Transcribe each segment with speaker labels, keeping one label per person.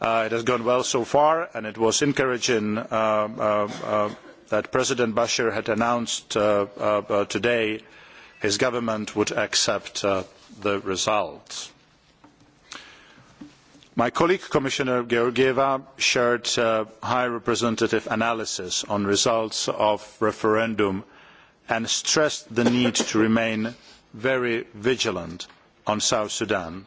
Speaker 1: Uh, it has gone well so far and it was encouraging uh, uh, that president bashir had announced today his government would accept the results. my colleague commissioner georgieva shared high Representative's analysis on results of referendum and stressed the need to remain very vigilant on south sudan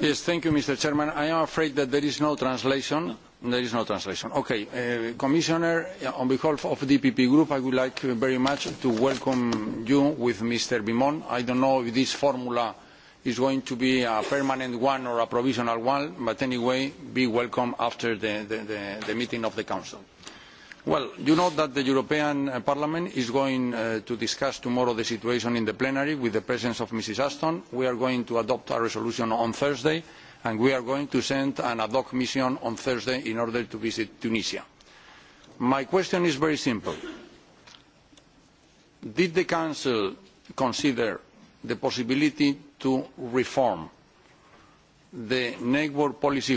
Speaker 2: Yes, thank you, Mr. Chairman. I am afraid that there is no translation. There is no translation. Okay, uh, Commissioner, uh, on behalf of the DPP Group, I would like uh, very much to welcome you with Mr. Bimon. I don't know if this formula is going to be a permanent one or a provisional one, but anyway, be welcome after the meeting of the Council. Well, you know that the European uh, Parliament is going uh, to discuss tomorrow the situation in the plenary with the presence of Mrs. Ashton. We are going to adopt a resolution on Thursday, and we are going to send an ad hoc mission on Thursday in order to visit Tunisia. My question is very simple. Did the Council consider the possibility of reforming the neighbourhood policy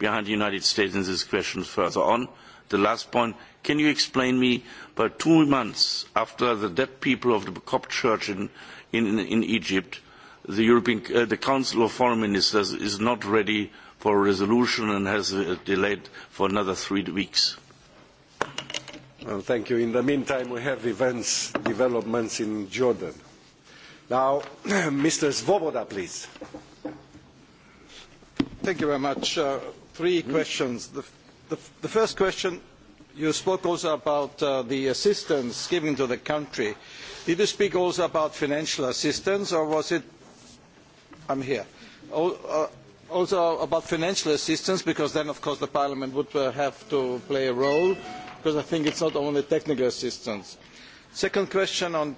Speaker 3: behind the United States in this question further on. The last point, can you explain me, but two months after the dead people of the Coptic church in, in, in Egypt, the, European, uh, the Council of Foreign Ministers is not ready for a resolution and has uh, delayed for another three weeks.
Speaker 4: Well, thank you. In the meantime, we have events, developments in Jordan. Now,
Speaker 5: Mr. Svoboda, please. Thank you very much. Uh, three questions. The, first question, you spoke also about uh, the assistance given to the country. Did you speak also about financial assistance, or was it... I'm here. Uh, also about financial assistance, because then, of course, the Parliament would uh, have to play a role, because I think it's not only technical assistance. Second question on,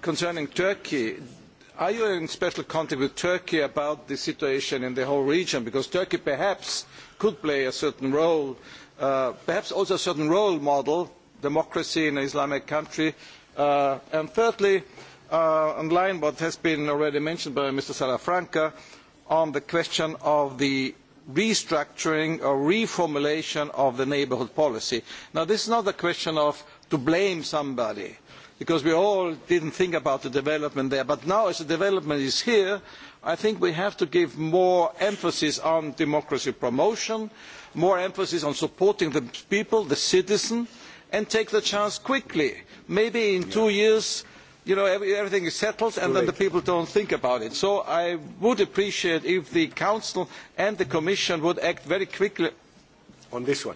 Speaker 5: concerning Turkey Are you in special contact with Turkey about the situation in the whole region? Because Turkey perhaps could play a certain role, uh, perhaps also a certain role model, democracy in an Islamic country. Uh, and thirdly, uh, in line what has been already mentioned by Mr. Salafranca, on the question of the restructuring or reformulation of the neighbourhood policy. Now, this is not a question of to blame somebody because we all did not think about the development there. But now as the development is here, I think we have to give more emphasis on democracy promotion, more emphasis on supporting the people, the citizen, and take the chance quickly. Maybe in yeah. two years, you know, everything is settled and then the people don't think about it. So I would appreciate if the Council and the Commission would act very quickly on this one.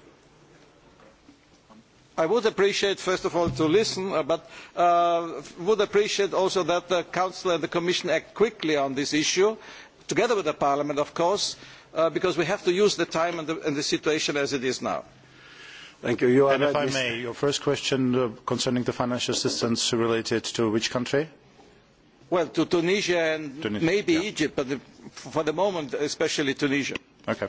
Speaker 5: I would appreciate, first of all, to listen, uh, but i uh, would appreciate also that the Council and the Commission act quickly on this issue, together with Parliament, of course, uh, because we have to use the time and the, situation as it is now. Thank you. and if I may,
Speaker 1: your first question concerning the financial assistance related to which country?
Speaker 5: Well, to Tunisia and maybe Egypt, but for the moment, especially Tunisia. Okay.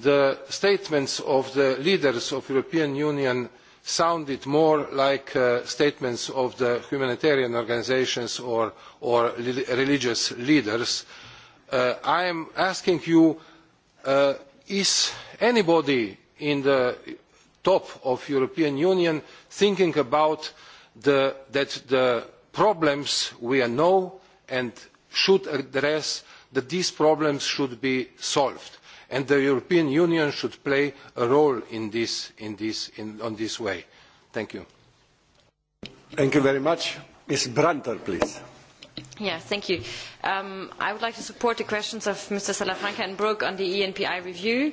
Speaker 6: the statements of the leaders of the european union sounded more like uh, statements of the humanitarian organisations or, religious leaders. Uh, i am asking you uh, is anybody at the top of the european union thinking about the, that the problems we know and should address that these problems should be solved? and the european union should play a role in this, in this, on this way.
Speaker 4: thank you. thank you very much. ms brantner please.
Speaker 7: Yeah, thank you. Um, I would like to support the questions of Mr. Salafranca and Brooke on the ENPI review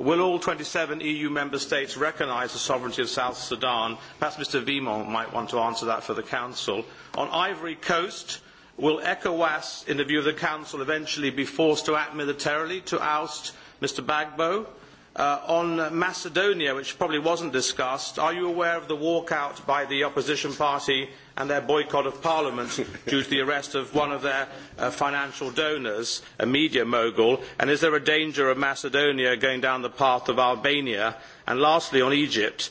Speaker 8: Will all 27 EU member states recognise the sovereignty of South Sudan? Perhaps Mr vimont might want to answer that for the Council. On Ivory Coast, will ECOWAS, in the view of the Council, eventually be forced to act militarily to oust Mr Bagbo? Uh, on Macedonia, which probably wasn't discussed, are you aware of the walkout by the opposition party and their boycott of Parliament due to the arrest of one of their uh, financial donors, a media mogul? And is there a danger of Macedonia going down the path of Albania? And lastly, on Egypt,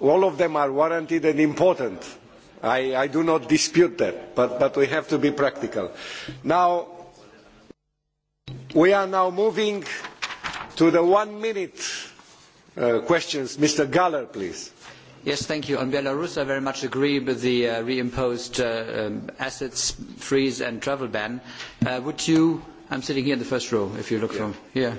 Speaker 4: all of them are warranted and important. I, I do not dispute that, but, but we have to be practical. Now, we are now moving to the one-minute uh, questions. Mr. Galler, please.
Speaker 9: Yes, thank you. On Belarus, I very much agree with the uh, reimposed uh, um, assets freeze and travel ban. Uh, would you? I'm sitting here in the first row. If you look yeah. from here.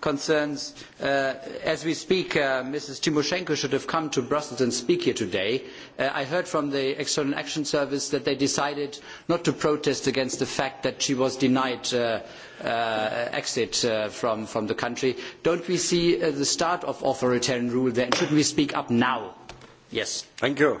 Speaker 9: concerns, uh, as we speak, uh, Mrs. Tymoshenko should have come to Brussels and speak here today. Uh, I heard from the External Action Service that they decided not to protest against the fact that she was denied uh, uh, exit uh, from, from the country. Don't we see uh, the start of authoritarian rule there? And shouldn't we speak up now? Yes. Thank you.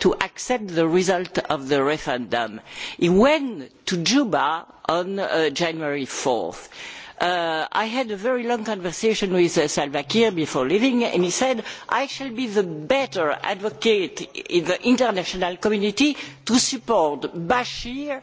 Speaker 10: to accept the result of the referendum. He went to Juba on four uh, January uh, I had a very long conversation with uh, Salva Kiir before leaving, and he said, I shall be the better advocate in the international community to support Bashir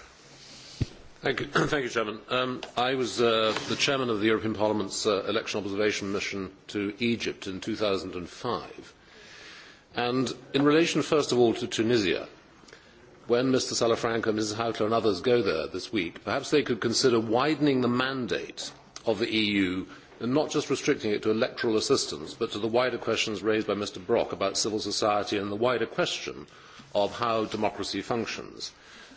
Speaker 10: Thank you, um, I was uh,
Speaker 6: the Chairman of the European Parliament's uh, Election Observation Mission to Egypt in two thousand And five and in relation, first of all, to Tunisia, when Mr. Salafranca, ms hautala and others go there this week, perhaps they could consider widening the mandate of the EU and not just restricting it to electoral assistance, but to the wider questions raised by Mr. Brok about civil society and the wider question of how democracy functions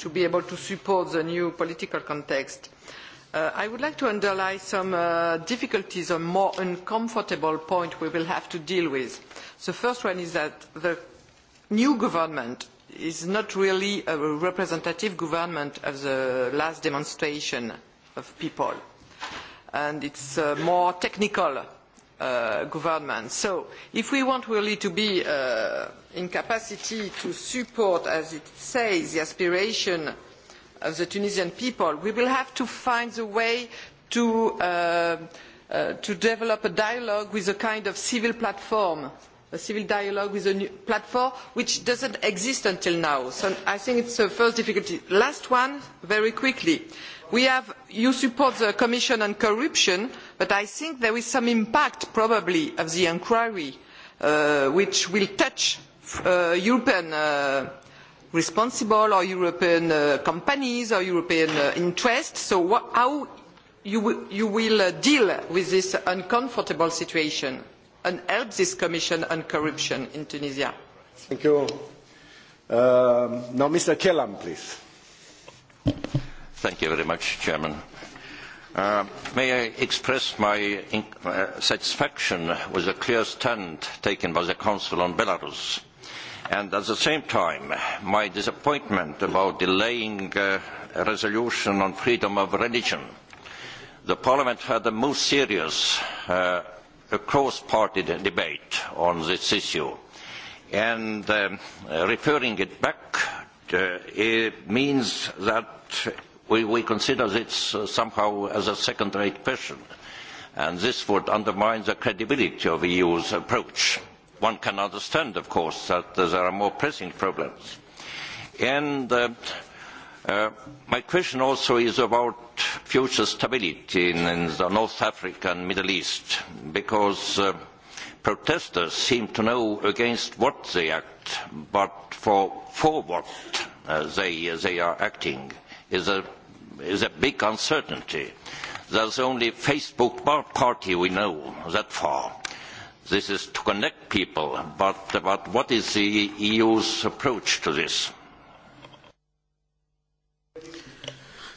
Speaker 11: to be able to support the new political context. Uh, I would like to underline some uh, difficulties, or more uncomfortable point we will have to deal with. The first one is that the new government is not really a representative government of the last demonstration of people. And it's uh, more technical uh, government. So if we want really to be uh, in capacity to support, as it says, the aspiration of the Tunisian people, we will have to find a way to, uh, uh, to develop a dialogue with a kind of civil platform uh, a civil dialogue with a new platform which does not exist until now. So I think it's the first difficulty. Last one, very quickly. We have, you support the Commission on Corruption, but I think there is some impact probably of the inquiry uh, which will touch uh, European uh, responsible or European uh, companies or European uh, interests. So what, how you, you will uh, deal with this uncomfortable situation? and help this Commission on corruption in Tunisia?
Speaker 4: Thank you. Uh, now, Mr. Kellam, please.
Speaker 12: Thank you very much, Chairman. Uh, may I express my uh, satisfaction with the clear stand taken by the Council on Belarus, and at the same time, my disappointment about delaying uh, a resolution on freedom of religion. The Parliament had the most serious uh, a cross-party debate on this issue. And um, referring it back uh, it means that we, we consider this uh, somehow as a second-rate question. And this would undermine the credibility of the EU's approach. One can understand, of course, that uh, there are more pressing problems. And uh, Uh, my question also is about future stability in, in the North Africa and Middle East, because uh, protesters seem to know against what they act, but for, for what uh, they, they are acting is a, is a big uncertainty. There's only Facebook party we know that far. This is to connect people, but, but what is the EU's approach to this?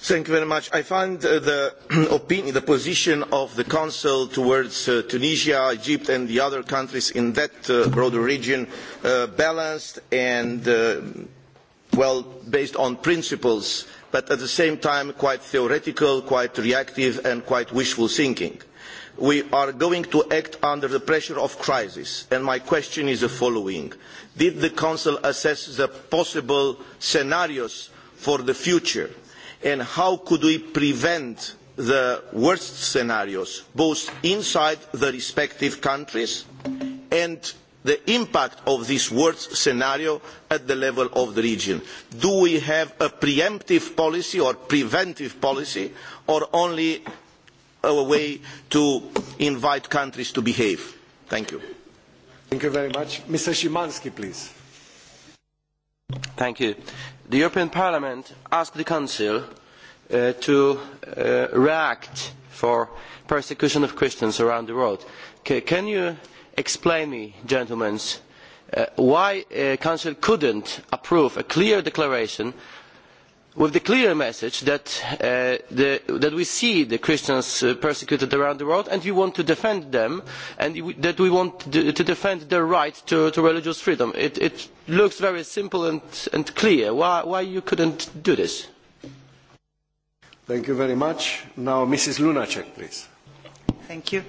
Speaker 5: Thank you very much. I find uh, the, position of the Council towards uh, Tunisia, Egypt and the other countries in that uh, broader region balanced and well based on principles but at the same time quite theoretical, quite reactive and quite wishful thinking. We are going to act under the pressure of crisis and my question is the following. Did the Council assess the possible scenarios for the future? and how could we prevent the worst scenarios, both inside the respective countries and the impact of this worst scenario at the level of the region. Do we have a preemptive policy or preventive policy or only a way to invite countries to behave? Thank you. Thank you very much. Mr. Szymanski, please. Thank you the European Parliament asked the Council uh, to uh, react for persecution of Christians around the world. can you explain me, gentlemen, uh, why the Council couldn't approve a clear declaration with the clear message that, uh, we see the Christians uh, persecuted around the world and we want to defend them and that we want to defend their right to, religious freedom. It, looks very simple and, clear. Why, could you couldn't do this?
Speaker 4: Thank you very much. Now Mrs. Lunacek, please.
Speaker 10: Thank you.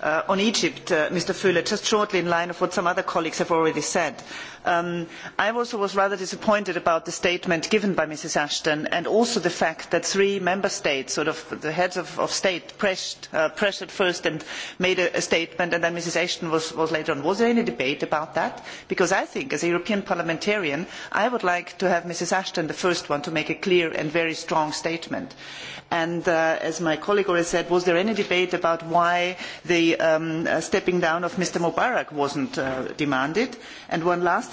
Speaker 10: Uh, on Egypt, uh, Mr. Fühle, just shortly in line of what some other colleagues have already said. Um, I also was rather disappointed about the statement given by Mrs. Ashton and also the fact that three member states, sort of the heads of, state, pressed, uh, pressured first and made a, statement and then Mrs. Ashton was, later on. Was there any debate about that? Because I think as a European parliamentarian, I would like to have Mrs. Ashton the first one to make a clear and very strong statement. And uh, as my colleague already said, was there any debate about why the um, uh, stepping down of Mr. Mubarak wasn't not demanded? And one last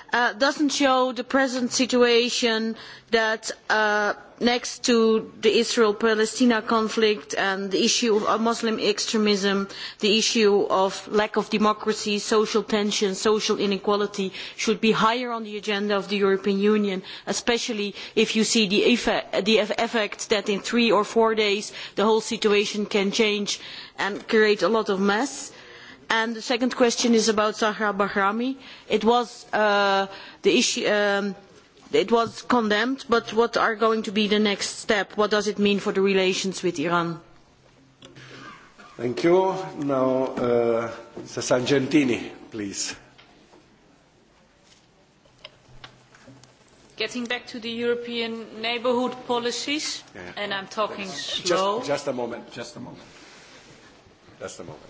Speaker 10: does uh, doesn't show the present situation that uh, next to the Israel-Palestine conflict and the issue of Muslim extremism, the issue of lack of democracy, social tension, social inequality should be higher on the agenda of the European Union, especially if you see the effect that in three or four days the whole situation can change and create a lot of mess. And the second question is about Zahra Bahrami. It was, uh, the issue, um, it was condemned, but what are going to be the next step? What does it mean for the relations with Iran?
Speaker 4: Thank you. Now, uh, Mr. Sargentini, please.
Speaker 10: Getting back to the European neighbourhood policies, yeah. and I'm talking just, slow. Just,
Speaker 4: just a moment. Just a moment. Just a moment.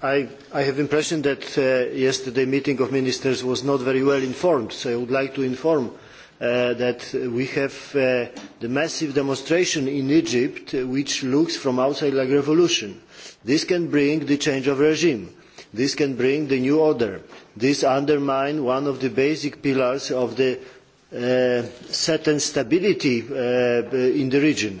Speaker 13: i, have the impression that uh, yesterday meeting of ministers was not very well informed, so I would like to inform uh, that we have uh, the massive demonstration in Egypt, uh, which looks from outside like revolution. This can bring the change of regime. This can bring the new order. This undermines one of the basic pillars of the uh, certain stability uh, in the region.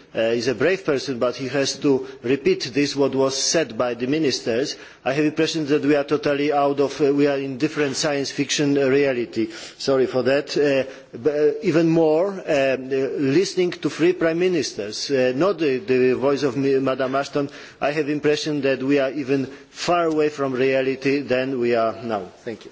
Speaker 13: Uh, is a brave person, but he has to repeat this, what was said by the ministers. I have the impression that we are totally out of, uh, we are in different science fiction reality. Sorry for that. Uh, uh even more, um, uh, listening to three prime ministers, uh, not the, the voice of Madam Ashton, I have the impression that we are even far away from reality than we are now. Thank you.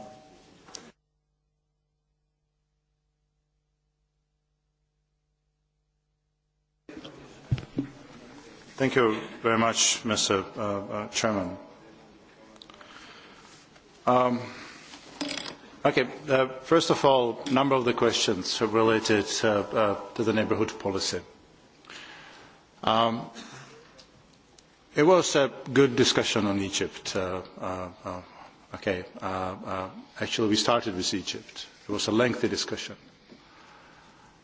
Speaker 1: first of all, a number of the questions are related uh, uh, to the neighbourhood policy. Um, it was a good discussion on Egypt. Uh, actually, we started with Egypt. It was a lengthy discussion.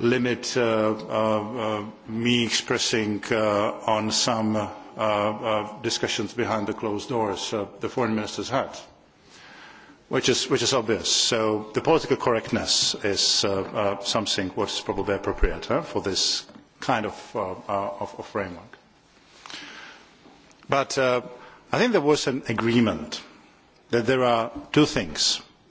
Speaker 1: limit uh, uh, uh, me expressing on some discussions behind the closed doors the foreign ministers had, which is, which is obvious. So the political correctness is something what is probably appropriate huh, for this kind of, of, of framework. But I think there was an agreement that there are two things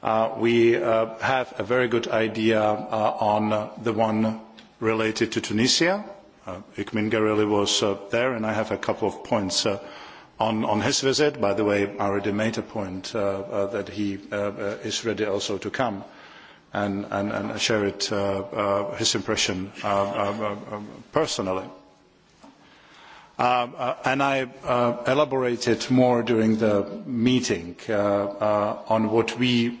Speaker 1: Uh, we uh, have a very good idea uh, on the one related to Tunisia. Uh, Ikmin was there, and I have a couple of points on, his visit. By the way, I already made a point that he is ready also to come and, and, and share his impression personally. Um, and I elaborated more during the meeting on what we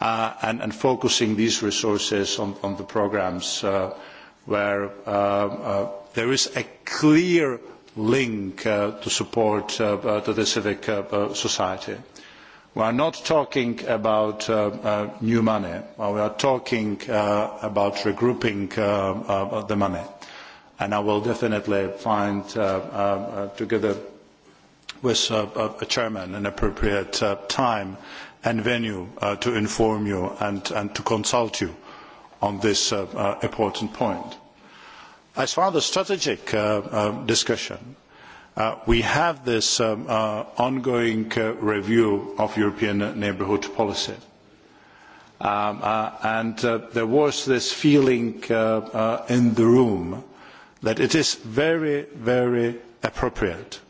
Speaker 1: Uh, and, focusing these resources on, the programs uh, where uh, there is a clear link to support uh, uh, the civic society. We are not talking about new money. we are talking about regrouping the money. And I will definitely find, together with a, a chairman an appropriate uh, time and venue uh, to inform you and, and to consult you on this uh, uh, important point. As far as the strategic uh, uh, discussion, uh, we have this um, uh, ongoing uh, review of European neighbourhood policy. Um, uh, and uh, there was this feeling uh, uh, in the room that it is very, very appropriate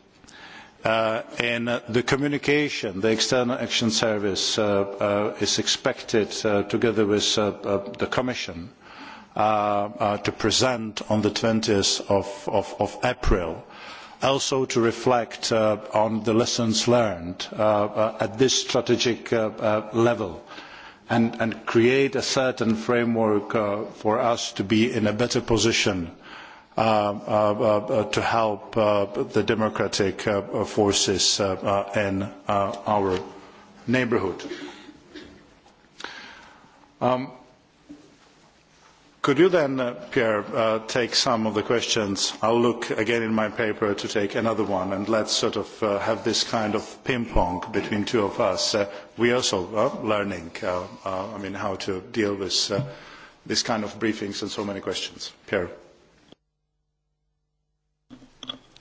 Speaker 1: Uh, in the communication, the External Action Service uh, uh, is expected, together with the Commission, to present on the 20th of, April, also to reflect on the lessons learned at this strategic level and, and create a certain framework for us to be in a better position Uh, uh, uh, to help the democratic forces in our neighbourhood. Um, could you then, uh, Pierre, uh, take some of the questions? I'll look again in my paper to take another one, and let's sort of uh, have this kind of ping-pong between two of us. Uh, we also uh, learning, uh, uh, I mean, how to deal with uh, this
Speaker 14: kind of briefings and so many questions. Pierre.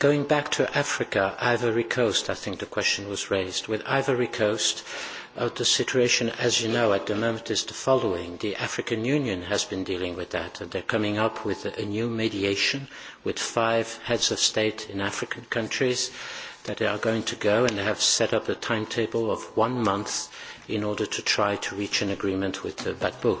Speaker 14: Going back to Africa, Ivory Coast, I think the question was raised. With Ivory Coast, uh, the situation, as you know, at the moment is the following. The African Union has been dealing with that, and they're coming up with a, new mediation with five heads of state in African countries that they are going to go and they have set up a timetable of one month in order to try to reach an agreement with uh, Batbo.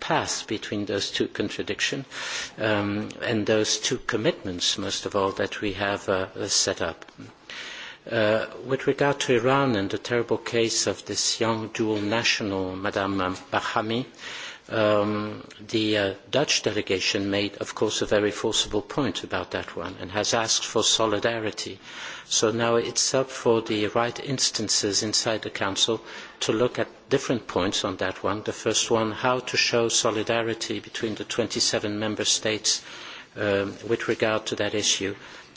Speaker 14: path between those two contradictions um, and those two commitments, most of all, that we have uh, uh, set up. Uh, with regard to Iran and the terrible case of this young dual national, Madame Bahami, um, the uh, Dutch delegation made, of course, a very forcible point about that one and has asked for solidarity. So now it's up for the right instances inside the Council to look at different points on that one. The first one, how to show solidarity between the 27 member states um, with regard to that issue.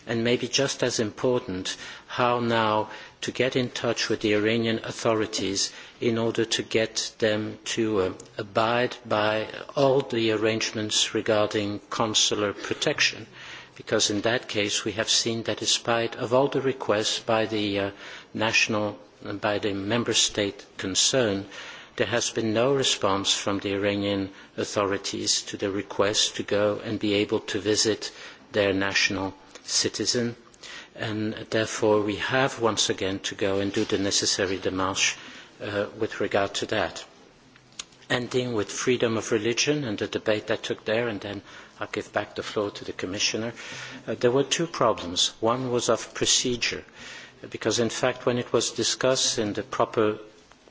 Speaker 14: And maybe just as important, how now to get in touch with the Iranian authorities in order to get them to uh, abide by all the arrangements regarding consular protection. Because in that case, we have seen that despite of all the requests by the uh, national by the member state concerned, there has been no response from the Iranian authorities to the request to go and be able to visit their national citizen. And therefore, we have once again to go and do the necessary démarche uh, with regard to that. Ending with freedom of religion and the debate that took there, and then I'll give back the floor to the Commissioner. Uh, there were two problems. One was of procedure. Uh, because in fact when it was discussed in the proper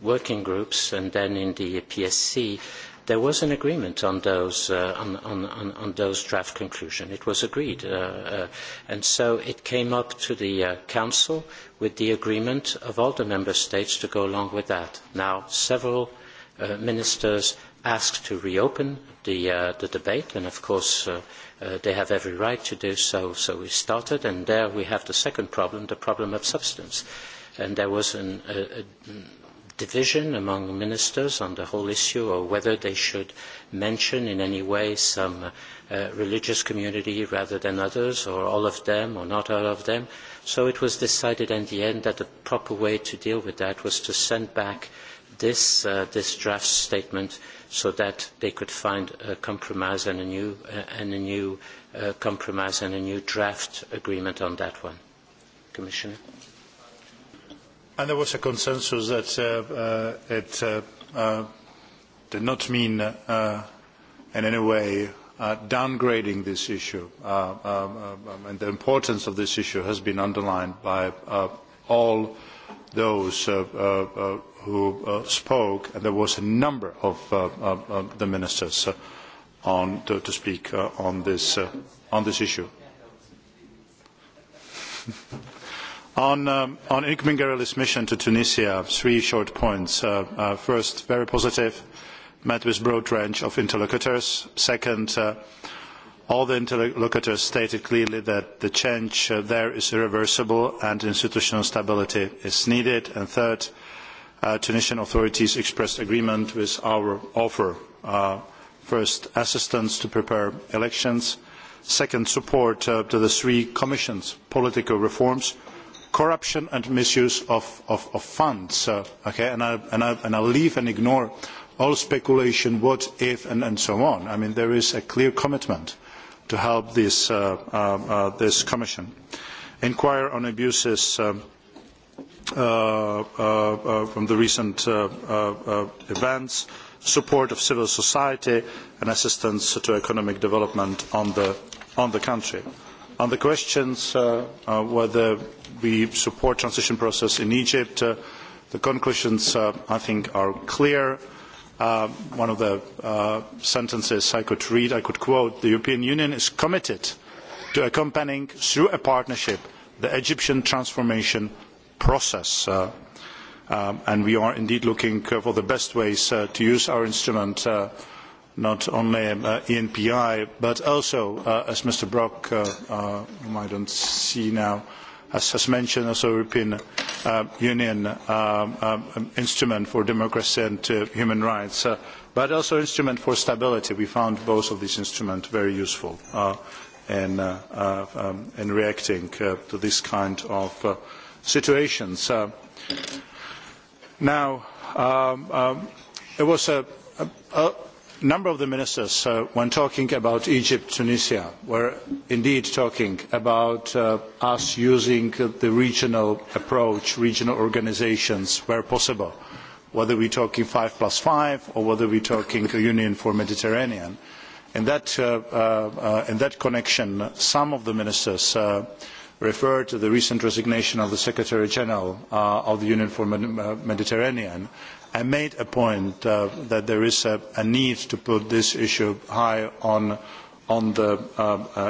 Speaker 14: working groups and then in the PSC, there was an agreement on those uh, on, on, on those draft conclusions. It was agreed, uh, uh, and so it came up to the uh, council with the agreement of all the member states to go along with that. Now several uh, ministers asked to reopen the, uh, the debate, and of course uh, uh, they have every right to do so. So we started, and there we have the second problem, the problem of substance. And there was an, a, a division among ministers on the whole issue of whether they should mention in any way some uh, religious community rather than others or all of them or not all of them. So it was decided in the end that the proper way to deal with that was to send back this, uh, this draft statement so that they could find a compromise and a new, uh, and a new uh, compromise and a new draft agreement on that one. Commissioner?
Speaker 1: And there was a consensus that uh, uh, it uh, uh, did not mean uh, in any way uh, downgrading this issue. Uh, um, um, and the importance of this issue has been underlined by uh, all those uh, uh, who uh, spoke, and there was a number of uh, uh, uh the ministers uh, on, to, to, speak on this, on, this, issue. on um, on mission to Tunisia, three short points. first, very positive, met with broad range of interlocutors. Second, all the interlocutors stated clearly that the change there is irreversible and institutional stability is needed. And third, Uh, Tunisian authorities expressed agreement with our offer. Uh, first, assistance to prepare elections. Second, support uh, to the three commissions, political reforms, corruption and misuse of, of, of funds. okay, and I, and, I, and I leave and ignore all speculation, what if, and, and so on. I mean, there is a clear commitment to help this, uh, uh, this commission. Inquire on abuses um, Uh, uh, uh, from the recent events, support of civil society and assistance to economic development on the, country. On the questions whether we support transition process in Egypt, the conclusions I think are clear. one of the sentences I could read, I could quote, the European Union is committed to accompanying through a partnership the Egyptian transformation process. Uh, um, and we are indeed looking uh, for the best ways uh, to use our instrument, not only ENPI, but also, as Mr. Brok, whom I don't see now, has mentioned, also European Union um, um, instrument for democracy and human rights, but also instrument for stability. We found both of these instruments very useful in, reacting to this kind of situations. now, um, um, was a, number of the ministers, uh, when talking about Egypt, Tunisia, were indeed talking about uh, us using the regional approach, regional organisations where possible, whether are talking Five plus Five or whether are talking a Union for Mediterranean. In that, uh, in that connection, some of the ministers refer to the recent resignation of the Secretary General uh, of the Union for the uh, Mediterranean, I made a point uh, that there is a, need to put this issue high on, the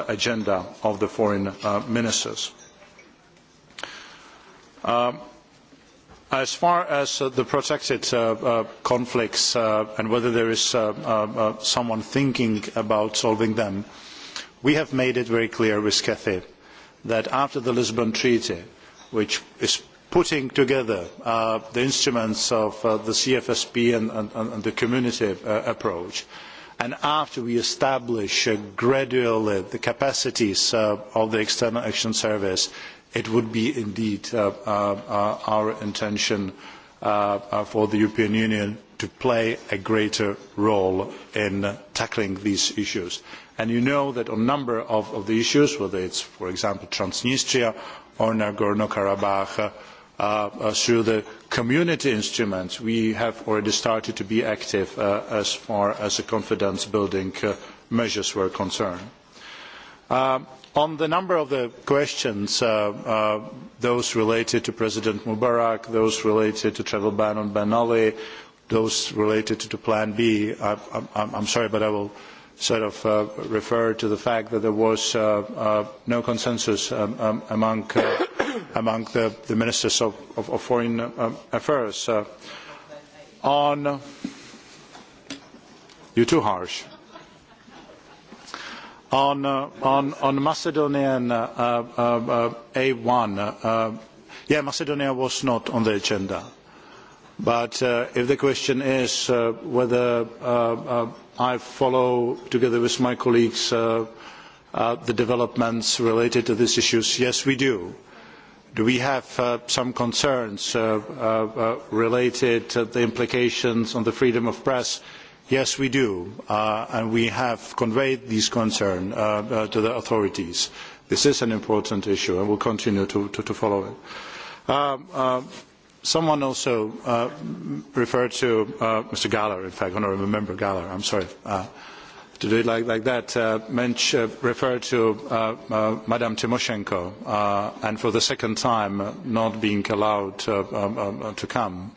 Speaker 1: agenda of the foreign ministers. Um, as far as the protected conflicts and whether there is someone thinking about solving them, we have made it very clear with Cathay that after the Lisbon Treaty, which is putting together uh, the instruments of uh, the CFSP and, the community uh, approach, and after we establish gradually the capacities of the External Action Service, it would be indeed our intention for the European Union to play a greater role in tackling these issues and you know that on a number of, the issues whether it is for example transnistria or nagorno karabakh uh, uh, through the community instruments we have already started to be active uh, as far as the confidence building uh, measures were concerned. Uh, on the number of the questions those related to president mubarak those related to travel ban on ben ali those related to plan b i am sorry but i will sort of uh, referred to the fact that there was uh, uh, no consensus um, um, among, uh, among the, the, ministers of, of, of foreign affairs. on you're too harsh. On, on, on Macedonian A1, yeah, Macedonia was not on the agenda. But uh, if the question is uh, whether uh, i follow, together with my colleagues, uh, uh, the developments related to these issues. Yes, we do. Do we have uh, some concerns uh, uh, related to the implications on the freedom of press? Yes, we do, and we have conveyed these concerns to the authorities. This is an important issue, and we'll continue to, to, to follow it. Um, um someone also uh, referred to uh, Mr. Galler, in fact, Honourable Member Galler, I'm sorry uh, to do it like, like that, uh, Mensch uh, referred to uh, uh, Madame Tymoshenko uh, and for the second time uh, not being allowed uh, um, uh, to come.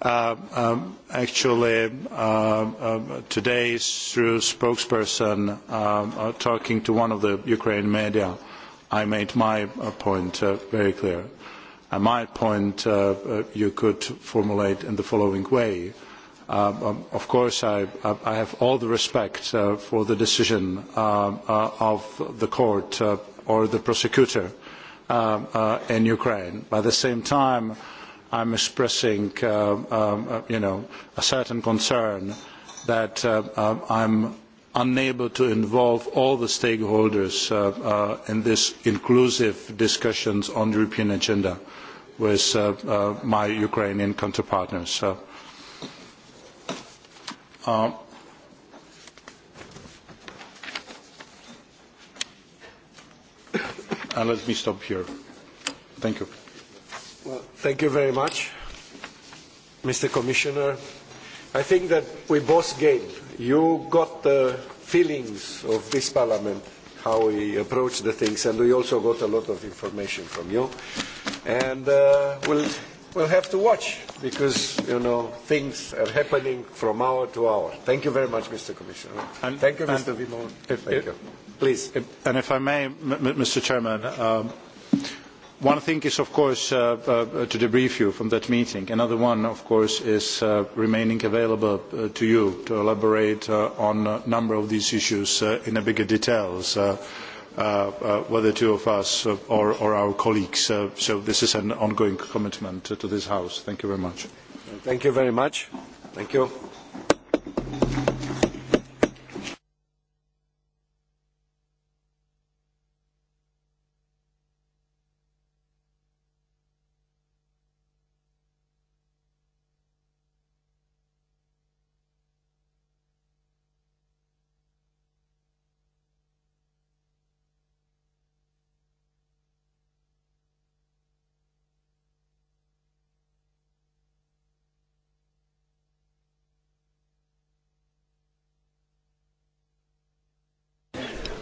Speaker 1: Uh, um, actually, uh, uh, today, through spokesperson uh, uh, talking to one of the Ukraine media, I made my uh, point uh, very clear And my point uh, uh, you could formulate in the following way. Uh, um, of course, I, have all the respect for the decision of the court or the prosecutor in Ukraine. But at the same time, I'm expressing, um, you know, a certain concern that uh, um, I'm unable to involve all the stakeholders in this inclusive discussions on the European agenda with uh, uh, my Ukrainian counterpartners. So, uh, and let me stop here. Thank you.
Speaker 4: Well, thank you very much, Mr. Commissioner. I think that we both gained. You got the feelings of this Parliament, how we approach the things, and we also got a lot of information from you and uh, we'll, we'll have to watch because, you know, things are happening from hour to hour. Thank you very much, Mr. Commissioner. And, Thank you, Mr. Vimon. If, Thank if, you.
Speaker 1: Please. If, and if I may, M Mr. Chairman, um, one thing is, of course, uh, uh, to debrief you from that meeting. Another one, of course, is uh, remaining available uh, to you to elaborate uh, on a number of these issues uh, in a bigger details. Uh, Uh, uh, whether two of us uh, or, or our colleagues. so this is an ongoing commitment to this House. Thank you very much.
Speaker 4: Thank you very much. Thank you.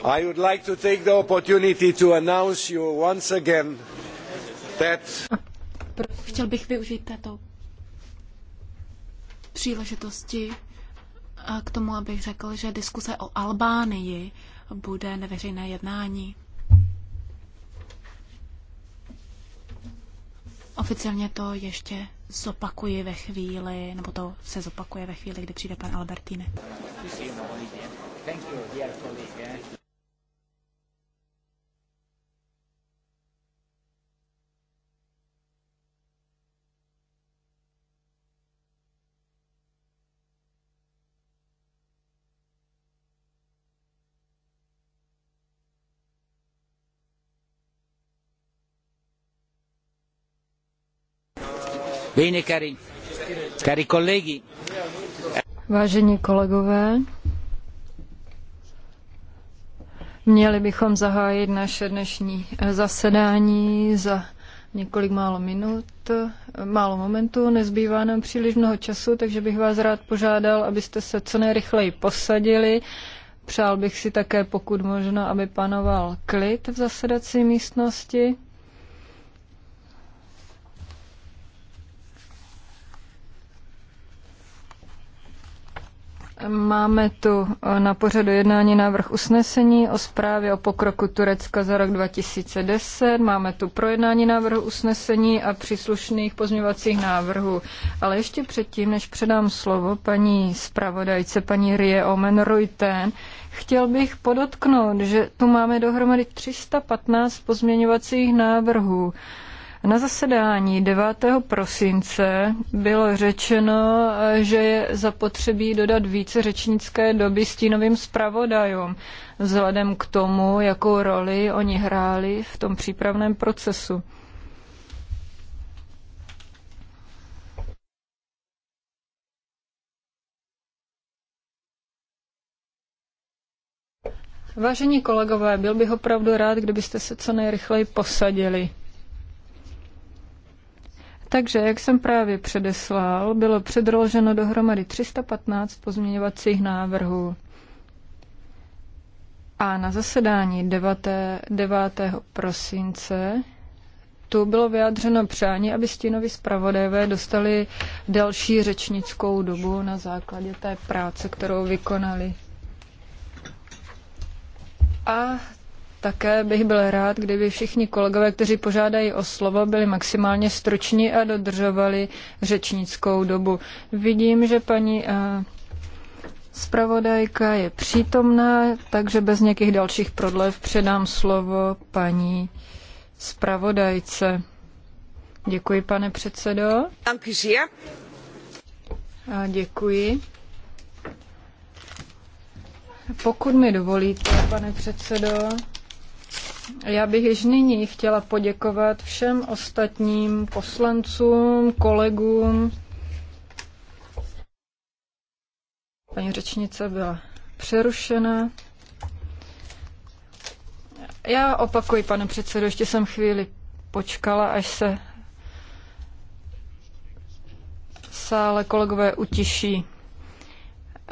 Speaker 4: I would like to take the opportunity to announce you once again that...
Speaker 15: Chtěl bych využít této příležitosti eh, k tomu, abych řekl, že diskuse o Albánii bude neveřejné jednání. Oficiálně to ještě zopakuji ve chvíli, nebo to se zopakuje ve chvíli, kdy přijde pan Albertine.
Speaker 16: Thank you, dear colleague. Eh?
Speaker 17: Vážení kolegové, měli bychom zahájit naše dnešní eh, zasedání za několik málo minut, eh, málo momentů, nezbývá nám příliš mnoho času, takže bych vás rád požádal, abyste se co nejrychleji posadili. Přál bych si také, pokud možno, aby panoval klid v zasedací místnosti. Máme tu eh, na pořadu jednání návrh usnesení o zprávě o pokroku Turecka za rok 2010. Máme tu projednání návrhu usnesení a příslušných pozměňovacích návrhů. Ale ještě předtím, než předám slovo paní zpravodajce, paní Rie Omen Reuten, chtěl bych podotknout, že tu máme dohromady 315 pozměňovacích návrhů. Na zasedání 9. prosince bylo řečeno, že je zapotřebí dodat více řečnické doby stínovým zpravodajům, vzhledem k tomu, jakou roli oni hráli v tom přípravném procesu. Vážení kolegové, byl bych opravdu rád, kdybyste se co nejrychleji posadili. Takže, jak jsem právě předeslal, bylo předloženo dohromady 315 pozměňovacích návrhů. A na zasedání 9. 9. prosince tu bylo vyjádřeno přání, aby stínovi zpravodajové dostali další řečnickou dobu na základě té práce, kterou vykonali. A také bych byl rád, kdyby všichni kolegové, kteří požádají o slovo, byli maximálně struční a dodržovali řečnickou dobu. Vidím, že paní eh, zpravodajka je přítomná, takže bez nějakých dalších prodlev předám slovo paní zpravodajce. Děkuji, pane předsedo. A děkuji. Pokud mi dovolíte, pane předsedo, já bych již nyní chtěla poděkovat všem ostatním poslancům, kolegům. Paní řečnice byla přerušena. Já opakuji, pane předsedo, ještě jsem chvíli počkala, až se sále kolegové utiší.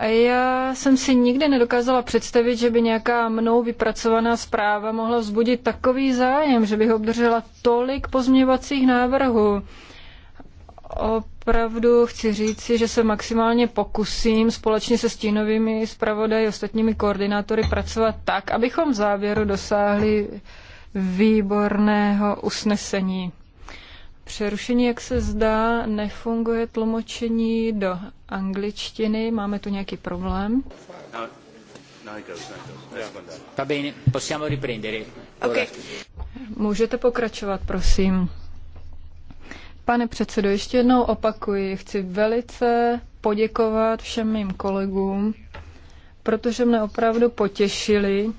Speaker 17: Já jsem si nikdy nedokázala představit, že by nějaká mnou vypracovaná zpráva mohla vzbudit takový zájem, že bych obdržela tolik pozměňovacích návrhů. Opravdu chci říci, že se maximálně pokusím společně se stínovými zpravodaji ostatními koordinátory pracovat tak, abychom v závěru dosáhli výborného usnesení přerušení, jak se zdá, nefunguje tlumočení do angličtiny. Máme tu nějaký problém?
Speaker 16: bene, possiamo riprendere. Okay.
Speaker 17: Můžete pokračovat, prosím. Pane předsedo, ještě jednou opakuji, chci velice poděkovat všem mým kolegům, protože mne opravdu potěšili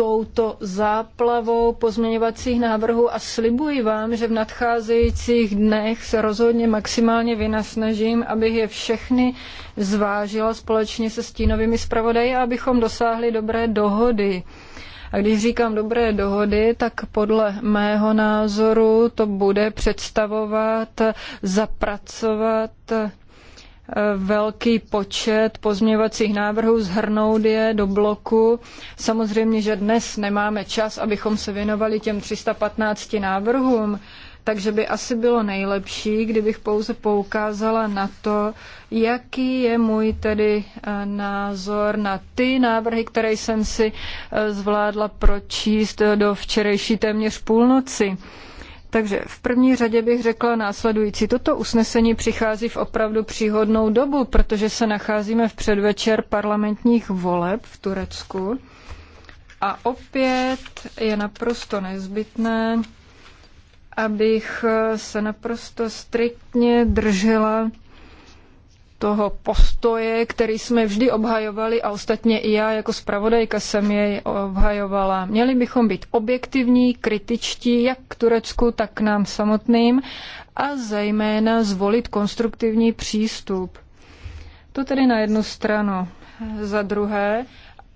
Speaker 17: touto záplavou pozměňovacích návrhů a slibuji vám, že v nadcházejících dnech se rozhodně maximálně vynasnažím, abych je všechny zvážila společně se stínovými zpravodaji, abychom dosáhli dobré dohody. A když říkám dobré dohody, tak podle mého názoru to bude představovat zapracovat velký počet pozměňovacích návrhů, zhrnout je do bloku. Samozřejmě, že dnes nemáme čas, abychom se věnovali těm 315 návrhům, takže by asi bylo nejlepší, kdybych pouze poukázala na to, jaký je můj tedy eh, názor na ty návrhy, které jsem si eh, zvládla pročíst eh, do včerejší téměř půlnoci. Takže v první řadě bych řekla následující. Toto usnesení přichází v opravdu příhodnou dobu, protože se nacházíme v předvečer parlamentních voleb v Turecku. A opět je naprosto nezbytné, abych se naprosto striktně držela toho postoje, který jsme vždy obhajovali a ostatně i já jako zpravodajka jsem jej obhajovala. Měli bychom být objektivní, kritičtí, jak k Turecku, tak k nám samotným a zejména zvolit konstruktivní přístup. To tedy na jednu stranu. Za druhé,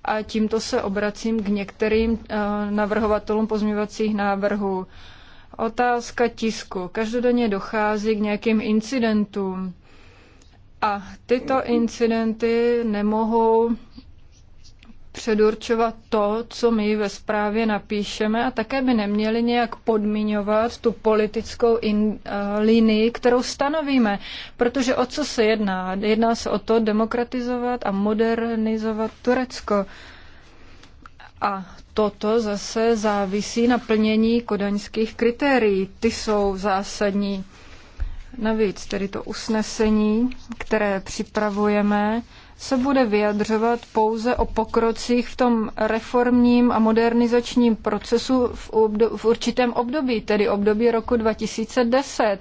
Speaker 17: a tímto se obracím k některým eh, navrhovatelům pozměvacích návrhů. Otázka tisku. Každodenně dochází k nějakým incidentům a tyto incidenty nemohou předurčovat to, co my ve zprávě napíšeme a také by neměli nějak podmiňovat tu politickou in, uh, linii, kterou stanovíme. Protože o co se jedná? Jedná se o to demokratizovat a modernizovat Turecko. A toto zase závisí na plnění kodaňských kritérií. Ty jsou zásadní. Navíc tedy to usnesení, které připravujeme, se bude vyjadřovat pouze o pokrocích v tom reformním a modernizačním procesu v, obdo- v určitém období, tedy období roku 2010.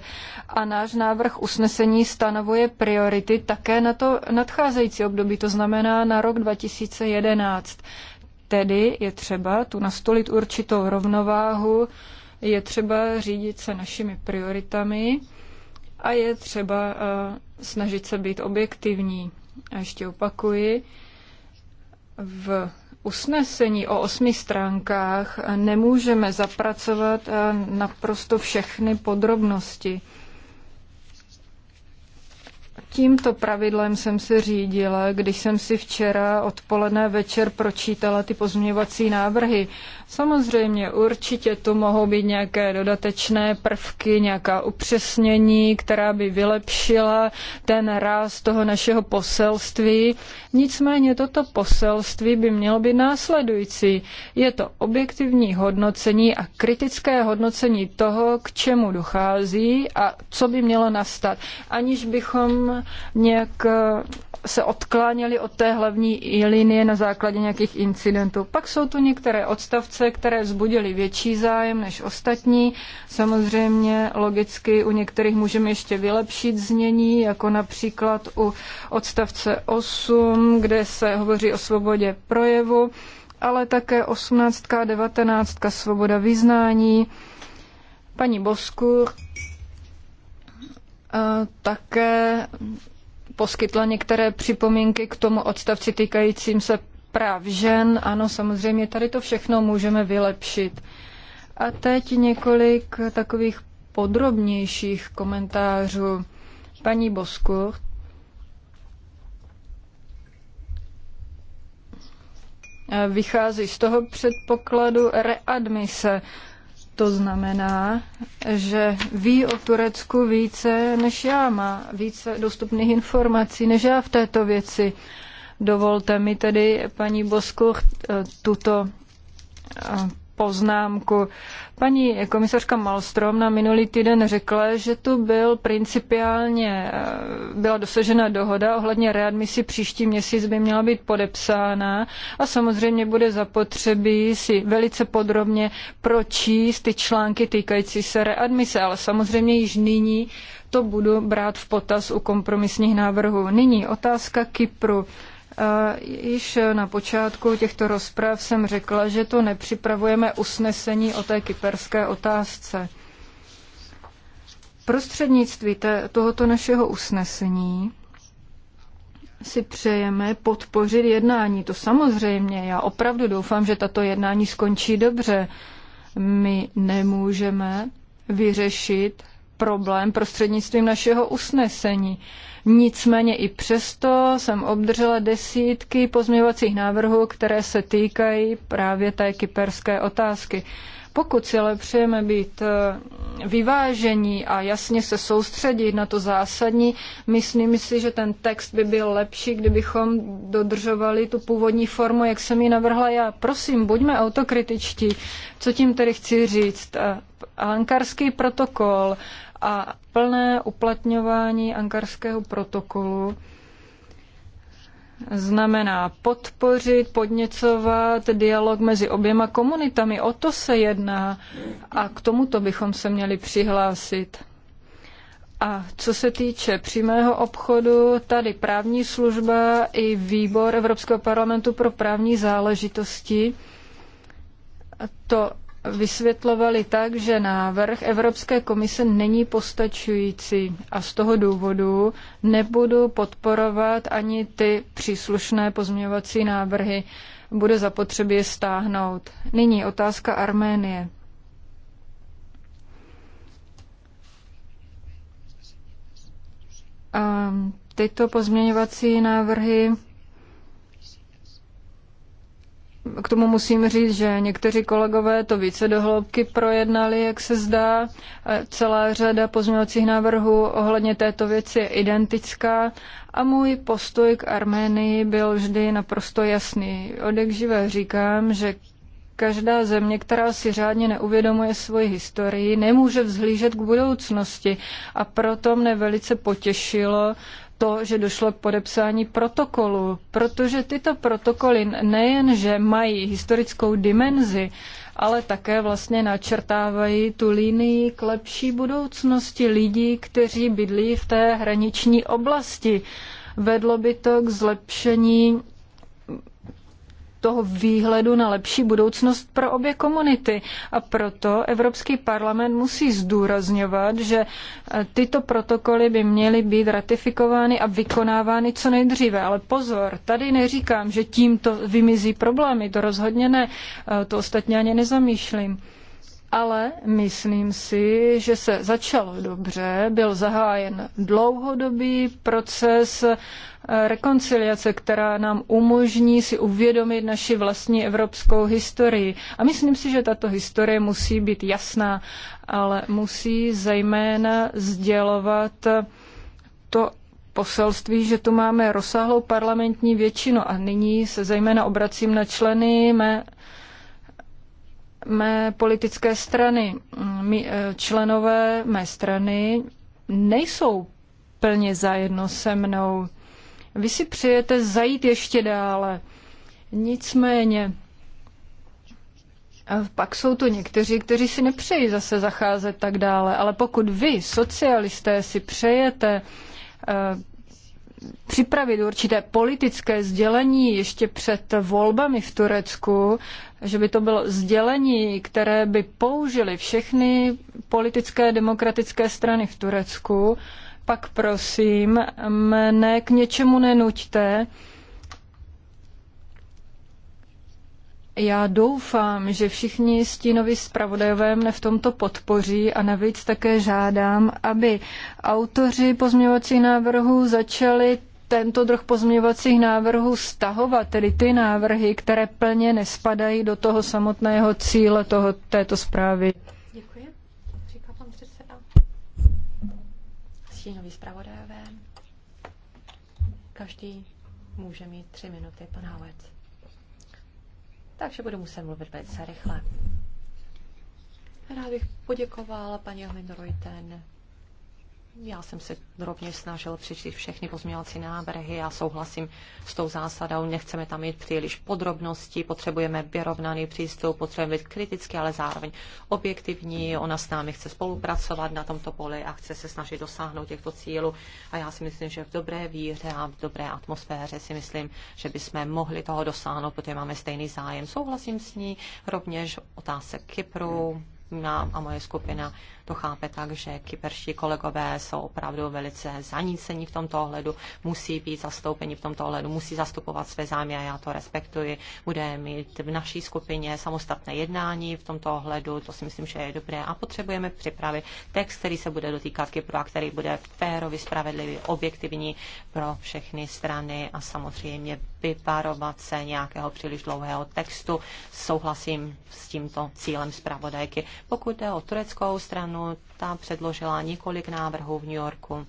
Speaker 17: A náš návrh usnesení stanovuje priority také na to nadcházející období, to znamená na rok 2011. Tedy je třeba tu nastolit určitou rovnováhu, je třeba řídit se našimi prioritami a je třeba eh, snažit se být objektivní. A ještě opakuji, v usnesení o osmi stránkách nemůžeme zapracovat eh, naprosto všechny podrobnosti. Tímto pravidlem jsem se řídila, když jsem si včera odpoledne večer pročítala ty pozměňovací návrhy. Samozřejmě určitě tu mohou být nějaké dodatečné prvky, nějaká upřesnění, která by vylepšila ten ráz toho našeho poselství. Nicméně toto poselství by mělo být následující. Je to objektivní hodnocení a kritické hodnocení toho, k čemu dochází a co by mělo nastat, aniž bychom nějak eh, se odkláněli od té hlavní linie na základě nějakých incidentů. Pak jsou tu některé odstavce, které vzbudily větší zájem než ostatní. Samozřejmě logicky u některých můžeme ještě vylepšit znění, jako například u odstavce 8, kde se hovoří o svobodě projevu, ale také 18. a 19. svoboda vyznání. Paní Boskur také poskytla některé připomínky k tomu odstavci týkajícím se práv žen. Ano, samozřejmě tady to všechno můžeme vylepšit. A teď několik takových podrobnějších komentářů. Paní Bosku. Vychází z toho předpokladu readmise. To znamená, že ví o Turecku více než já, má více dostupných informací než já v této věci. Dovolte mi tedy, paní Bosko, eh, tuto eh, poznámku. Paní komisařka Malstrom na minulý týden řekla, že tu byl principiálně, eh, byla dosažena dohoda ohledně readmisi příští měsíc by měla být podepsána a samozřejmě bude zapotřebí si velice podrobně pročíst ty články týkající se readmise, ale samozřejmě již nyní to budu brát v potaz u kompromisních návrhů. Nyní otázka Kypru. Již na počátku těchto rozprav jsem řekla, že to nepřipravujeme usnesení o té kyperské otázce. Prostřednictví tohoto našeho usnesení si přejeme podpořit jednání. To samozřejmě, já opravdu doufám, že tato jednání skončí dobře. My nemůžeme vyřešit problém prostřednictvím našeho usnesení. Nicméně i přesto jsem obdržela desítky pozměňovacích návrhů, které se týkají právě té kyperské otázky. Pokud si ale přejeme být eh, vyvážení a jasně se soustředit na to zásadní, myslím si, že ten text by byl lepší, kdybychom dodržovali tu původní formu, jak jsem ji navrhla já. Prosím, buďme autokritičtí. Co tím tedy chci říct? Eh, Ankarský protokol, a plné uplatňování ankarského protokolu znamená podpořit, podněcovat dialog mezi oběma komunitami. O to se jedná a k tomuto bychom se měli přihlásit. A co se týče přímého obchodu, tady právní služba i výbor Evropského parlamentu pro právní záležitosti to vysvětlovali tak, že návrh Evropské komise není postačující a z toho důvodu nebudu podporovat ani ty příslušné pozměňovací návrhy. Bude zapotřebí je stáhnout. Nyní otázka Arménie. A tyto pozměňovací návrhy k tomu musím říct, že někteří kolegové to více dohloubky projednali, jak se zdá. Celá řada pozměňovacích návrhů ohledně této věci je identická a můj postoj k Arménii byl vždy naprosto jasný. Odek živé říkám, že každá země, která si řádně neuvědomuje svoji historii, nemůže vzhlížet k budoucnosti. A proto mne velice potěšilo, to, že došlo k podepsání protokolu, protože tyto protokoly nejenže mají historickou dimenzi, ale také vlastně načrtávají tu linii k lepší budoucnosti lidí, kteří bydlí v té hraniční oblasti. Vedlo by to k zlepšení toho výhledu na lepší budoucnost pro obě komunity. A proto Evropský parlament musí zdůrazňovat, že e, tyto protokoly by měly být ratifikovány a vykonávány co nejdříve. Ale pozor, tady neříkám, že tímto vymizí problémy, to rozhodně ne, e, to ostatně ani nezamýšlím ale myslím si, že se začalo dobře, byl zahájen dlouhodobý proces eh, rekonciliace, která nám umožní si uvědomit naši vlastní evropskou historii. A myslím si, že tato historie musí být jasná, ale musí zejména sdělovat to poselství, že tu máme rozsáhlou parlamentní většinu a nyní se zejména obracím na členy mé mé politické strany. my, eh, členové mé strany nejsou plně zajedno se mnou. Vy si přejete zajít ještě dále. Nicméně, a pak jsou tu někteří, kteří si nepřejí zase zacházet tak dále, ale pokud vy, socialisté, si přejete eh, připravit určité politické sdělení ještě před volbami v Turecku, že by to bylo sdělení, které by použili všechny politické demokratické strany v Turecku, pak prosím, mne k něčemu nenuďte, Já doufám, že všichni stínoví zpravodajové mne v tomto podpoří a navíc také žádám, aby autoři pozměňovacích návrhů začali tento druh pozměňovacích návrhů stahovat, tedy ty návrhy, které plně nespadají do toho samotného cíle toho, této zprávy. Děkuji,
Speaker 18: říká pan předseda. Stínoví zpravodajové. Každý může mít tři minuty, pan Havec takže budu muset
Speaker 10: mluvit velice
Speaker 18: rychle. Rád bych poděkovala paní Homenrojten já jsem se rovněž snažil přečíst všechny pozměňovací návrhy. a souhlasím s tou zásadou, nechceme tam mít příliš podrobností, potřebujeme vyrovnaný přístup, potřebujeme být kritický, ale zároveň objektivní. Ona s námi chce spolupracovat na tomto poli a chce se snažit dosáhnout těchto cílů. A já si myslím, že v dobré víře a v dobré atmosféře si myslím, že bychom mohli toho dosáhnout, protože máme stejný zájem. Souhlasím s ní rovněž otázek Kypru, a moje skupina to chápe tak, že kyperští kolegové jsou opravdu velice zaníceni v tomto ohledu, musí být zastoupeni v tomto ohledu, musí zastupovat své zájmy a já to respektuji. Budeme mít v naší skupině samostatné jednání v tomto ohledu, to si myslím, že je dobré a potřebujeme připravit text, který se bude dotýkat Kypru a který bude férový, spravedlivý, objektivní pro všechny strany a samozřejmě vyparovat se nějakého příliš dlouhého textu. Souhlasím s tímto cílem zpravodajky. Pokud jde o tureckou stranu, ano, ta předložila několik návrhů v New Yorku.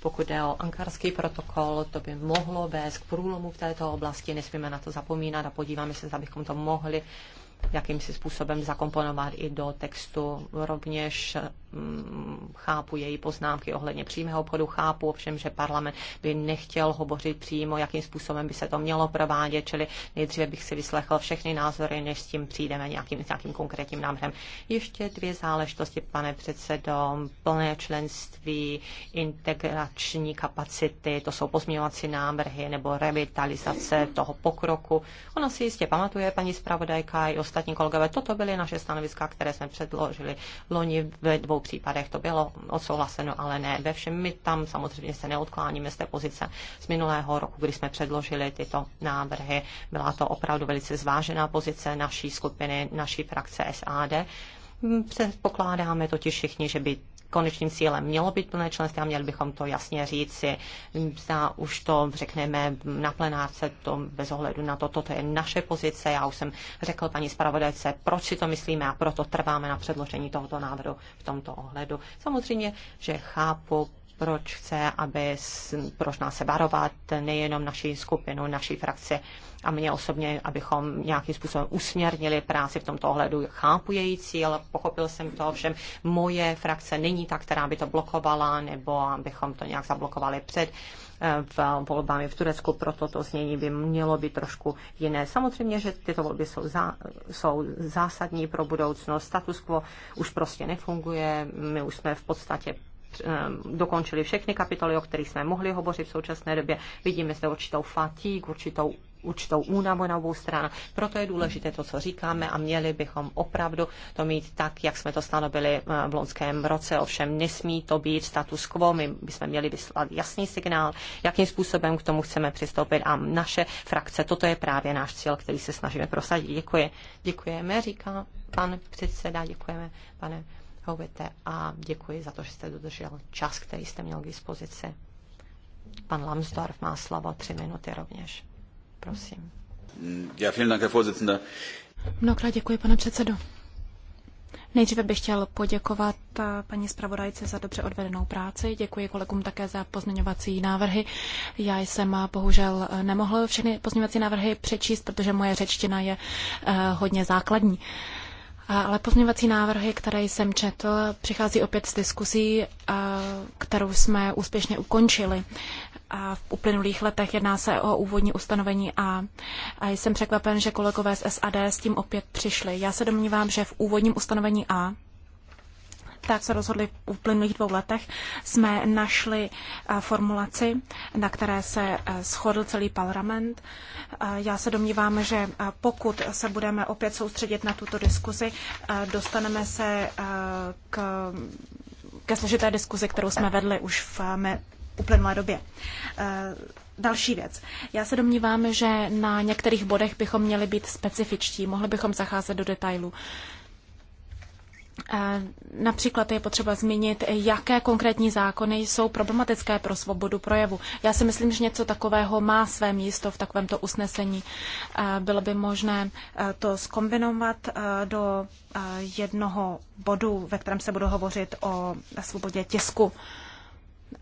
Speaker 18: Pokud jde o ankarský protokol, to by mohlo vést k průlomu v této oblasti, nesmíme na to zapomínat a podíváme se, abychom to mohli jakýmsi způsobem zakomponovat i do textu. Rovněž mm, chápu její poznámky ohledně přímého obchodu, chápu ovšem, že parlament by nechtěl hovořit přímo, jakým způsobem by se to mělo provádět, čili nejdříve bych si vyslechl všechny názory, než s tím přijdeme nějakým, nějakým konkrétním návrhem. Ještě dvě záležitosti, pane předsedo, plné členství, integrační kapacity, to jsou pozměňovací návrhy nebo revitalizace toho pokroku. Ona si jistě pamatuje, paní zpravodajka, i ostatní kolegové. Toto byly naše stanoviska, které jsme předložili loni ve dvou případech. To bylo odsouhlaseno, ale ne ve všem. My tam samozřejmě se neodkláníme z té pozice z minulého roku, kdy jsme předložili tyto návrhy. Byla to opravdu velice zvážená pozice naší skupiny, naší frakce SAD. Předpokládáme totiž všichni, že by konečným cílem mělo být plné členství a měli bychom to jasně říci. Zda už to řekneme na plenáce, to bez ohledu na to, toto je naše pozice. Já už jsem řekl paní zpravodajce, proč si to myslíme a proto trváme na předložení tohoto návrhu v tomto ohledu. Samozřejmě, že chápu proč chce, aby proč nás se varovat nejenom naší skupinu, naší frakci a mě osobně, abychom nějakým způsobem usměrnili práci v tomto ohledu. Chápu její cíl, pochopil jsem to, ovšem moje frakce není ta, která by to blokovala, nebo abychom to nějak zablokovali před eh, v volbami v Turecku, proto to znění by mělo být trošku jiné. Samozřejmě, že tyto volby jsou, zá, jsou zásadní pro budoucnost. Status quo už prostě nefunguje. My už jsme v podstatě Eh, dokončili všechny kapitoly, o kterých jsme mohli hovořit v současné době. Vidíme zde určitou fatík, určitou určitou únavu na obou stranách. Proto je důležité to, co říkáme a měli bychom opravdu to mít tak, jak jsme to stanovili eh, v loňském roce. Ovšem nesmí to být status quo. My bychom měli vyslat jasný signál, jakým způsobem k tomu chceme přistoupit a naše frakce, toto je právě náš cíl, který se snažíme prosadit. Děkuji. Děkujeme, říká pan předseda, děkujeme, pane Houvete, a děkuji za to, že jste dodržel čas, který jste měl k dispozici. Pan Lambsdorff má slovo tři minuty rovněž. Prosím.
Speaker 9: Já vielen Dank, Herr
Speaker 15: Mnohokrát děkuji, pane předsedo. Nejdříve bych chtěl poděkovat eh, paní zpravodajce za dobře odvedenou práci. Děkuji kolegům také za pozměňovací návrhy. Já jsem eh, bohužel eh, nemohl všechny pozměňovací návrhy přečíst, protože moje řečtina je hodně základní. Ale pozměňovací návrhy, které jsem četl, přichází opět z diskuzí, kterou jsme úspěšně ukončili v uplynulých letech. Jedná se o úvodní ustanovení A. A jsem překvapen, že kolegové z SAD s tím opět přišli. Já se domnívám, že v úvodním ustanovení A tak se rozhodli v uplynulých dvou letech, jsme našli eh, formulaci, na které se eh, shodl celý parlament. Eh, já se domnívám, že pokud se budeme opět soustředit na tuto diskuzi, dostaneme se k, ke složité diskuzi, kterou jsme vedli už v uplynulé době. Další věc. Já se domnívám, že na některých bodech bychom měli být specifičtí, mohli bychom zacházet do detailů. Například je potřeba zmínit, jaké konkrétní zákony jsou problematické pro svobodu projevu. Já si myslím, že něco takového má své místo v takovémto usnesení. Bylo by možné to skombinovat do jednoho bodu, ve kterém se budu hovořit o svobodě tisku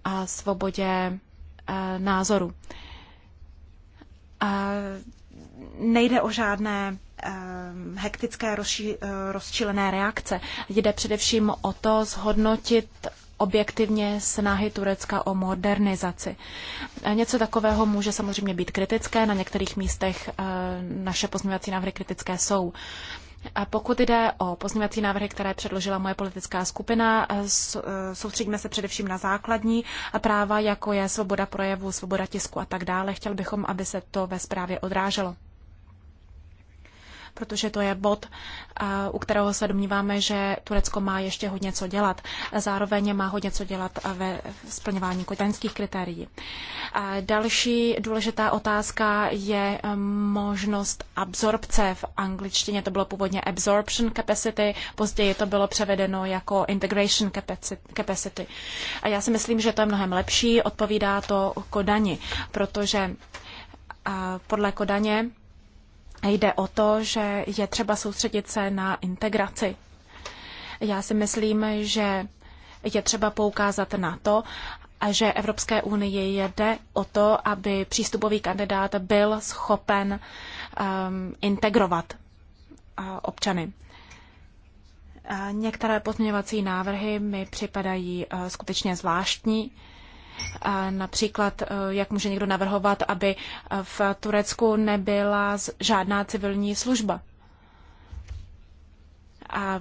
Speaker 15: a svobodě názoru. Nejde o žádné Ehm, hektické rozši, eh, rozčilené reakce. Jde především o to zhodnotit objektivně snahy Turecka o modernizaci. Něco takového může samozřejmě být kritické, na některých místech eh, naše pozměňovací návrhy kritické jsou. A pokud jde o pozměňovací návrhy, které předložila moje politická skupina, eh, soustředíme se především na základní práva, jako je svoboda projevu, svoboda tisku a tak dále. Chtěl bychom, aby se to ve zprávě odráželo protože to je bod, u kterého se domníváme, že Turecko má ještě hodně co dělat. Zároveň má hodně co dělat ve splňování kodaňských kritérií. Další důležitá otázka je um, možnost absorpce. V angličtině to bylo původně absorption capacity, později to bylo převedeno jako integration capacity. A já si myslím, že to je mnohem lepší, odpovídá to Kodani, protože podle Kodaně jde o to, že je třeba soustředit se na integraci. Já si myslím, že je třeba poukázat na to, a že Evropské unii jde o to, aby přístupový kandidát byl schopen um, integrovat uh, občany. A některé pozměňovací návrhy mi připadají uh, skutečně zvláštní. Uh, Například, eh, jak může někdo navrhovat, aby eh, v Turecku nebyla žádná civilní služba. A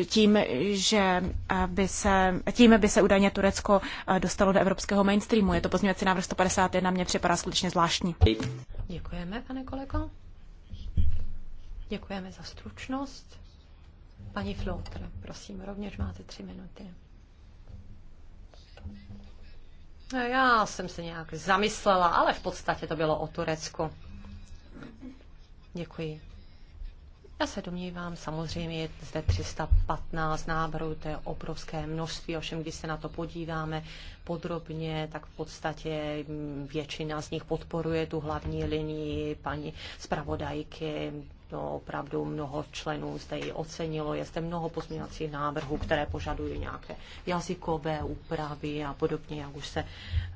Speaker 15: eh, tím, že by se, tím by se údajně Turecko dostalo do evropského mainstreamu. Je to pozměňovací návrh 151, mě připadá skutečně zvláštní.
Speaker 18: Děkujeme, pane kolego. Děkujeme za stručnost. Paní Flouter, prosím, rovněž máte tři minuty. Já jsem se nějak zamyslela, ale v podstatě to bylo o Turecku. Děkuji. Já se domnívám, samozřejmě je zde 315 návrhů, to je obrovské množství, ovšem když se na to podíváme podrobně, tak v podstatě většina z nich podporuje tu hlavní linii paní zpravodajky, no, opravdu mnoho členů zde ji ocenilo. Je zde mnoho pozměňovacích návrhů, které požadují nějaké jazykové úpravy a podobně, jak už se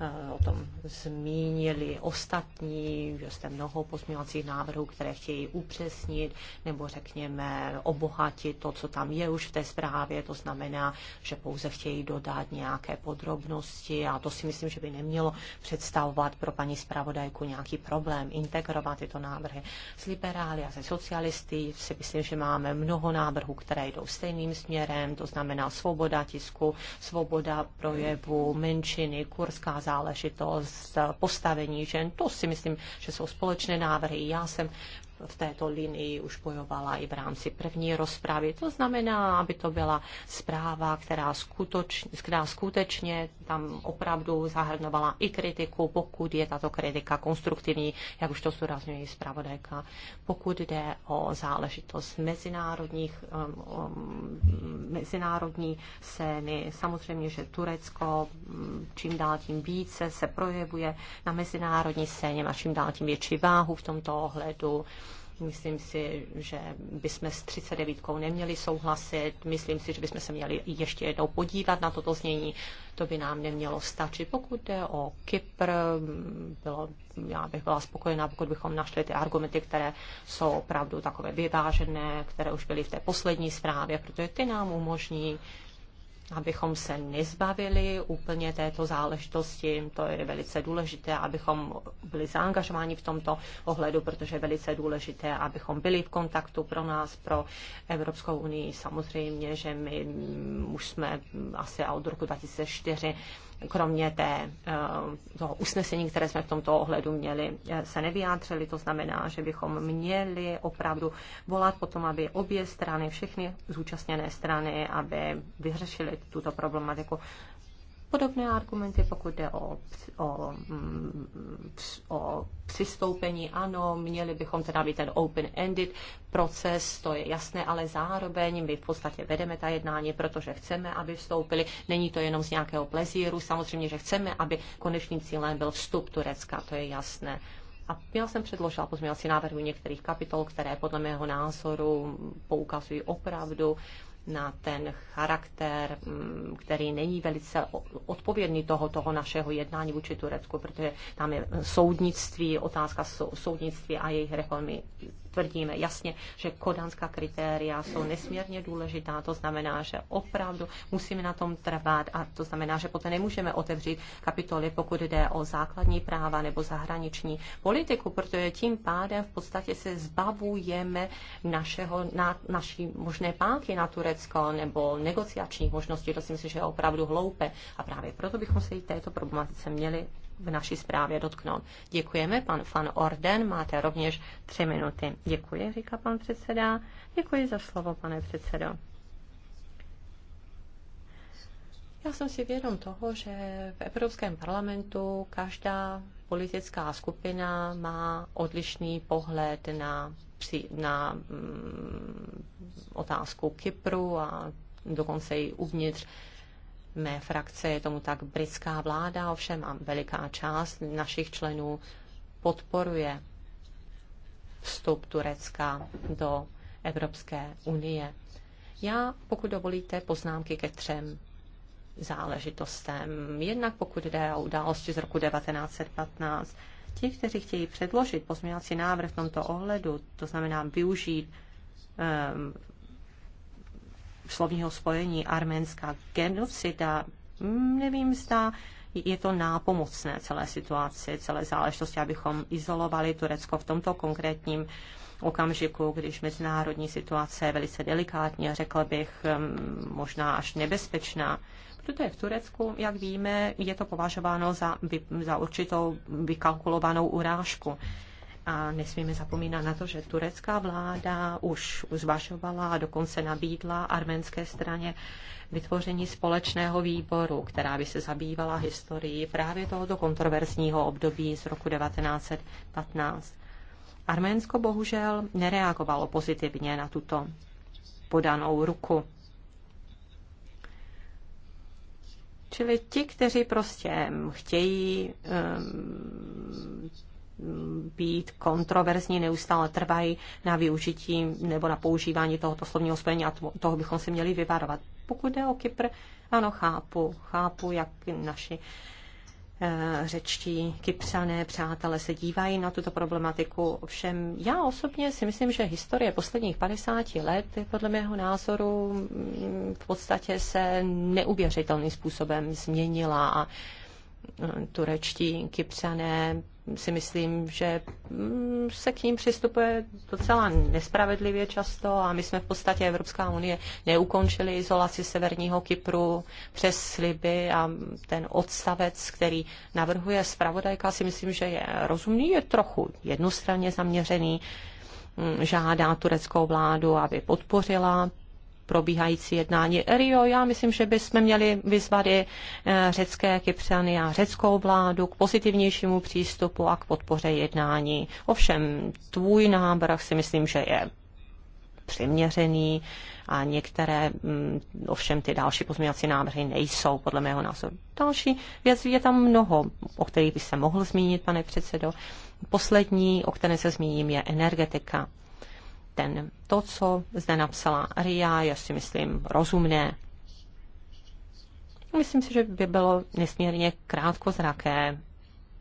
Speaker 18: eh, o tom zmínili ostatní. Je zde mnoho pozměňovacích návrhů, které chtějí upřesnit nebo řekněme obohatit to, co tam je už v té zprávě. To znamená, že pouze chtějí dodat nějaké podrobnosti a to si myslím, že by nemělo představovat pro paní zpravodajku nějaký problém integrovat tyto návrhy s liberály a se sociální socialisty si myslím, že máme mnoho návrhů, které jdou stejným směrem, to znamená svoboda tisku, svoboda projevu, menšiny, kurská záležitost, postavení žen. To si myslím, že jsou společné návrhy. Já jsem v této linii už bojovala i v rámci první rozpravy. To znamená, aby to byla zpráva, která skutečně, která skutečně tam opravdu zahrnovala i kritiku, pokud je tato kritika konstruktivní, jak už to zdůrazňuje i zpravodajka. Pokud jde o záležitost mezinárodních, um, um mezinárodní scény, samozřejmě, že Turecko mm, čím dál tím více se projevuje na mezinárodní scéně, má čím dál tím větší váhu v tomto ohledu Myslím si, že bychom s 39 neměli souhlasit. Myslím si, že bychom se měli ještě jednou podívat na toto znění. To by nám nemělo stačit. Pokud jde o Kypr, bylo, já bych byla spokojená, pokud bychom našli ty argumenty, které jsou opravdu takové vyvážené, které už byly v té poslední zprávě, protože ty nám umožní uh, abychom se nezbavili úplně této záležitosti. To je velice důležité, abychom byli zaangažováni v tomto ohledu, protože je velice důležité, abychom byli v kontaktu pro nás, pro Evropskou unii. Samozřejmě, že my už jsme asi od roku 2004 kromě té, eh, toho usnesení, které jsme v tomto ohledu měli, eh, se nevyjádřili. To znamená, že bychom měli opravdu volat potom, aby obě strany, všechny zúčastněné strany, aby vyřešili tuto problematiku. Podobné argumenty, pokud jde o, o, mm, o přistoupení, ano, měli bychom teda být ten open-ended proces, to je jasné, ale zároveň my v podstatě vedeme ta jednání, protože chceme, aby vstoupili. Není to jenom z nějakého plezíru, samozřejmě, že chceme, aby konečným cílem byl vstup Turecka, to je jasné. A já jsem předložila pozměňovací návrhy některých kapitol, které podle mého názoru poukazují opravdu na ten charakter, mm, který není velice odpovědný toho, toho našeho jednání vůči Turecku, protože tam je soudnictví, otázka soudnictví a jejich reformy tvrdíme jasně, že kodanská kritéria jsou nesmírně důležitá, to znamená, že opravdu musíme na tom trvat a to znamená, že poté nemůžeme otevřít kapitoly, pokud jde o základní práva nebo zahraniční politiku, protože tím pádem v podstatě se zbavujeme našeho, na, naší možné páky na Turecko nebo negociačních možností. To si myslím, že je opravdu hloupé a právě proto bychom se i této problematice měli v naší zprávě dotknout. Děkujeme, pan Fan Orden, máte rovněž tři minuty. Děkuji, říká pan předseda. Děkuji za slovo, pane předsedo. Já jsem si vědom toho, že v Evropském parlamentu každá politická skupina má odlišný pohled na, na mm, otázku Kypru a dokonce i uvnitř mé frakce je tomu tak britská vláda, ovšem a veliká část našich členů podporuje vstup Turecka do Evropské unie. Já, pokud dovolíte, poznámky ke třem záležitostem. Jednak pokud jde o události z roku 1915, ti, kteří chtějí předložit pozměňovací návrh v tomto ohledu, to znamená využít um, slovního spojení arménská genocida, nevím, zda je to nápomocné celé situaci, celé záležitosti, abychom izolovali Turecko v tomto konkrétním okamžiku, když mezinárodní situace je velice delikátní, řekl bych možná až nebezpečná, protože v Turecku, jak víme, je to považováno za, za určitou vykalkulovanou urážku a nesmíme zapomínat na to, že turecká vláda už zvažovala a dokonce nabídla arménské straně vytvoření společného výboru, která by se zabývala historií právě tohoto kontroverzního období z roku 1915. Arménsko bohužel nereagovalo pozitivně na tuto podanou ruku. Čili ti, kteří prostě chtějí um, být kontroverzní, neustále trvají na využití nebo na používání tohoto slovního spojení a toho bychom si měli vyvarovat. Pokud jde o Kypr, ano, chápu, chápu, jak naši eh, řečtí kypřané přátelé se dívají na tuto problematiku. Ovšem já osobně si myslím, že historie posledních 50 let podle mého názoru mm, v podstatě se neuvěřitelným způsobem změnila a eh, turečtí kypřané si myslím, že mm, se k ním přistupuje docela nespravedlivě často a my jsme v podstatě Evropská unie neukončili izolaci severního Kypru přes sliby a ten odstavec, který navrhuje zpravodajka, si myslím, že je rozumný, je trochu jednostranně zaměřený, mm, žádá tureckou vládu, aby podpořila probíhající jednání Rio. Já myslím, že bychom měli vyzvat i eh, řecké Kypřany a řeckou vládu k pozitivnějšímu přístupu a k podpoře jednání. Ovšem, tvůj návrh si myslím, že je přiměřený a některé, mm, ovšem ty další pozměňovací návrhy nejsou, podle mého názoru. Další věc je tam mnoho, o kterých by se mohl zmínit, pane předsedo. Poslední, o které se zmíním, je energetika ten, to, co zde napsala RIA, je si myslím rozumné. Myslím si, že by bylo nesmírně krátkozraké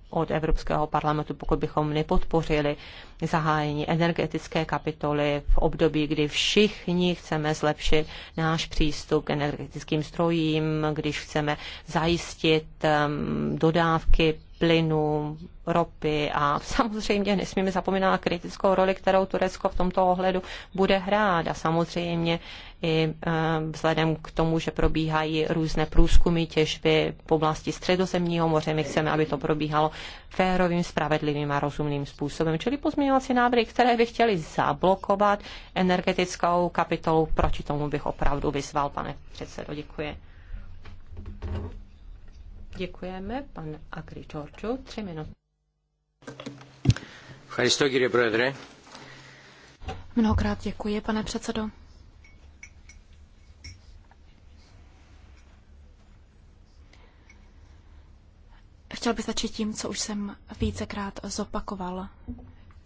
Speaker 18: od Evropského parlamentu, pokud bychom nepodpořili zahájení energetické kapitoly v období, kdy všichni chceme zlepšit náš přístup k energetickým strojím, když chceme zajistit um, dodávky plynu, ropy a samozřejmě nesmíme zapomínat na kritickou roli, kterou Turecko v tomto ohledu bude hrát a samozřejmě i eh, vzhledem k tomu, že probíhají různé průzkumy těžby v oblasti středozemního moře. My chceme, aby to probíhalo férovým, spravedlivým a rozumným způsobem. Čili pozměňovací návrhy, které by chtěli zablokovat energetickou kapitolu, proti tomu bych opravdu vyzval, pane předsedo. Děkuji. Děkujeme, pan Agri Čorču,
Speaker 15: tři minuty. Mnohokrát děkuji, pane předsedo. Chtěl bych začít tím, co už jsem vícekrát zopakoval.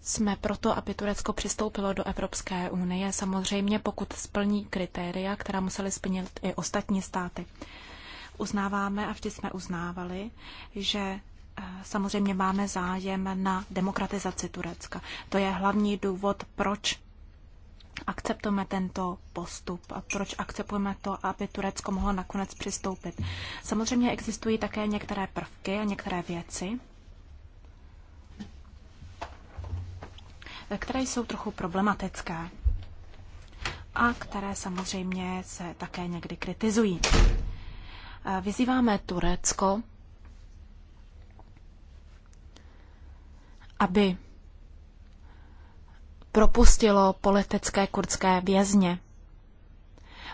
Speaker 15: Jsme proto, aby Turecko přistoupilo do Evropské unie, samozřejmě pokud splní kritéria, která musely splnit i ostatní státy uznáváme a vždy jsme uznávali, že eh, samozřejmě máme zájem na demokratizaci Turecka. To je hlavní důvod, proč akceptujeme tento postup a proč akceptujeme to, aby Turecko mohlo nakonec přistoupit. Samozřejmě existují také některé prvky a některé věci, které jsou trochu problematické a které samozřejmě se také někdy kritizují. Vyzýváme Turecko, aby propustilo politické kurdské vězně.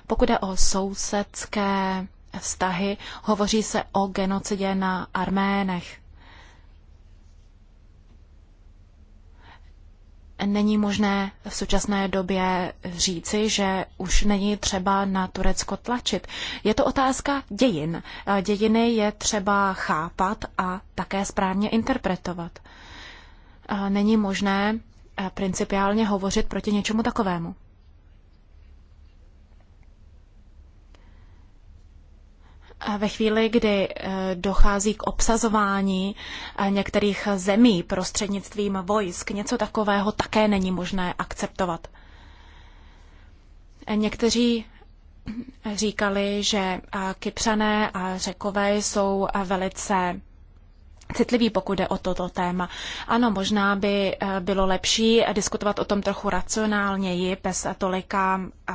Speaker 15: Pokud je o sousedské vztahy, hovoří se o genocidě na Arménech. není možné v současné době říci, že už není třeba na Turecko tlačit. Je to otázka dějin. Dějiny je třeba chápat a také správně interpretovat. Není možné eh, principiálně hovořit proti něčemu takovému. ve chvíli, kdy eh, dochází k obsazování eh, některých zemí prostřednictvím vojsk, něco takového také není možné akceptovat. Eh, někteří říkali, že Kypřané a Řekové jsou velice citlivý, pokud jde o toto téma. Ano, možná by eh, bylo lepší diskutovat o tom trochu racionálněji, bez tolika eh,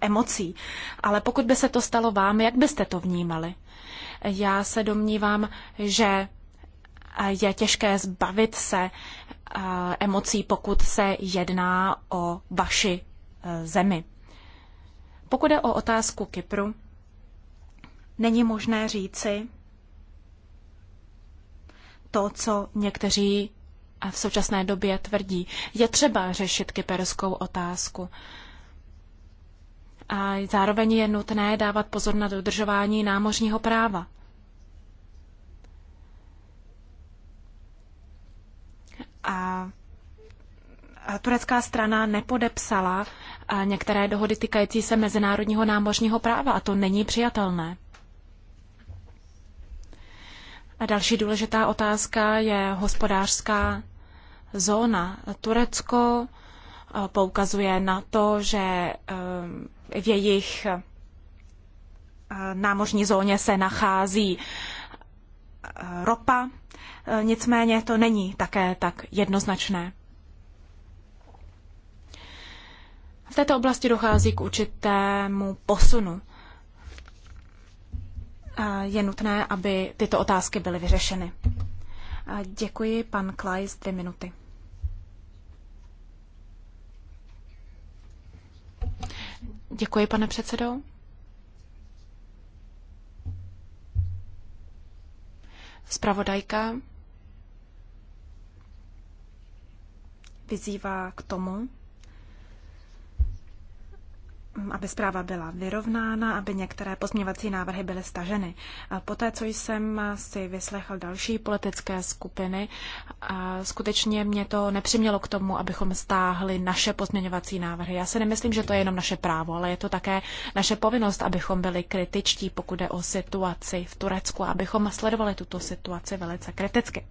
Speaker 15: emocí. Ale pokud by se to stalo vám, jak byste to vnímali? Já se domnívám, že eh, je těžké zbavit se emocí, pokud se jedná o vaši zemi. Pokud je o otázku Kypru, není možné říci, to, co někteří v současné době tvrdí. Je třeba řešit kyperskou otázku. A zároveň je nutné dávat pozor na dodržování námořního práva. A turecká strana nepodepsala některé dohody týkající se mezinárodního námořního práva a to není přijatelné. A další důležitá otázka je hospodářská zóna. Turecko eh, poukazuje na to, že eh, v jejich eh, námořní zóně se nachází ropa, nicméně to není také tak jednoznačné. V této oblasti dochází k určitému posunu je nutné, aby tyto otázky byly vyřešeny. Děkuji, pan Klajs, dvě minuty. Děkuji, pane předsedo. Spravodajka vyzývá k tomu, aby zpráva byla vyrovnána, aby některé pozměňovací návrhy byly staženy. Poté, co jsem si vyslechl další politické skupiny, skutečně mě to nepřimělo k tomu, abychom stáhli naše pozměňovací návrhy. Já si nemyslím, že to je jenom naše právo, ale je to také naše povinnost, abychom byli kritičtí, pokud jde o situaci v Turecku, abychom sledovali tuto situaci velice kriticky.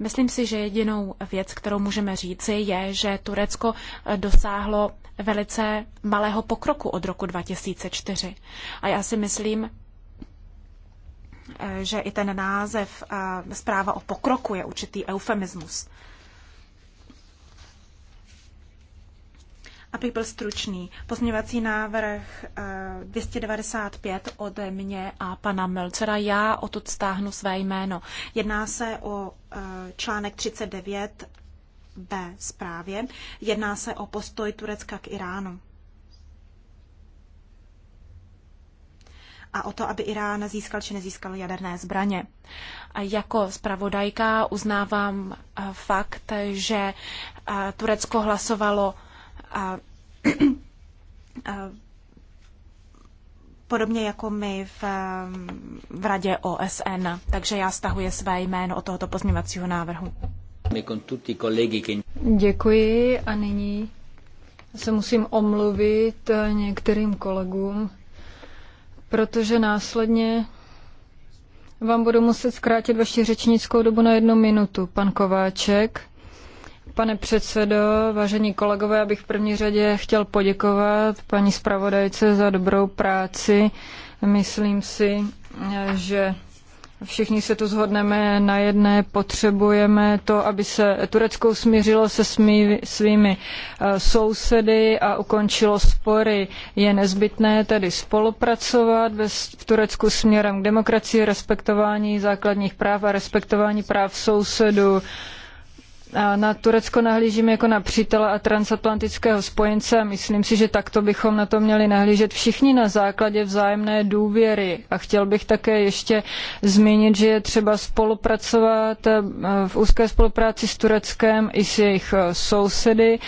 Speaker 15: Myslím si, že jedinou věc, kterou můžeme říci, je, že Turecko eh, dosáhlo velice malého pokroku od roku 2004. A já si myslím, eh, že i ten název eh, zpráva o pokroku je určitý eufemismus. Abych byl stručný, pozměňovací návrh 295 eh, od mě a pana Melcera, já o to stáhnu své jméno. Jedná se o eh, článek 39 B zprávě. Jedná se o postoj Turecka k Iránu. a o to, aby Irán získal či nezískal jaderné zbraně. A jako zpravodajka uznávám eh, fakt, že Turecko hlasovalo a, a, podobně jako my v, um, v radě OSN. Takže já stahuji své jméno od tohoto pozměvacího návrhu.
Speaker 17: Děkuji a nyní se musím omluvit eh, některým kolegům, protože následně vám budu muset zkrátit vaši řečnickou dobu na jednu minutu. Pan Kováček. Pane předsedo, vážení kolegové, já bych v první řadě chtěl poděkovat paní zpravodajce za dobrou práci. Myslím si, že Všichni se tu zhodneme na jedné, potřebujeme to, aby se Turecko smířilo se smí, svými eh, sousedy a ukončilo spory. Je nezbytné tedy spolupracovat ve, v Turecku směrem k demokracii, respektování základních práv a respektování práv sousedů na Turecko nahlížím jako na přítele a transatlantického spojence a myslím si, že takto bychom na to měli nahlížet všichni na základě vzájemné důvěry. A chtěl bych také ještě zmínit, že je třeba spolupracovat eh, v úzké spolupráci s Tureckem i s jejich eh, sousedy.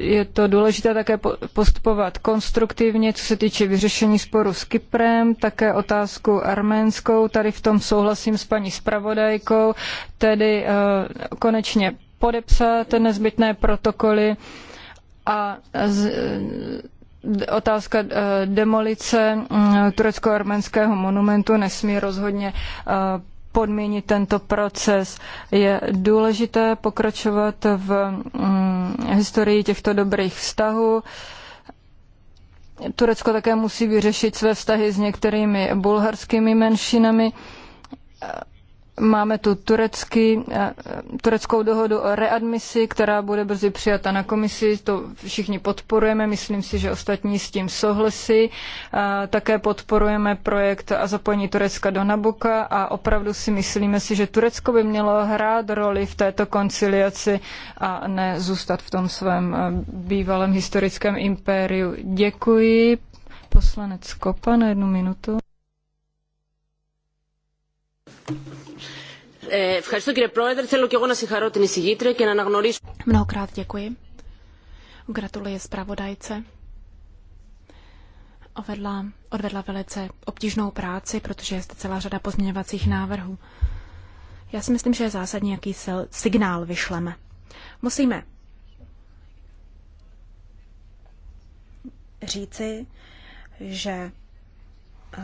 Speaker 17: Je to důležité také postupovat konstruktivně, co se týče vyřešení sporu s Kyprem, také otázku arménskou. Tady v tom souhlasím s paní zpravodajkou, tedy eh, konečně společně podepsat nezbytné protokoly a z, otázka eh, demolice mm, turecko-arménského monumentu nesmí rozhodně eh, podmínit tento proces. Je důležité pokračovat v mm, historii těchto dobrých vztahů. Turecko také musí vyřešit své vztahy s některými bulharskými menšinami Máme tu turecky, eh, tureckou dohodu o readmisi, která bude brzy přijata na komisi. To všichni podporujeme, myslím si, že ostatní s tím souhlasí. Eh, také podporujeme projekt a zapojení Turecka do Nabuka a opravdu si myslíme si, že Turecko by mělo hrát roli v této konciliaci a ne zůstat v tom svém eh, bývalém historickém impériu. Děkuji. Poslanec Kopa na
Speaker 15: jednu minutu.
Speaker 10: Eh, ευχαριστώ κύριε Πρόεδρε. Θέλω και εγώ να συγχαρώ την εισηγήτρια και να αναγνωρίσω.
Speaker 15: Mnohokrát děkuji. Gratuluji zpravodajce. Ovedla, odvedla velice obtížnou práci, protože je zde celá řada pozměňovacích návrhů. Já si myslím, že je zásadní, jaký signál vyšleme. Musíme říci, že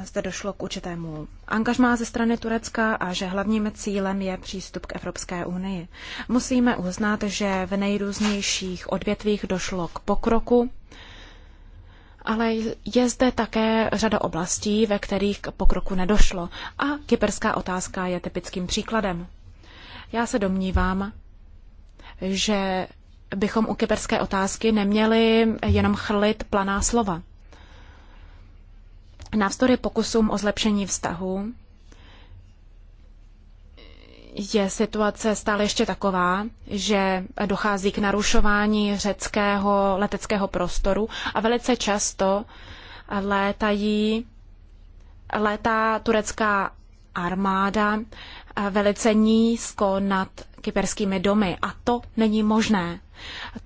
Speaker 15: zde došlo k určitému angažmá ze strany Turecka a že hlavním cílem je přístup k Evropské unii. Musíme uznat, že v nejrůznějších odvětvích došlo k pokroku, ale je zde také řada oblastí, ve kterých k pokroku nedošlo a kyperská otázka je typickým příkladem. Já se domnívám, že bychom u kyperské otázky neměli jenom chrlit planá slova. Navzdory pokusům o zlepšení vztahu je situace stále ještě taková, že dochází k narušování řeckého leteckého prostoru a velice často létají, létá turecká armáda velice nízko nad kyperskými domy a to není možné.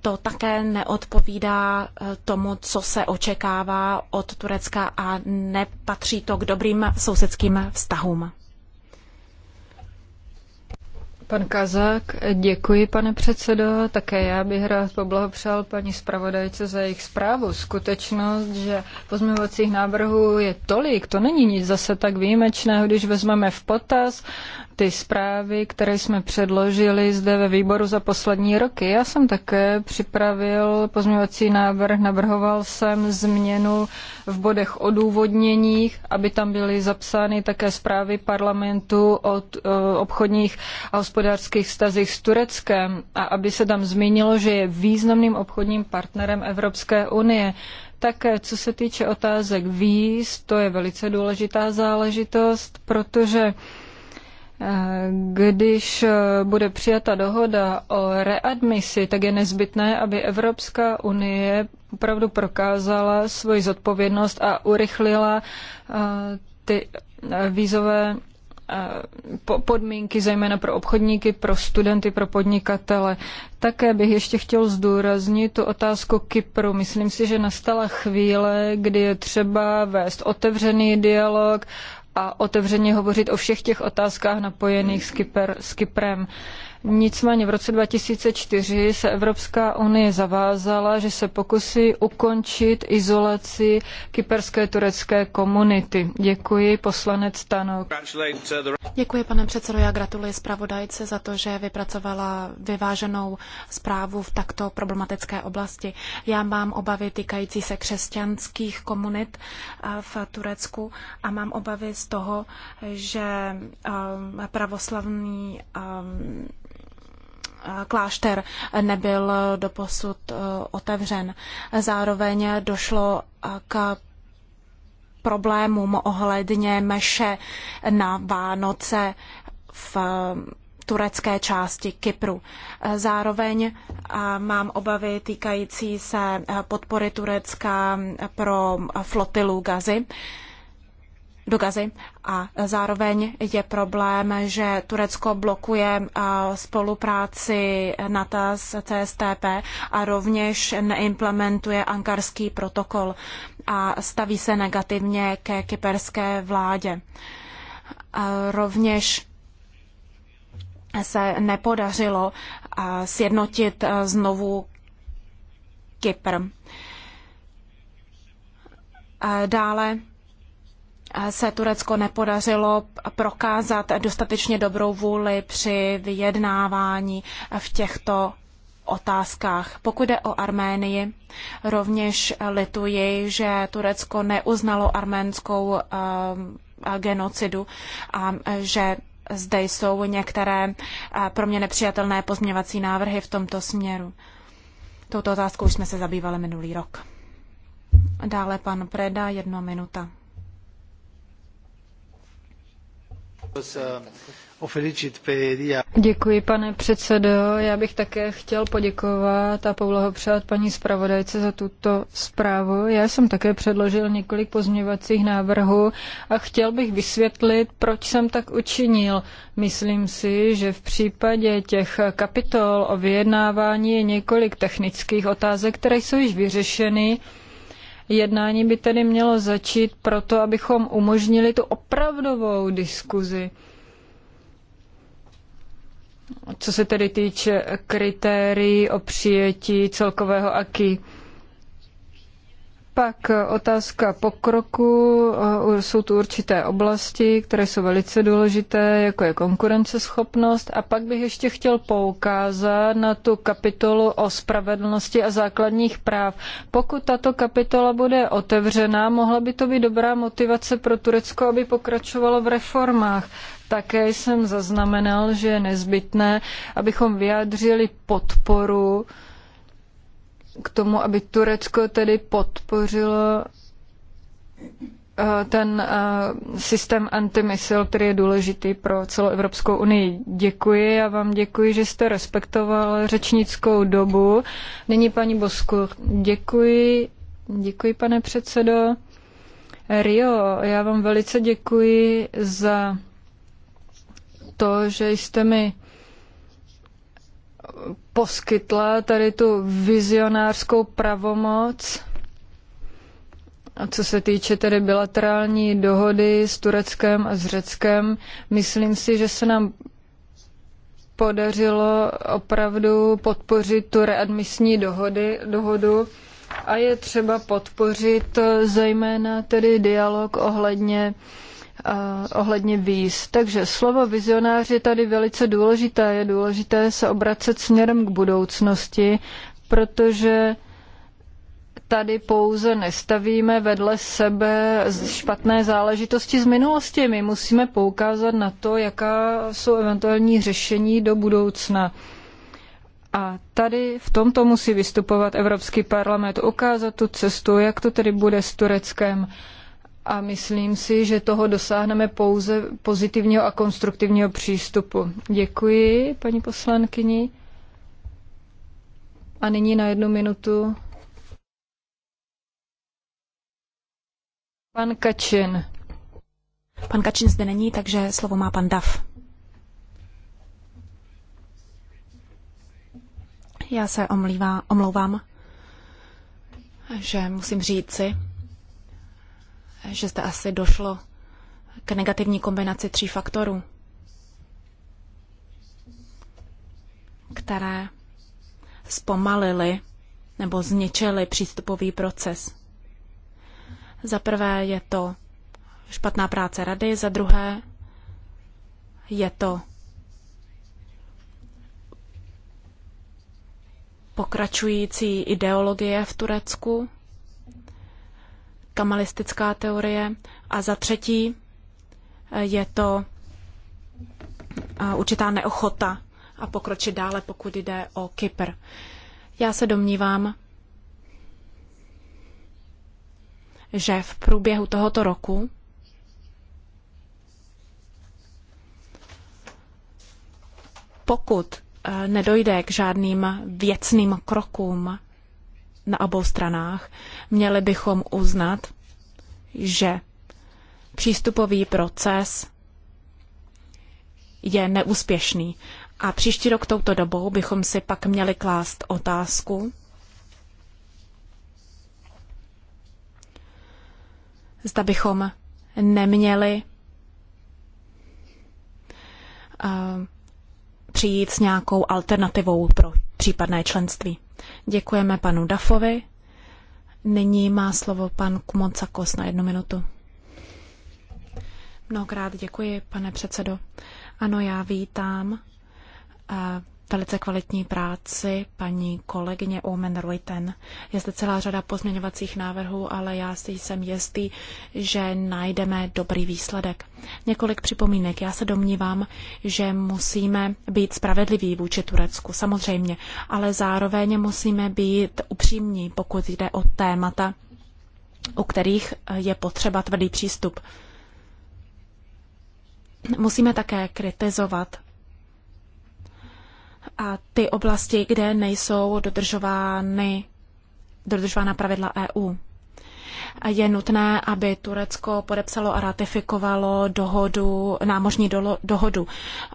Speaker 15: To také neodpovídá eh, tomu, co se očekává od Turecka a nepatří to k dobrým sousedským vztahům.
Speaker 17: Pan Kazák, děkuji, pane předsedo. Také já bych rád poblahopřál paní zpravodajce za jejich zprávu. Skutečnost, že pozměňovacích návrhů je tolik, to není nic zase tak výjimečného, když vezmeme v potaz ty zprávy, které jsme předložili zde ve výboru za poslední roky. Já jsem také připravil pozměňovací návrh, navrhoval jsem změnu v bodech odůvodněních, aby tam byly zapsány také zprávy parlamentu o e, obchodních a hospodářských stazích s Tureckem a aby se tam zmínilo, že je významným obchodním partnerem Evropské unie. Také co se týče otázek víz, to je velice důležitá záležitost, protože když eh, bude přijata dohoda o readmisi, tak je nezbytné, aby Evropská unie opravdu prokázala svoji zodpovědnost a urychlila eh, ty eh, vízové podmínky, zejména pro obchodníky, pro studenty, pro podnikatele. Také bych ještě chtěl zdůraznit tu otázku Kypru. Myslím si, že nastala chvíle, kdy je třeba vést otevřený dialog a otevřeně hovořit o všech těch otázkách napojených s, Kyper, s Kyprem. Nicméně v roce 2004 se Evropská unie zavázala, že se pokusí ukončit izolaci kyperské turecké komunity.
Speaker 15: Děkuji, poslanec Tanok. Děkuji, pane předsedo. Já gratuluji zpravodajce za to, že vypracovala vyváženou zprávu v takto problematické oblasti. Já mám obavy týkající se křesťanských komunit eh, v Turecku a mám obavy z toho, že eh, pravoslavní eh, klášter nebyl doposud eh, otevřen. Zároveň došlo eh, k problémům ohledně meše na Vánoce v eh, turecké části Kypru. Zároveň mám obavy týkající se podpory Turecka pro flotilu Gazy do Gazy. A zároveň je problém, že Turecko blokuje eh, spolupráci NATO eh, s CSTP a rovněž neimplementuje ankarský protokol a staví se negativně ke kyperské vládě. A rovněž se nepodařilo eh, sjednotit znovu Kypr. dále se Turecko nepodařilo prokázat dostatečně dobrou vůli při vyjednávání v těchto otázkách. Pokud jde o Arménii, rovněž lituji, že Turecko neuznalo arménskou eh, genocidu a že zde jsou některé eh, pro mě nepřijatelné pozměvací návrhy v tomto směru. Touto otázkou jsme se zabývali minulý rok. Dále pan Preda, jedna minuta.
Speaker 17: Děkuji, pane předsedo. Já bych také chtěl poděkovat a poblahopřát paní zpravodajce za tuto zprávu. Já jsem také předložil několik pozměňovacích návrhů a chtěl bych vysvětlit, proč jsem tak učinil. Myslím si, že v případě těch kapitol o vyjednávání je několik technických otázek, které jsou již vyřešeny. Jednání by tedy mělo začít proto, abychom umožnili tu opravdovou diskuzi. Co se tedy týče kritérií o přijetí celkového aky. Pak eh, otázka pokroku. Eh, jsou tu určité oblasti, které jsou velice důležité, jako je konkurenceschopnost. A pak bych ještě chtěl poukázat na tu kapitolu o spravedlnosti a základních práv. Pokud tato kapitola bude otevřená, mohla by to být dobrá motivace pro Turecko, aby pokračovalo v reformách. Také jsem zaznamenal, že je nezbytné, abychom vyjádřili podporu k tomu, aby Turecko tedy podpořilo eh, ten eh, systém antimisil, který je důležitý pro celou Evropskou unii. Děkuji, a vám děkuji, že jste respektoval řečnickou dobu. Nyní paní Bosku, děkuji, děkuji pane předsedo. Rio, já vám velice děkuji za to, že jste mi poskytla tady tu vizionářskou pravomoc, a co se týče tedy bilaterální dohody s Tureckem a s Řeckem, myslím si, že se nám podařilo opravdu podpořit tu readmisní dohody, dohodu a je třeba podpořit zejména tedy dialog ohledně uh, Eh, ohledně víz. Takže slovo vizionář je tady velice důležité. Je důležité se obracet směrem k budoucnosti, protože tady pouze nestavíme vedle sebe špatné záležitosti z minulosti. My musíme poukázat na to, jaká jsou eventuální řešení do budoucna. A tady v tomto musí vystupovat Evropský parlament, ukázat tu cestu, jak to tedy bude s Tureckem. Uh, a myslím si, že toho dosáhneme pouze pozitivního a konstruktivního přístupu. Děkuji, paní poslankyni. A nyní na jednu minutu
Speaker 15: pan Kačin. Pan Kačin zde není, takže slovo má pan Dav. Já se omlívá, omlouvám, že musím říct, si, že zde asi došlo k negativní kombinaci tří faktorů, které zpomalily nebo zničily přístupový proces. Za prvé je to špatná práce rady, za druhé je to pokračující ideologie v Turecku, kamalistická teorie. A za třetí eh, je to eh, určitá neochota a pokročit dále, pokud jde o Kypr. Já se domnívám, že v průběhu tohoto roku pokud eh, nedojde k žádným věcným krokům na obou stranách, měli bychom uznat, že přístupový proces je neúspěšný. A příští rok touto dobou bychom si pak měli klást otázku, zda bychom neměli uh, přijít s nějakou alternativou pro případné členství. Děkujeme panu Dafovi. Nyní má slovo pan Kumoncakos na jednu minutu. Mnohokrát děkuji, pane předsedo. Ano, já vítám eh, velice kvalitní práci paní kolegyně Omen Reuten. Je zde celá řada pozměňovacích návrhů, ale já si jsem jistý, že najdeme dobrý výsledek. Několik připomínek. Já se domnívám, že musíme být spravedliví vůči Turecku, samozřejmě, ale zároveň musíme být upřímní, pokud jde o témata, u kterých je potřeba tvrdý přístup. Musíme také kritizovat a ty oblasti, kde nejsou dodržovány, dodržována pravidla EU. A je nutné, aby Turecko podepsalo a ratifikovalo dohodu, námožní do, dohodu.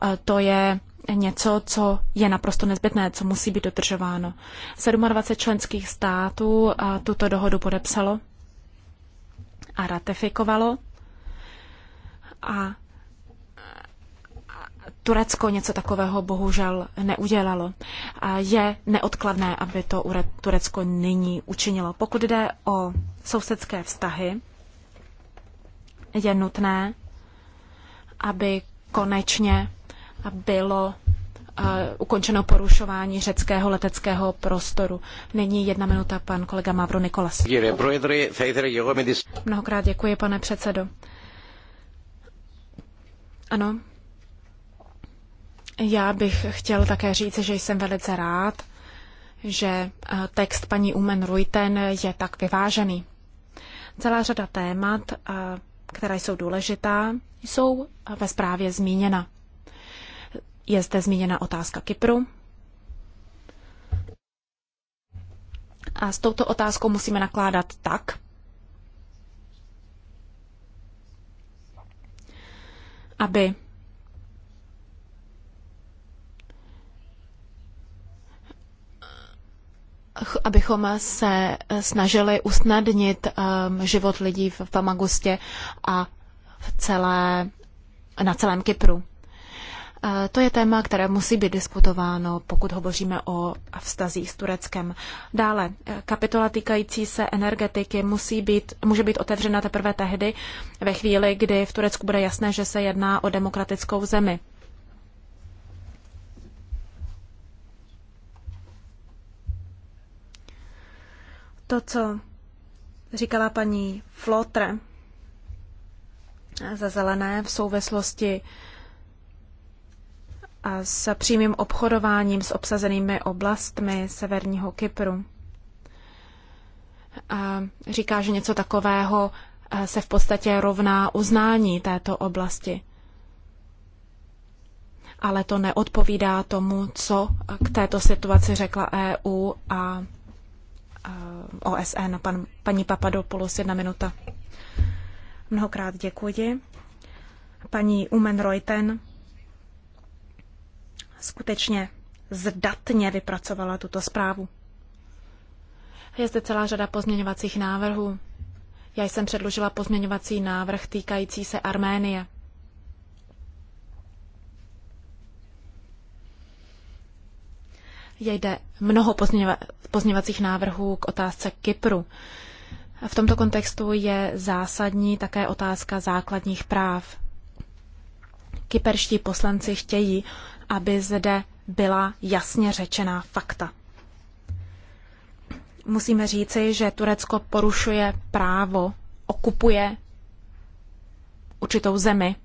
Speaker 15: A to je něco, co je naprosto nezbytné, co musí být dodržováno. 27 členských států a tuto dohodu podepsalo a ratifikovalo. A Turecko něco takového bohužel neudělalo. Je neodkladné, aby to Turecko nyní učinilo. Pokud jde o sousedské vztahy, je nutné, aby konečně bylo eh, ukončeno porušování řeckého leteckého prostoru. Nyní jedna minuta pan kolega Mavro Nikolas. Mnohokrát děkuji, pane předsedo. Ano, já bych chtěl také říct, že jsem velice rád, že eh, text paní Umen Ruiten je tak vyvážený. Celá řada témat, eh, která jsou důležitá, jsou ve zprávě zmíněna. Je zde zmíněna otázka Kypru. A s touto otázkou musíme nakládat tak, aby abychom se eh, snažili usnadnit ehm, život lidí v Famagustě a v celé, na celém Kypru. Eh, to je téma, které musí být diskutováno, pokud hovoříme o vztazích s Tureckem. Dále, eh, kapitola týkající se energetiky musí být, může být otevřena teprve tehdy, ve chvíli, kdy v Turecku bude jasné, že se jedná o demokratickou zemi. to, co říkala paní Flotre za zelené v souvislosti a s přímým obchodováním s obsazenými oblastmi severního Kypru. A říká, že něco takového eh, se v podstatě rovná uznání této oblasti. Ale to neodpovídá tomu, co k této situaci řekla EU a OSN. Pan, paní Papadopoulos, jedna minuta. Mnohokrát děkuji. Paní Umen Reuten skutečně zdatně vypracovala tuto zprávu. Je zde celá řada pozměňovacích návrhů. Já jsem předložila pozměňovací návrh týkající se Arménie. jde mnoho pozměva, pozměvacích návrhů k otázce Kypru. V tomto kontextu je zásadní také otázka základních práv. Kyperští poslanci chtějí, aby zde byla jasně řečená fakta. Musíme říci, že Turecko porušuje právo, okupuje určitou zemi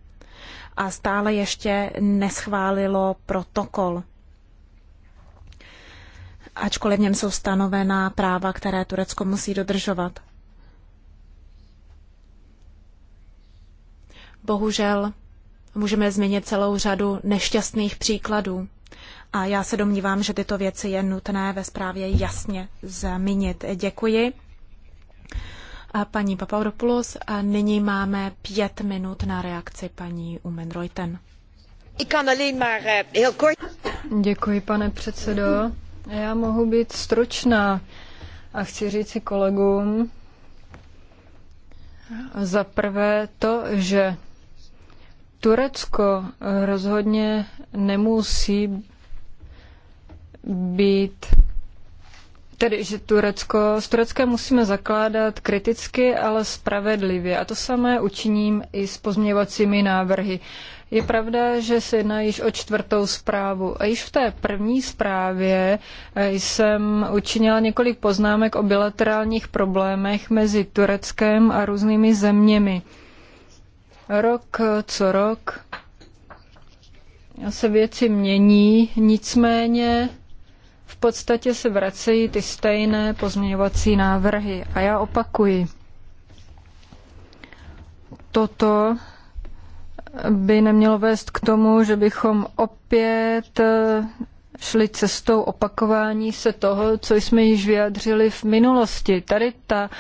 Speaker 15: a stále ještě neschválilo protokol ačkoliv v něm jsou stanovená práva, které Turecko musí dodržovat. Bohužel můžeme zmínit celou řadu nešťastných příkladů. A já se domnívám, že tyto věci je nutné ve zprávě jasně zmínit. Děkuji. A paní Papadopoulos, a nyní máme pět minut na reakci paní Umenreuten.
Speaker 7: Eh,
Speaker 17: Děkuji, pane předsedo. Já mohu být stručná a chci říci kolegům za prvé to, že Turecko rozhodně nemusí být Tedy, že Turecko, s Tureckem musíme zakládat kriticky, ale spravedlivě. A to samé učiním i s pozměňovacími návrhy. Je pravda, že se jedná již o čtvrtou zprávu. A již v té první zprávě eh, jsem učinila několik poznámek o bilaterálních problémech mezi Tureckem a různými zeměmi. Rok co rok se věci mění, nicméně v podstatě se vracejí ty stejné pozměňovací návrhy. A já opakuji, toto by nemělo vést k tomu, že bychom opět eh, šli cestou opakování se toho, co jsme již vyjadřili v minulosti. Tady ta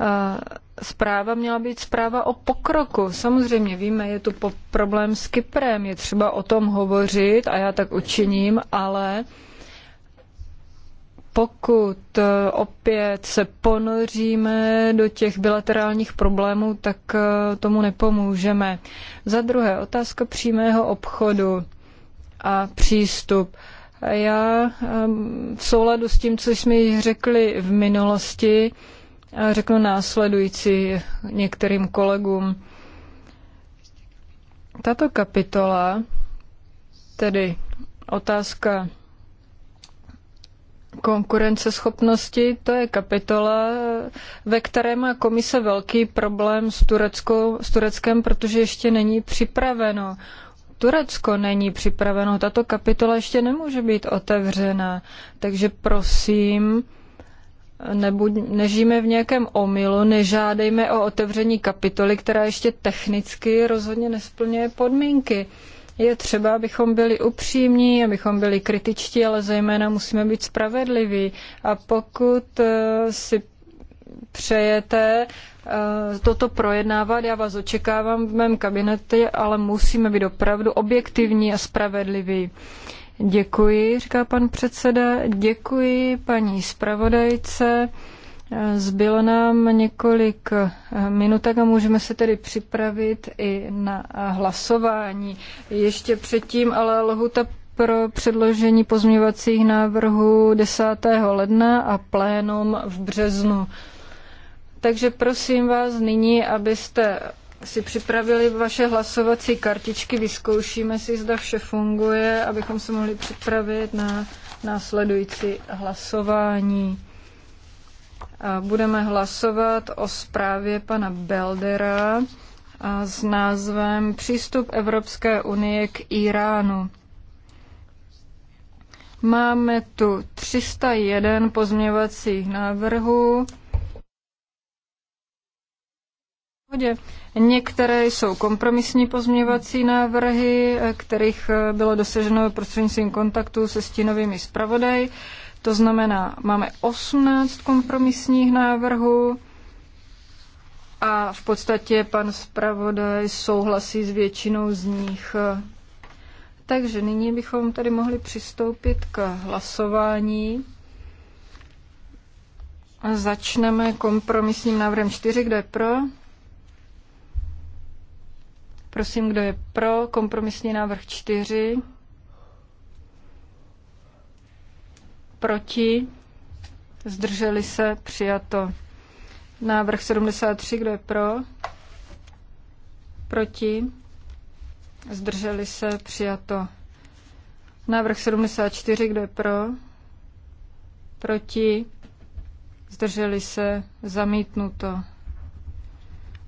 Speaker 17: eh, zpráva měla být zpráva o pokroku. Samozřejmě víme, je tu problém s Kyprem, je třeba o tom hovořit a já tak učiním, ale pokud eh, opět se ponoříme do těch bilaterálních problémů, tak eh, tomu nepomůžeme. Za druhé, otázka přímého obchodu a přístup. Já ehm, v souladu s tím, co jsme již řekli v minulosti, řeknu následující některým kolegům. Tato kapitola, tedy otázka konkurenceschopnosti, to je kapitola, ve které má komise velký problém s, Tureckou, s Tureckem, protože ještě není připraveno. Turecko není připraveno, tato kapitola ještě nemůže být otevřena. Takže prosím, nebuď, nežijme v nějakém omylu, nežádejme o otevření kapitoly, která ještě technicky rozhodně nesplňuje podmínky. Je třeba, abychom byli upřímní, abychom byli kritičtí, ale zejména musíme být spravedliví. A pokud eh, si přejete eh, toto projednávat, já vás očekávám v mém kabinetě, ale musíme být opravdu objektivní a spravedliví. Děkuji, říká pan předseda, děkuji paní zpravodajce. Zbylo nám několik eh, minutek a můžeme se tedy připravit i na hlasování. Ještě předtím, ale lhuta pro předložení pozměňovacích návrhů 10. ledna a plénum v březnu. Takže prosím vás nyní, abyste si připravili vaše hlasovací kartičky, vyzkoušíme si, zda vše funguje, abychom se mohli připravit na následující hlasování. Budeme hlasovat o zprávě pana Beldera s názvem Přístup Evropské unie k Iránu. Máme tu 301 pozměvacích návrhů. Některé jsou kompromisní pozměvací návrhy, kterých bylo dosaženo prostřednictvím kontaktu se stínovými zpravodaji. To znamená, máme 18 kompromisních návrhů a v podstatě pan zpravodaj souhlasí s většinou z nich. Takže nyní bychom tady mohli přistoupit k hlasování. A začneme kompromisním návrhem 4. Kdo je pro? Prosím, kdo je pro kompromisní návrh 4? Proti? Zdrželi se? Přijato. Návrh 73, kdo je pro? Proti? Zdrželi se? Přijato. Návrh 74, kdo je pro? Proti? Zdrželi se? Zamítnuto.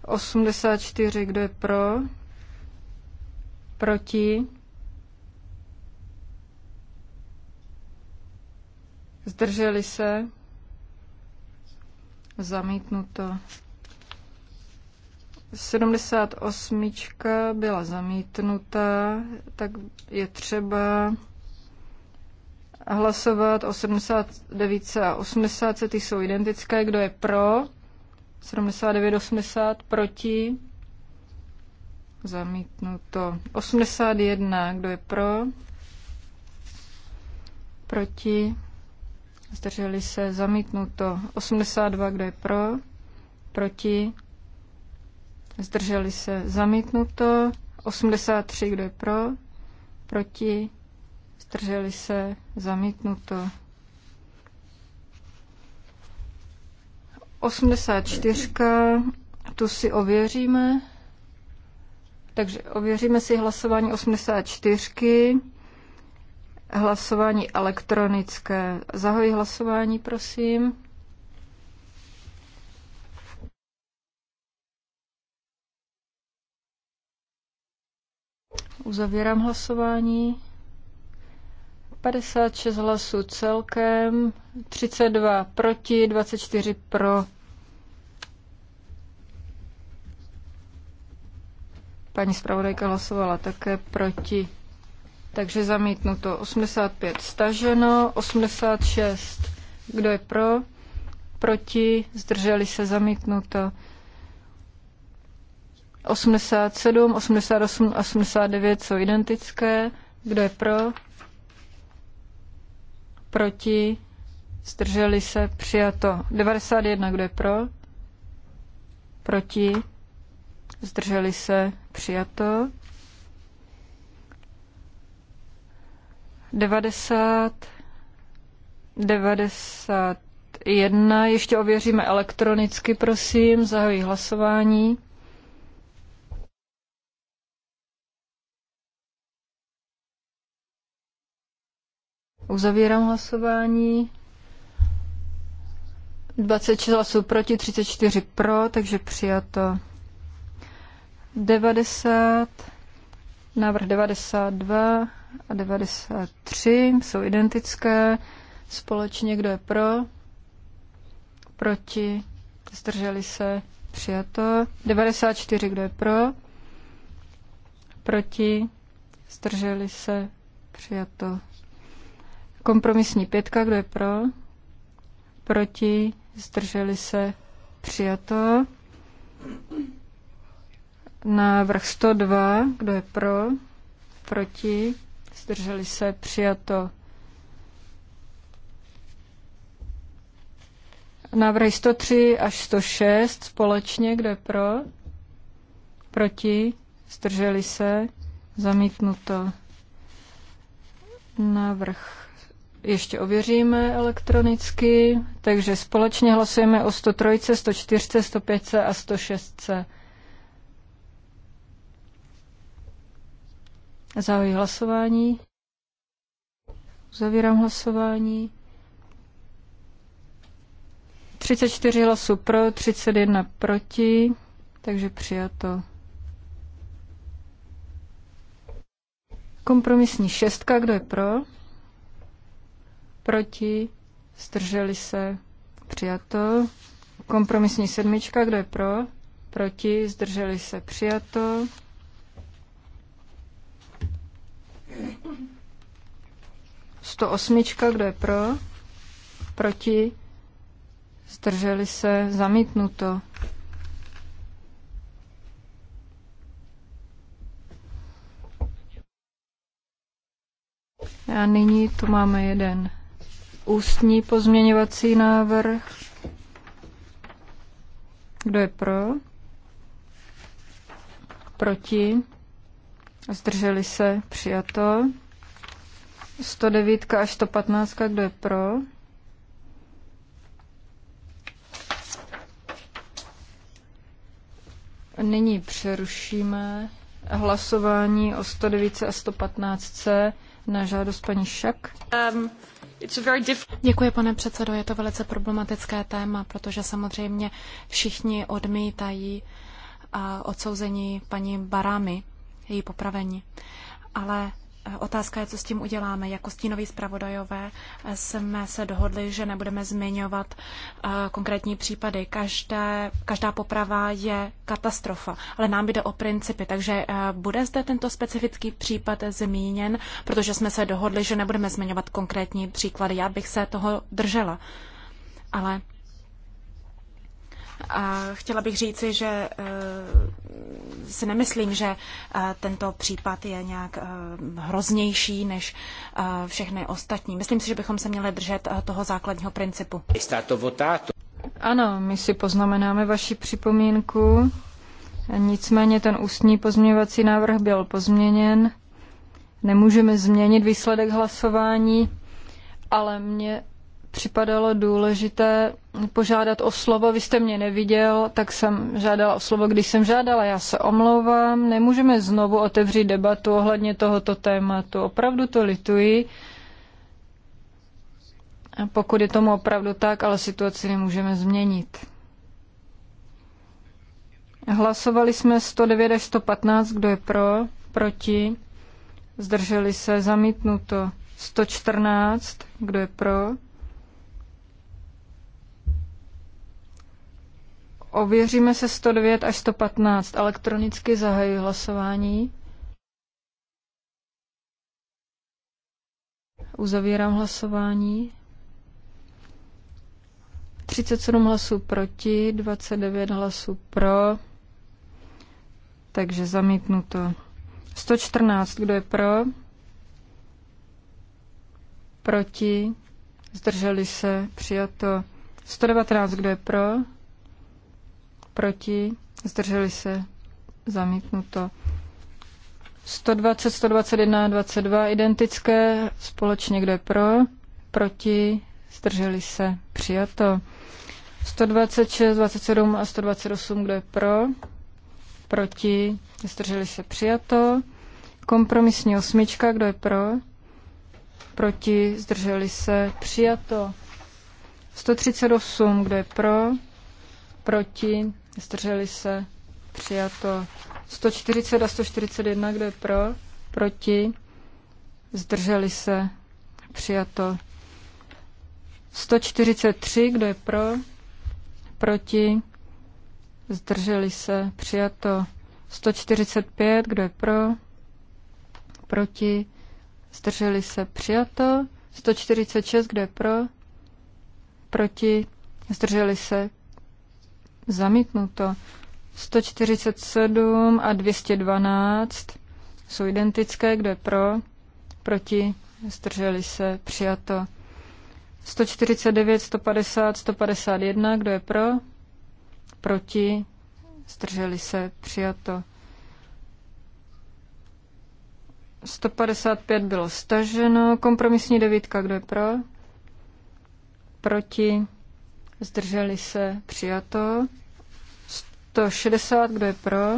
Speaker 17: 84, kdo je pro? Proti? Zdrželi se? Zamítnuto. 78 byla zamítnuta, tak je třeba hlasovat 89 a 80, ty jsou identické. Kdo je pro? 79, 80, proti? Zamítnuto. 81, kdo je pro? Proti? zdrželi se, zamítnuto 82, kdo je pro, proti, zdrželi se, zamítnuto 83, kdo je pro, proti, zdrželi se, zamítnuto 84, tu si ověříme, takže ověříme si hlasování 84 hlasování elektronické. Zahoji hlasování, prosím. Uzavírám hlasování. 56 hlasů celkem, 32 proti, 24 pro. Paní zpravodajka hlasovala také proti takže zamítnuto. 85 staženo, 86. Kdo je pro? Proti? Zdrželi se zamítnuto. 87, 88, 89 jsou identické. Kdo je pro? Proti? Zdrželi se přijato. 91, kdo je pro? Proti? Zdrželi se přijato. 90, 91, ještě ověříme elektronicky, prosím, zahojí hlasování. Uzavírám hlasování. 26 hlasů proti, 34 pro, takže přijato 90, návrh 92, a 93 jsou identické. Společně kdo je pro? Proti? Zdrželi se? Přijato. 94 kdo je pro? Proti? Zdrželi se? Přijato. Kompromisní pětka, kdo je pro? Proti? Zdrželi se? Přijato. Návrh 102, kdo je pro? Proti? zdrželi se, přijato. Návrhy 103 až 106 společně, kde pro, proti, zdrželi se, zamítnuto. Návrh ještě ověříme elektronicky, takže společně hlasujeme o 103, 104, 105 a 106. Zahajuji hlasování. Zavírám hlasování. 34 hlasů pro, 31 proti, takže přijato. Kompromisní šestka, kdo je pro? Proti, zdrželi se, přijato. Kompromisní sedmička, kdo je pro? Proti, zdrželi se, přijato. 108. Kdo je pro? Proti? Zdrželi se? Zamítnuto. A nyní tu máme jeden ústní pozměňovací návrh. Kdo je pro? Proti? Zdrželi se? Přijato. 109 až 115, kdo je pro? Nyní přerušíme hlasování o 109 a 115 na žádost paní Šak.
Speaker 15: Um, Děkuji, pane předsedo. Je to velice problematické téma, protože samozřejmě všichni odmítají a uh, odsouzení paní Barámy její popravení. Ale eh, Otázka je, co s tím uděláme. Jako stínoví zpravodajové eh, jsme se dohodli, že nebudeme zmiňovat eh, konkrétní případy. Každé, každá poprava je katastrofa, ale nám jde o principy. Takže bude zde tento specifický případ zmíněn, protože jsme se dohodli, že nebudeme zmiňovat konkrétní příklady. Já bych se toho držela. Ale a chtěla bych říci, že eh, si nemyslím, že eh, tento případ je nějak eh, hroznější než všechny ostatní. Myslím si, že bychom se měli držet toho základního principu. Ano,
Speaker 17: my si poznamenáme vaši připomínku. Nicméně ten ústní pozměňovací návrh byl pozměněn. Nemůžeme změnit výsledek hlasování, ale mě připadalo důležité požádat o slovo. Vy jste mě neviděl, tak jsem žádala o slovo, když jsem žádala. Já se omlouvám, nemůžeme znovu otevřít debatu ohledně tohoto tématu. Opravdu to lituji. Pokud je tomu opravdu tak, ale situaci nemůžeme změnit. Hlasovali jsme 109 až 115, kdo je pro, proti, zdrželi se, zamítnuto. 114, kdo je pro, Ověříme se 109 až 115. Elektronicky zahajuji hlasování. Uzavírám hlasování. 37 hlasů proti, 29 hlasů pro, takže zamítnuto. 114, kdo je pro? Proti, zdrželi se, přijato. 119, kdo je pro? proti, zdrželi se, zamítnuto. 120, 121, 22 identické, společně kdo je pro, proti, zdrželi se, přijato. 126, 27 a 128, kdo je pro, proti, zdrželi se, přijato. Kompromisní osmička, kdo je pro, proti, zdrželi se, přijato. 138, kdo je pro, proti, zdrželi se, přijato 140 a 141, kdo je pro, proti, zdrželi se, přijato 143, kdo je pro, proti, zdrželi se, přijato 145, kdo je pro, proti, zdrželi se, přijato 146, kdo je pro, proti, zdrželi se, Zamítnuto. 147 a 212 jsou identické. Kdo je pro? Proti? Zdrželi se? Přijato. 149, 150, 151. Kdo je pro? Proti? Zdrželi se? Přijato. 155 bylo staženo. Kompromisní devítka. Kdo je pro? Proti? zdrželi se, přijato. 160, kdo je pro,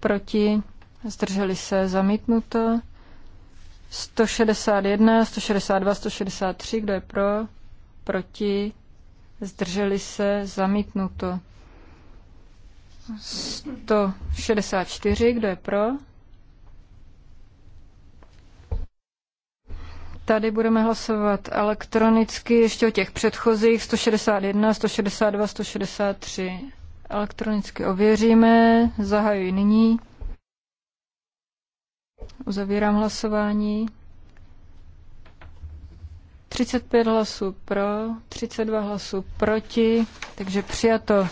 Speaker 17: proti, zdrželi se, zamítnuto. 161, 162, 163, kdo je pro, proti, zdrželi se, zamítnuto. 164, kdo je pro, Tady budeme hlasovat elektronicky ještě o těch předchozích 161, 162, 163. Elektronicky ověříme. Zahajuji nyní. Uzavírám hlasování. 35 hlasů pro, 32 hlasů proti, takže přijato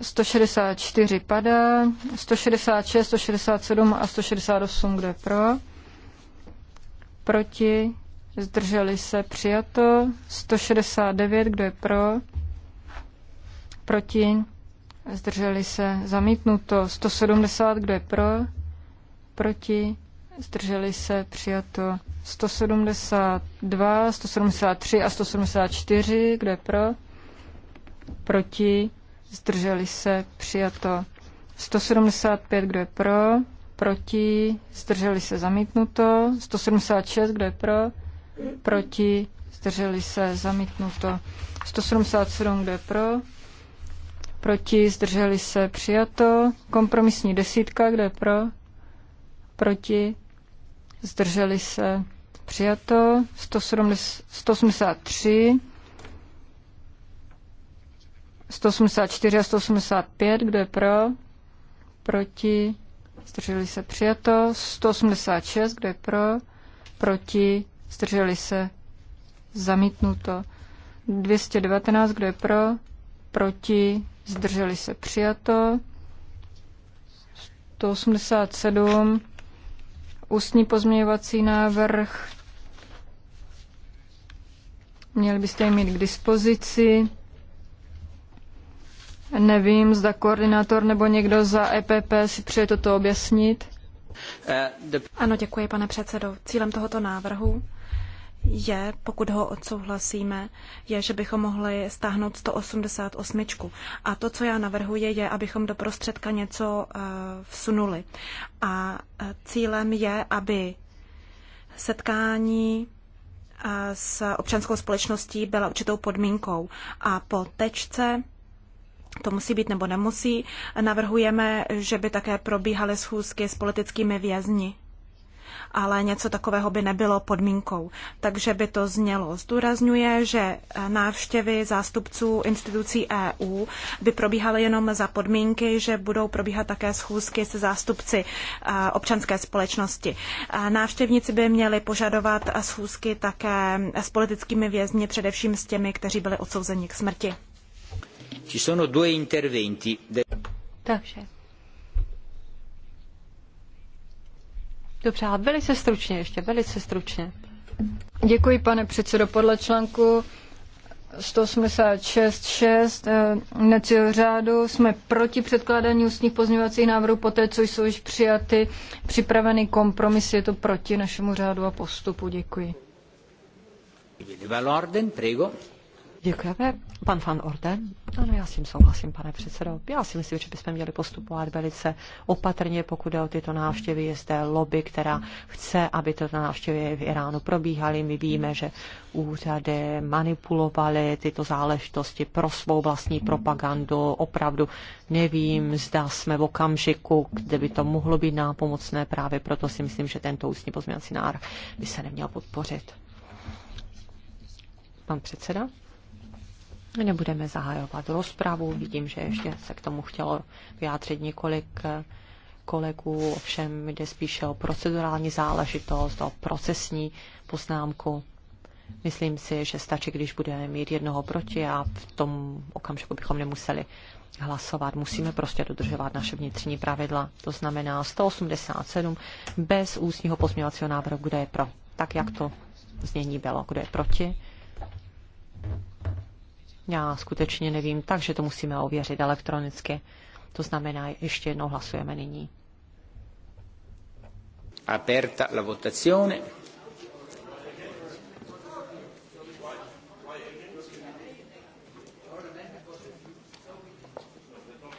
Speaker 17: 164 padá, 166, 167 a 168, kdo je pro? Proti? Zdrželi se přijato. 169, kdo je pro? Proti? Zdrželi se zamítnuto. 170, kdo je pro? Proti? Zdrželi se přijato. 172, 173 a 174, kdo je pro? Proti? zdrželi se, přijato. 175, kdo je pro, proti, zdrželi se, zamítnuto. 176, kdo je pro, proti, zdrželi se, zamítnuto. 177, kdo je pro, proti, zdrželi se, přijato. Kompromisní desítka, kdo je pro, proti, zdrželi se, přijato. 170, 183, 184 a 185, kdo je pro? Proti? Zdrželi se přijato. 186, kdo je pro? Proti? Zdrželi se zamítnuto. 219, kdo je pro? Proti? Zdrželi se přijato. 187, ústní pozměňovací návrh. Měli byste je mít k dispozici. Nevím, zda koordinátor nebo někdo za
Speaker 15: EPP si přeje toto objasnit. Ano, děkuji, pane předsedo. Cílem tohoto návrhu je, pokud ho odsouhlasíme, je, že bychom mohli stáhnout 188. A to, co já navrhuji, je, abychom do prostředka něco uh, vsunuli. A eh, cílem je, aby setkání eh, s občanskou společností byla určitou podmínkou. A po tečce to musí být nebo nemusí. Navrhujeme, že by také probíhaly schůzky s politickými vězni. Ale něco takového by nebylo podmínkou. Takže by to znělo. Zdůrazňuje, že návštěvy zástupců institucí EU by probíhaly jenom za podmínky, že budou probíhat také schůzky se zástupci eh, občanské společnosti. Eh, návštěvníci by měli požadovat schůzky také s politickými vězni, především s těmi, kteří byli odsouzeni k smrti.
Speaker 16: Ci sono due interventi. De...
Speaker 15: Takže.
Speaker 17: Dobře, velice stručně ještě, velice stručně. Děkuji, pane předsedo. Podle článku 186.6 eh, jednacího řádu jsme proti předkládání ústních pozměňovacích návrhů poté, co jsou již přijaty připraveny kompromisy. Je to proti našemu řádu a postupu. Děkuji. Děkujeme.
Speaker 18: Pan Van Orden. Ano, já s tím souhlasím, pane předsedo. Já si myslím, že bychom měli postupovat velice opatrně, pokud jde o tyto návštěvy. Je zde lobby, která chce, aby tyto návštěvy v Iránu probíhaly. My víme, že úřady manipulovaly tyto záležitosti pro svou vlastní propagandu. Opravdu nevím, zda jsme v okamžiku, kde by to mohlo být nápomocné. Právě proto si myslím, že tento ústní pozměňovací návrh by se neměl podpořit. Pan předseda. Nebudeme zahajovat rozpravu. Vidím, že ještě se k tomu chtělo vyjádřit několik kolegů, ovšem jde spíše o procedurální záležitost, o procesní poznámku. Myslím si, že stačí, když budeme mít jednoho proti a v tom okamžiku bychom nemuseli hlasovat. Musíme prostě dodržovat naše vnitřní pravidla. To znamená 187 bez ústního pozměňovacího návrhu, kdo je pro. Tak, jak to znění bylo, kdo je proti. Já skutečně nevím, takže to musíme ověřit elektronicky. To znamená, ještě jednou hlasujeme nyní.
Speaker 16: Aperta la votazione.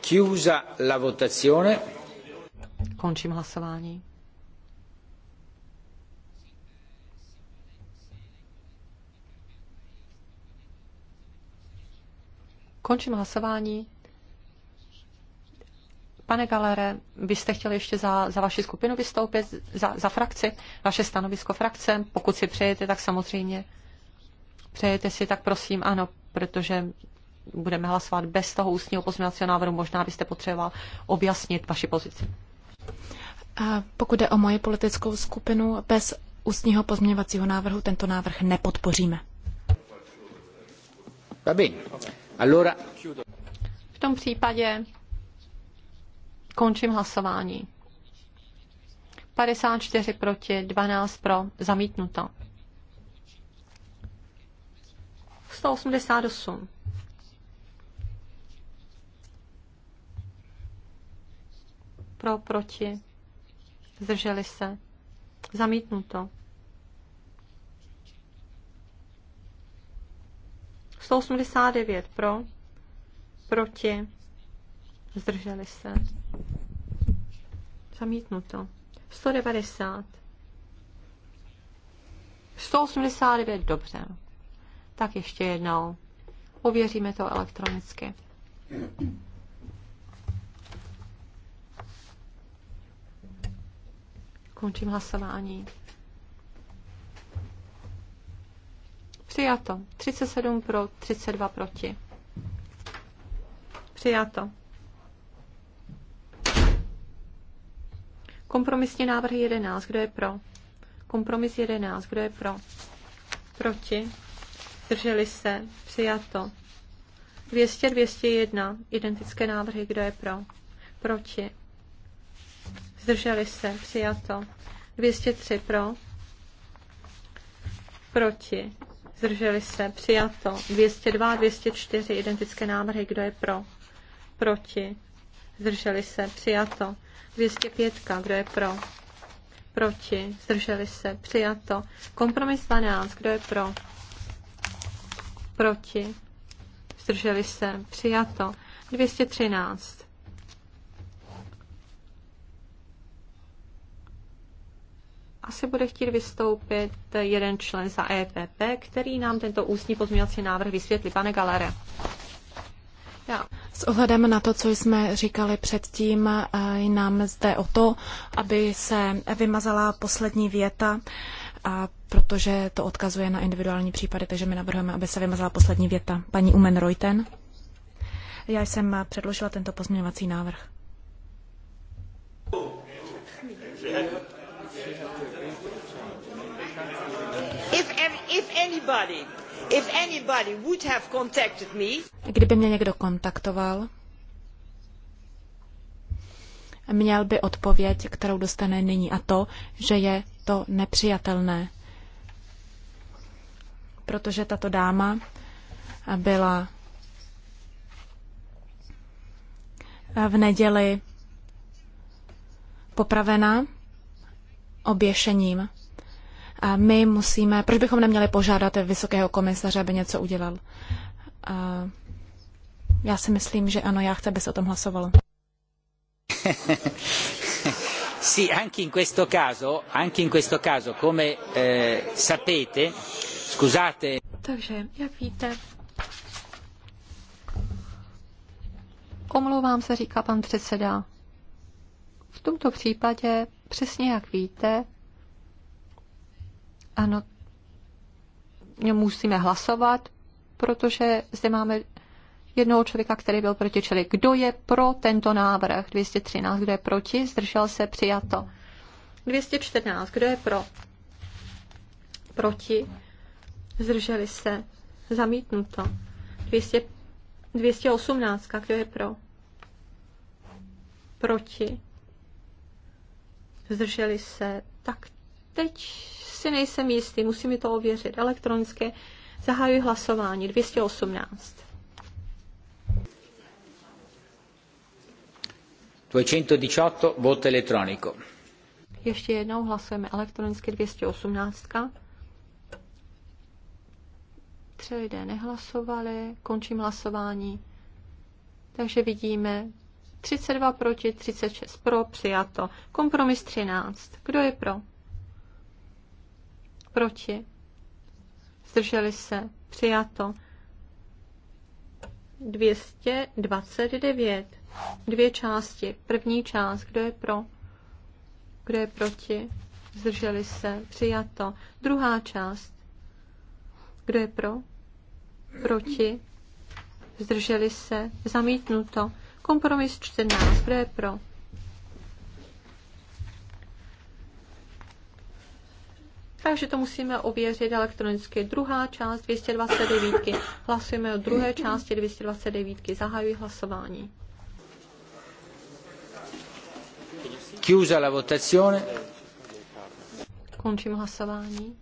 Speaker 16: Chiusa la votazione.
Speaker 18: Končím hlasování. Končím hlasování. Pane Galere, vy jste chtěli ještě za, za vaši skupinu vystoupit, za, za frakci, vaše stanovisko frakce, pokud si přejete, tak samozřejmě. Přejete si, tak prosím, ano, protože budeme hlasovat bez toho ústního pozměňovacího návrhu, možná byste potřeboval objasnit vaši pozici.
Speaker 15: A pokud jde o moji politickou skupinu, bez ústního pozměňovacího návrhu tento návrh nepodpoříme. Babin. V tom případě končím
Speaker 18: hlasování. 54 proti, 12 pro, zamítnuto. 188. Pro, proti, zdrželi se, zamítnuto. 189 pro, proti, zdrželi se. Zamítnuto. 190. 189, dobře. Tak ještě jednou. Ověříme to elektronicky. Končím hlasování. Přijato. 37 pro, 32 proti. Přijato. Kompromisní návrh 11. Kdo je pro? Kompromis 11. Kdo je pro? Proti. Zdrželi se. Přijato. 200, 201. Identické návrhy. Kdo je pro? Proti. Zdrželi se. Přijato. 203 pro. Proti zdrželi se, přijato. 202, 204, identické návrhy, kdo je pro, proti, zdrželi se, přijato. 205, kdo je pro, proti, zdrželi se, přijato. Kompromis 12, kdo je pro, proti, zdrželi se, přijato. 213, asi bude chtít vystoupit jeden člen za EPP, který nám tento ústní pozměňovací návrh vysvětlí. Pane Galere.
Speaker 15: Já. S ohledem na to, co jsme říkali předtím, eh, nám zde o to, aby se vymazala poslední věta, a protože to odkazuje na individuální případy, takže my navrhujeme, aby se vymazala poslední věta. Paní Umen Reuten. Já jsem předložila tento pozměňovací návrh.
Speaker 10: anybody, if anybody would have contacted me,
Speaker 15: kdyby mě někdo kontaktoval, měl by odpověď, kterou dostane nyní, a to, že je to nepřijatelné. Protože tato dáma byla v neděli popravena oběšením my musíme, proč bychom neměli požádat vysokého komisaře, aby něco udělal? A já si myslím, že ano, já chci, aby se o tom hlasovalo.
Speaker 16: sì, anche in questo caso, anche in questo caso, come eh, sapete, scusate.
Speaker 18: Takže, jak víte, Omlouvám se, říká pan předseda. V tomto případě, přesně jak víte, ano, musíme hlasovat, protože zde máme jednoho člověka, který byl proti, čili kdo je pro tento návrh 213, kdo je proti, zdržel se, přijato. 214, kdo je pro? Proti, zdrželi se, zamítnuto. 200, 218, kdo je pro? Proti, zdrželi se, tak Teď si nejsem jistý, musím mi to ověřit elektronicky. Zahajuji hlasování 218.
Speaker 16: 218 vot elektroniko.
Speaker 18: Ještě jednou hlasujeme elektronicky 218. Tři lidé nehlasovali, končím hlasování. Takže vidíme 32 proti, 36 pro, přijato. Kompromis 13. Kdo je pro? proti, zdrželi se, přijato. 229, dvě části. První část, kdo je pro, kdo je proti, zdrželi se, přijato. Druhá část, kdo je pro, proti, zdrželi se, zamítnuto. Kompromis 14, kdo je pro, Takže to musíme ověřit elektronicky. Druhá část 229. Hlasujeme o druhé části 229. Zahajuji hlasování.
Speaker 16: Chiusa la votazione.
Speaker 18: Končím hlasování.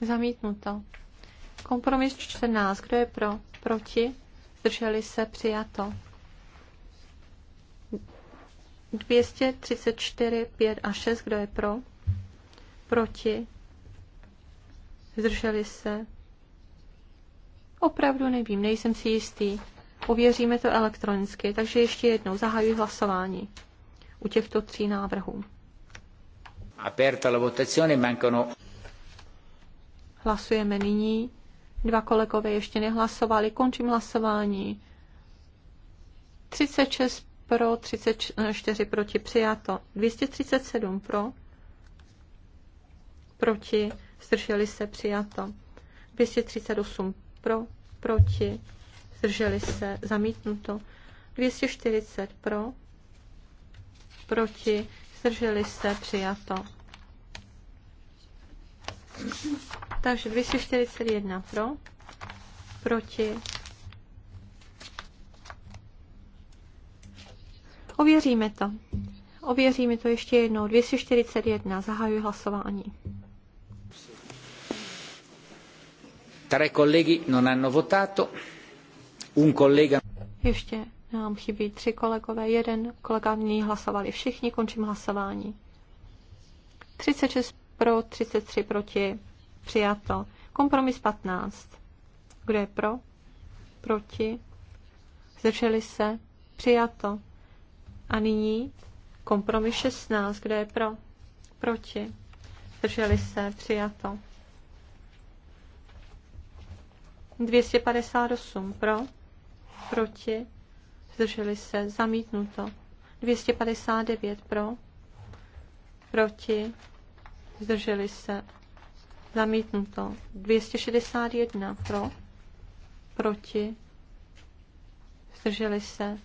Speaker 18: Zamítnuto. Kompromis 14. Kdo je pro? Proti? Zdrželi se? Přijato. 234, 5 a 6, kdo je pro? Proti? Zdrželi se? Opravdu nevím, nejsem si jistý. Ověříme to elektronicky, takže ještě jednou zahajuji hlasování u těchto tří návrhů.
Speaker 16: Aperta la votazione, mancano...
Speaker 18: Hlasujeme nyní. Dva kolegové ještě nehlasovali, končím hlasování. 36 pro, 34 proti, přijato. 237 pro, proti, zdrželi se, přijato. 238 pro, proti, zdrželi se, zamítnuto. 240 pro, proti, zdrželi se, přijato. Takže 241 pro, proti, Ověříme to. Ověříme to ještě jednou. 241. Zahajuji hlasování.
Speaker 16: Tre colleghi non hanno votato. Un collega...
Speaker 18: Ještě nám chybí tři kolegové. Jeden kolega nyní hlasovali všichni. Končím hlasování. 36 pro, 33 proti. Přijato. Kompromis 15. Kdo je pro? Proti? Zdrželi se? Přijato. A nyní kompromis 16, kde je pro, proti, zdrželi se, přijato. 258 pro, proti, zdrželi se, zamítnuto. 259 pro, proti, zdrželi se, zamítnuto. 261 pro, proti, zdrželi se,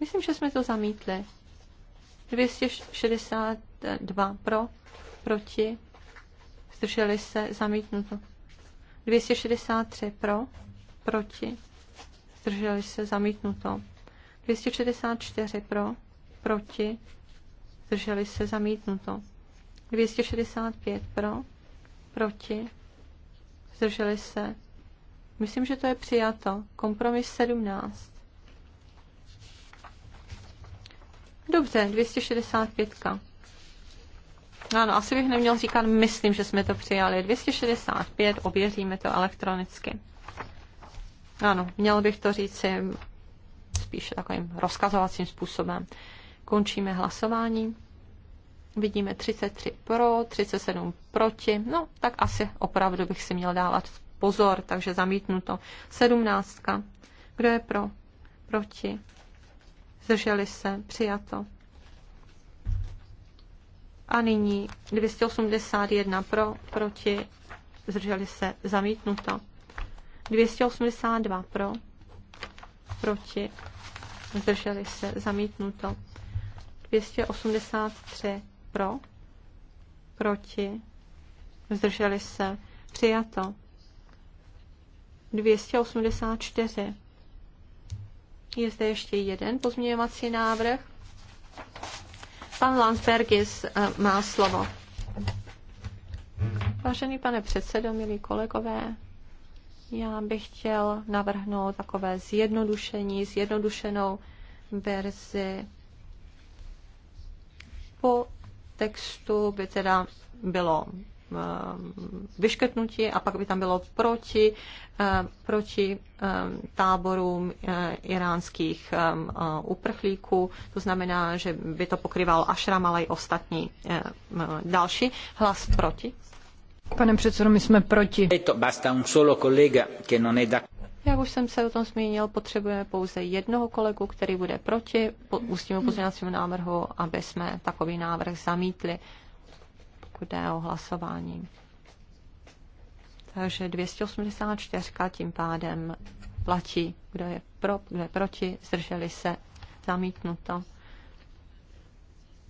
Speaker 18: Myslím, že jsme to zamítli. 262 pro, proti, zdrželi se, zamítnuto. 263 pro, proti, zdrželi se, zamítnuto. 264 pro, proti, zdrželi se, zamítnuto. 265 pro, proti, zdrželi se. Myslím, že to je přijato. Kompromis 17. Dobře, 265. Ano, asi bych neměl říkat, myslím, že jsme to přijali. 265, ověříme to elektronicky. Ano, měl bych to říct si spíše takovým rozkazovacím způsobem. Končíme hlasování. Vidíme 33 pro, 37 proti. No, tak asi opravdu bych si měl dávat pozor, takže zamítnu to. 17. Kdo je pro? Proti? zdrželi se, přijato. A nyní 281 pro, proti, zdrželi se, zamítnuto. 282 pro, proti, zdrželi se, zamítnuto. 283 pro, proti, zdrželi se, přijato. 284 je zde ještě jeden pozměňovací návrh. Pan Landbergis eh, má slovo. Vážený pane předsedo, milí kolegové, já bych chtěl navrhnout takové zjednodušení, zjednodušenou verzi. Po textu by teda bylo Eh, vyškrtnutí a pak by tam bylo proti, eh, proti eh, táborům iránských uprchlíků. To znamená, že by to pokryval Ašram, ale i ostatní další. Hlas proti. Pane předsedo,
Speaker 16: my jsme proti.
Speaker 18: Jak už jsem se o tom zmínil, potřebujeme pouze jednoho kolegu, který bude proti po, ústnímu pozměňovacímu návrhu, aby jsme takový návrh zamítli pokud jde o hlasování. Takže 284 tím pádem platí, kdo je pro, kdo je proti, zdrželi se, zamítnuto.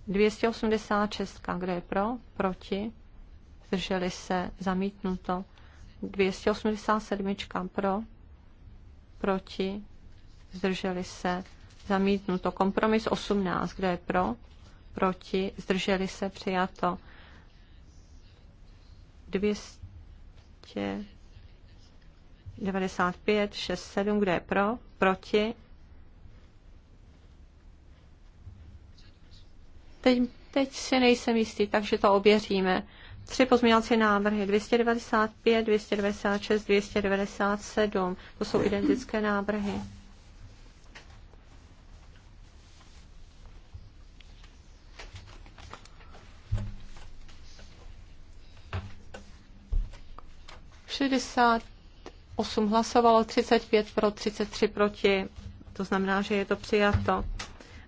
Speaker 18: 286, kdo je pro, proti, zdrželi se, zamítnuto. 287 pro, proti, zdrželi se, zamítnuto. Kompromis 18, kdo je pro, proti, zdrželi se, přijato. 295, 6, 7, kde je pro, proti. Teď, teď si nejsem jistý, takže to ověříme. Tři pozměňovací návrhy 295, 296, 297. To jsou identické návrhy. 68 hlasovalo, 35 pro, 33 proti. To znamená, že je to přijato.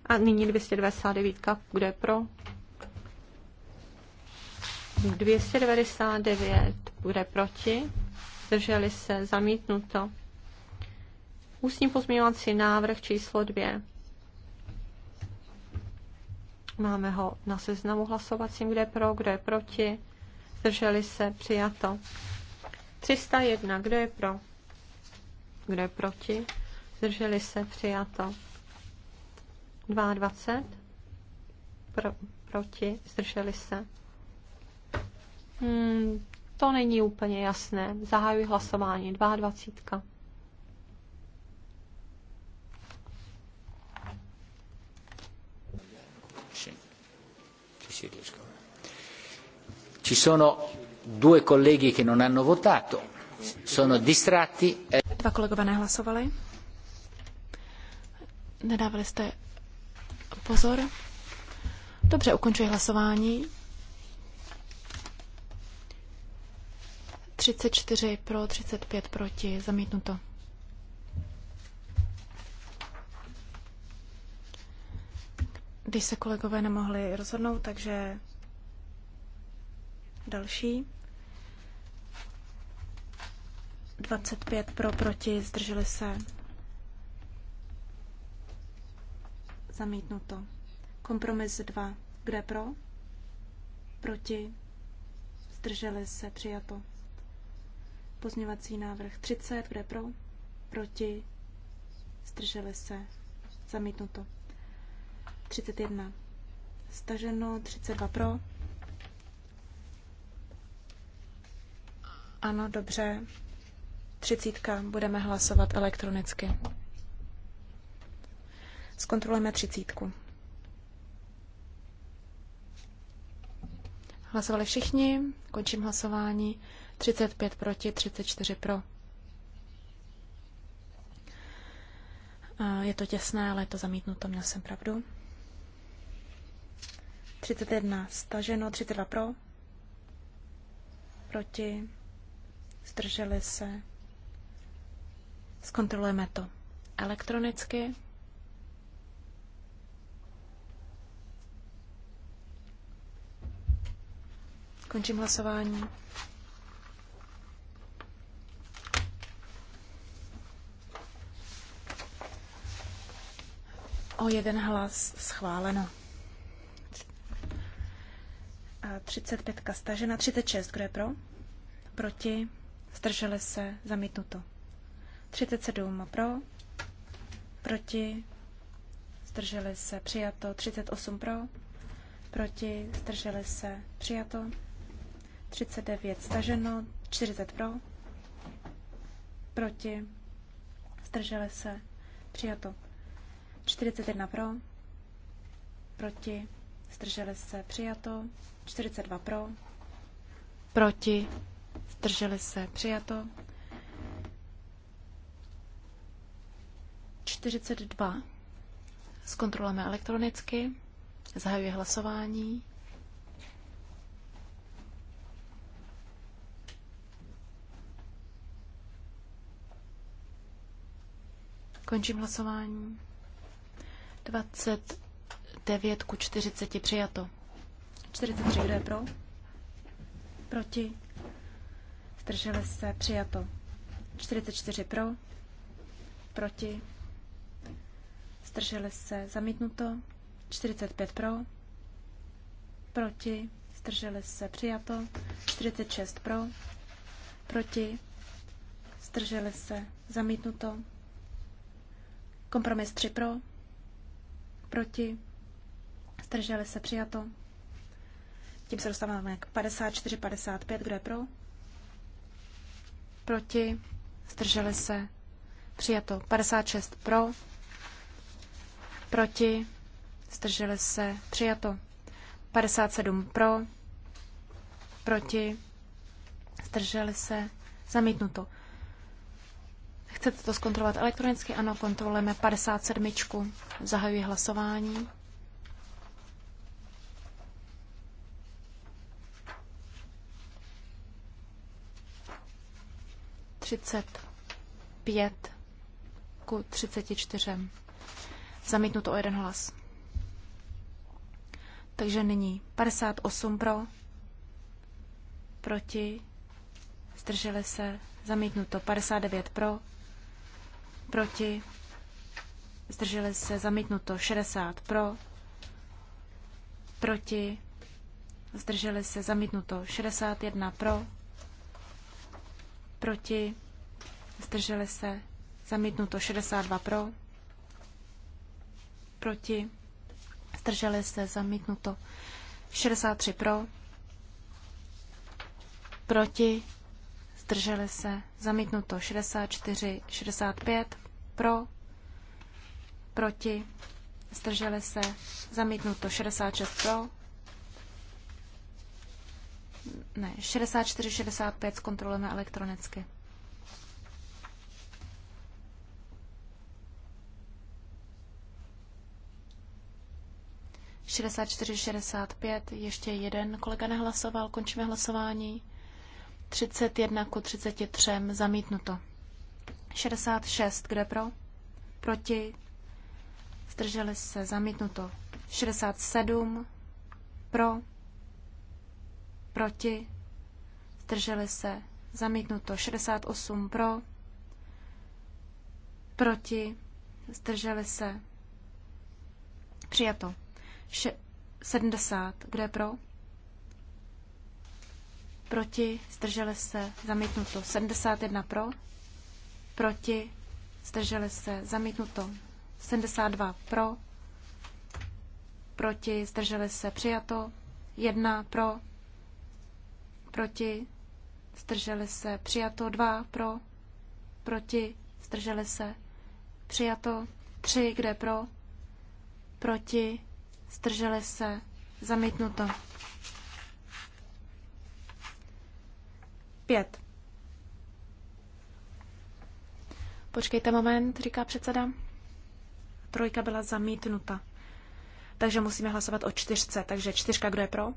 Speaker 18: A nyní 299, kde je pro? 299 bude proti, zdrželi se, zamítnuto. Ústní pozměňovací návrh číslo 2. Máme ho na seznamu hlasovacím, kde je pro, kde je proti, zdrželi se, přijato. 301. Kdo je pro? Kdo je proti? Zdrželi se přijato. 22. Pro, proti? Zdrželi se. Hmm, to není úplně jasné. Zahajuji hlasování. 22.
Speaker 16: Ci sono due colleghi che non hanno votato sono distratti. E Dva kolegové nehlasovali.
Speaker 15: Nedávali jste pozor. Dobře, ukončuji hlasování. 34 pro, 35 proti, zamítnuto. Když se kolegové nemohli rozhodnout, takže Další. 25 pro, proti, zdrželi se. Zamítnuto. Kompromis 2. Kde pro? Proti. Zdrželi se. Přijato. Pozměvací návrh 30. Kde pro? Proti. Zdrželi se. Zamítnuto. 31. Staženo. 32 pro. Ano, dobře. Třicítka, budeme hlasovat elektronicky. Zkontrolujeme třicítku. Hlasovali všichni, končím hlasování. 35 proti, 34 pro. Je to těsné, ale je to zamítnuto, měl jsem pravdu. 31 staženo, 32 pro. Proti zdrželi se. Zkontrolujeme to elektronicky. Končím hlasování. O jeden hlas schváleno. 35 stažena, 36, kdo je pro? Proti? zdrželi se, zamítnuto. 37 pro, proti, zdrželi se, přijato. 38 pro, proti, zdrželi se, přijato. 39 staženo, 40 pro, proti, zdrželi se, přijato. 41 pro, proti, zdrželi se, přijato. 42 pro, proti, zdrželi se, přijato. 42. Zkontrolujeme elektronicky, zahajuje hlasování. Končím hlasování. 29 ku 40 přijato. 43, kdo je pro? Proti? Zdrželi se. Přijato. 44 pro. Proti. Zdrželi se. Zamítnuto. 45 pro. Proti. Zdrželi se. Přijato. 46 pro. Proti. Zdrželi se. Zamítnuto. Kompromis 3 pro. Proti. Zdrželi se. Přijato. Tím se dostáváme k 54-55. Kdo je pro? proti, zdrželi se, přijato 56 pro, proti, zdrželi se, přijato 57 pro, proti, zdrželi se, zamítnuto. Chcete to zkontrolovat elektronicky? Ano, kontrolujeme 57. Zahajuji hlasování. 35 ku 34. Zamítnuto o jeden hlas. Takže nyní 58 pro, proti, zdrželi se, zamítnuto 59 pro, proti, zdrželi se, zamítnuto 60 pro, proti, zdrželi se, zamítnuto 61 pro, proti, zdrželi se, zamítnuto 62 pro, proti, zdrželi se, zamítnuto 63 pro, proti, zdrželi se, zamítnuto 64, 65 pro, proti, zdrželi se, zamítnuto 66 pro, ne, 64, 65 zkontrolujeme elektronicky. Šedesát čtyři, šedesát pět, ještě jeden kolega nehlasoval, končíme hlasování. Třicet jedna ku třiceti třem, zamítnuto. Šedesát šest, kde pro? Proti? Zdrželi se, zamítnuto. Šedesát sedm, pro? proti, zdrželi se, zamítnuto 68 pro, proti, zdrželi se, přijato 70, kdo je pro, proti, zdrželi se, zamítnuto 71 pro, proti, zdrželi se, zamítnuto 72 pro, proti, zdrželi se, přijato 1 pro, proti, zdrželi se, přijato dva pro, proti, zdrželi se, přijato tři kde pro, proti, zdrželi se, zamítnuto. Pět. Počkejte moment, říká předseda. Trojka byla zamítnuta. Takže musíme hlasovat o čtyřce. Takže čtyřka, kdo je pro?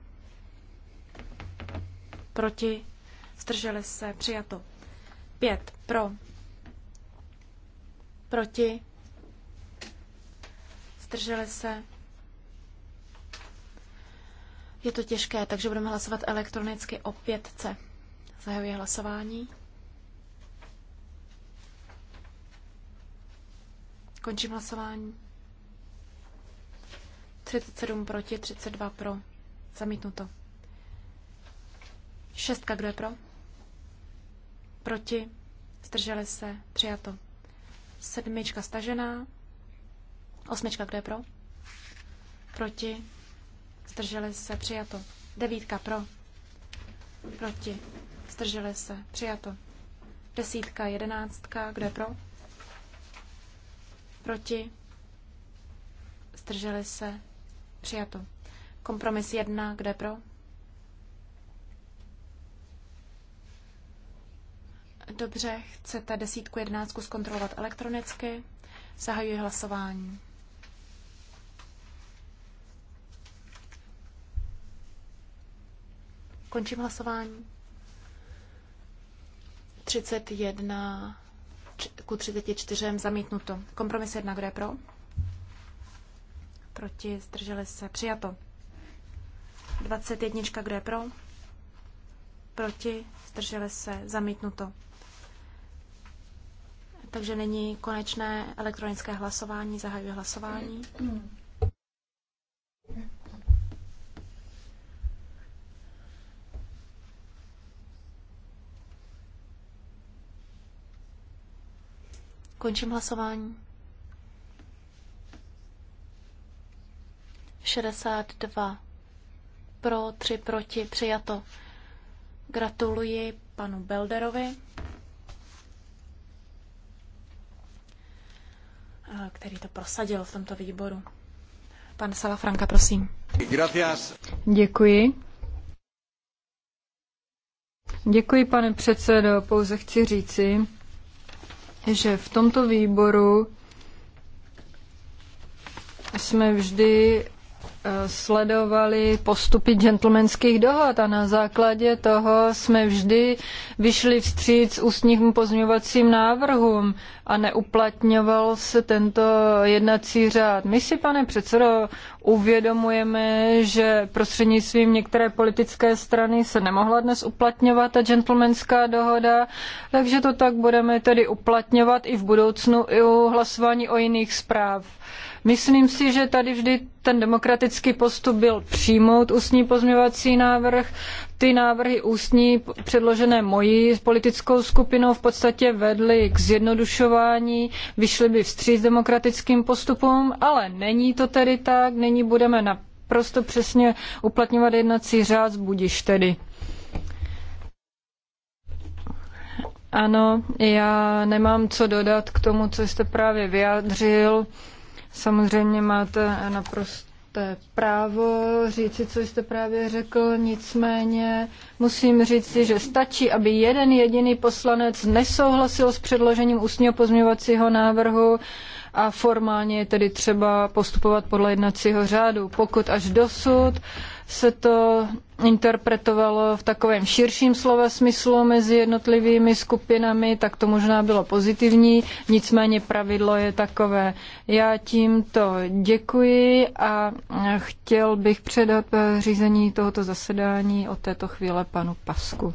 Speaker 15: proti, zdrželi se, přijato. Pět pro, proti, zdrželi se. Je to těžké, takže budeme hlasovat elektronicky o pětce. Zahajuji hlasování. Končím hlasování. 37 proti, 32 pro. Zamítnuto. Šestka, kdo je pro? Proti? Zdrželi se? Přijato. Sedmička stažená. Osmička, kdo je pro? Proti? Zdrželi se? Přijato. Devítka pro. Proti? Zdrželi se? Přijato. Desítka, jedenáctka, kdo je pro? Proti? Zdrželi se? Přijato. Kompromis jedna, kdo je pro? Dobře, chcete desítku jedenáctku zkontrolovat elektronicky? Zahajuji hlasování. Končím hlasování. 31 ku 34 zamítnuto. Kompromis jedna kdo je pro? Proti, zdrželi se. Přijato. 21, kdo je pro? Proti, zdrželi se. Zamítnuto. Takže není konečné elektronické hlasování, zahajuji hlasování. Končím hlasování. 62 pro, 3 proti, přijato. Gratuluji panu Belderovi. Eh, který to prosadil v tomto výboru. Pan Salafranka, prosím.
Speaker 2: Gracias.
Speaker 17: Děkuji. Děkuji, pane předsedo. Pouze chci říci, že v tomto výboru jsme vždy sledovali postupy gentlemanských dohod a na základě toho jsme vždy vyšli vstříc ústním pozměňovacím návrhům a neuplatňoval se tento jednací řád. My si, pane předsedo, uvědomujeme, že prostřednictvím některé politické strany se nemohla dnes uplatňovat ta gentlemanská dohoda, takže to tak budeme tedy uplatňovat i v budoucnu i u hlasování o jiných zpráv. Myslím si, že tady vždy ten demokratický postup byl přijmout ústní pozměvací návrh. Ty návrhy ústní předložené mojí politickou skupinou v podstatě vedly k zjednodušování, vyšly by vstříc demokratickým postupům, ale není to tedy tak, nyní budeme naprosto přesně uplatňovat jednací řád, budiš tedy. Ano, já nemám co dodat k tomu, co jste právě vyjádřil. Samozřejmě máte naprosté právo říci, co jste právě řekl, nicméně musím říci, že stačí, aby jeden jediný poslanec nesouhlasil s předložením ústního pozměňovacího návrhu a formálně je tedy třeba postupovat podle jednacího řádu. Pokud až dosud uh, se to interpretovalo v takovém širším slova smyslu mezi jednotlivými skupinami, tak to možná bylo pozitivní, nicméně pravidlo je takové. Já tímto děkuji a chtěl bych předat eh, řízení tohoto zasedání od této chvíle panu Pasku.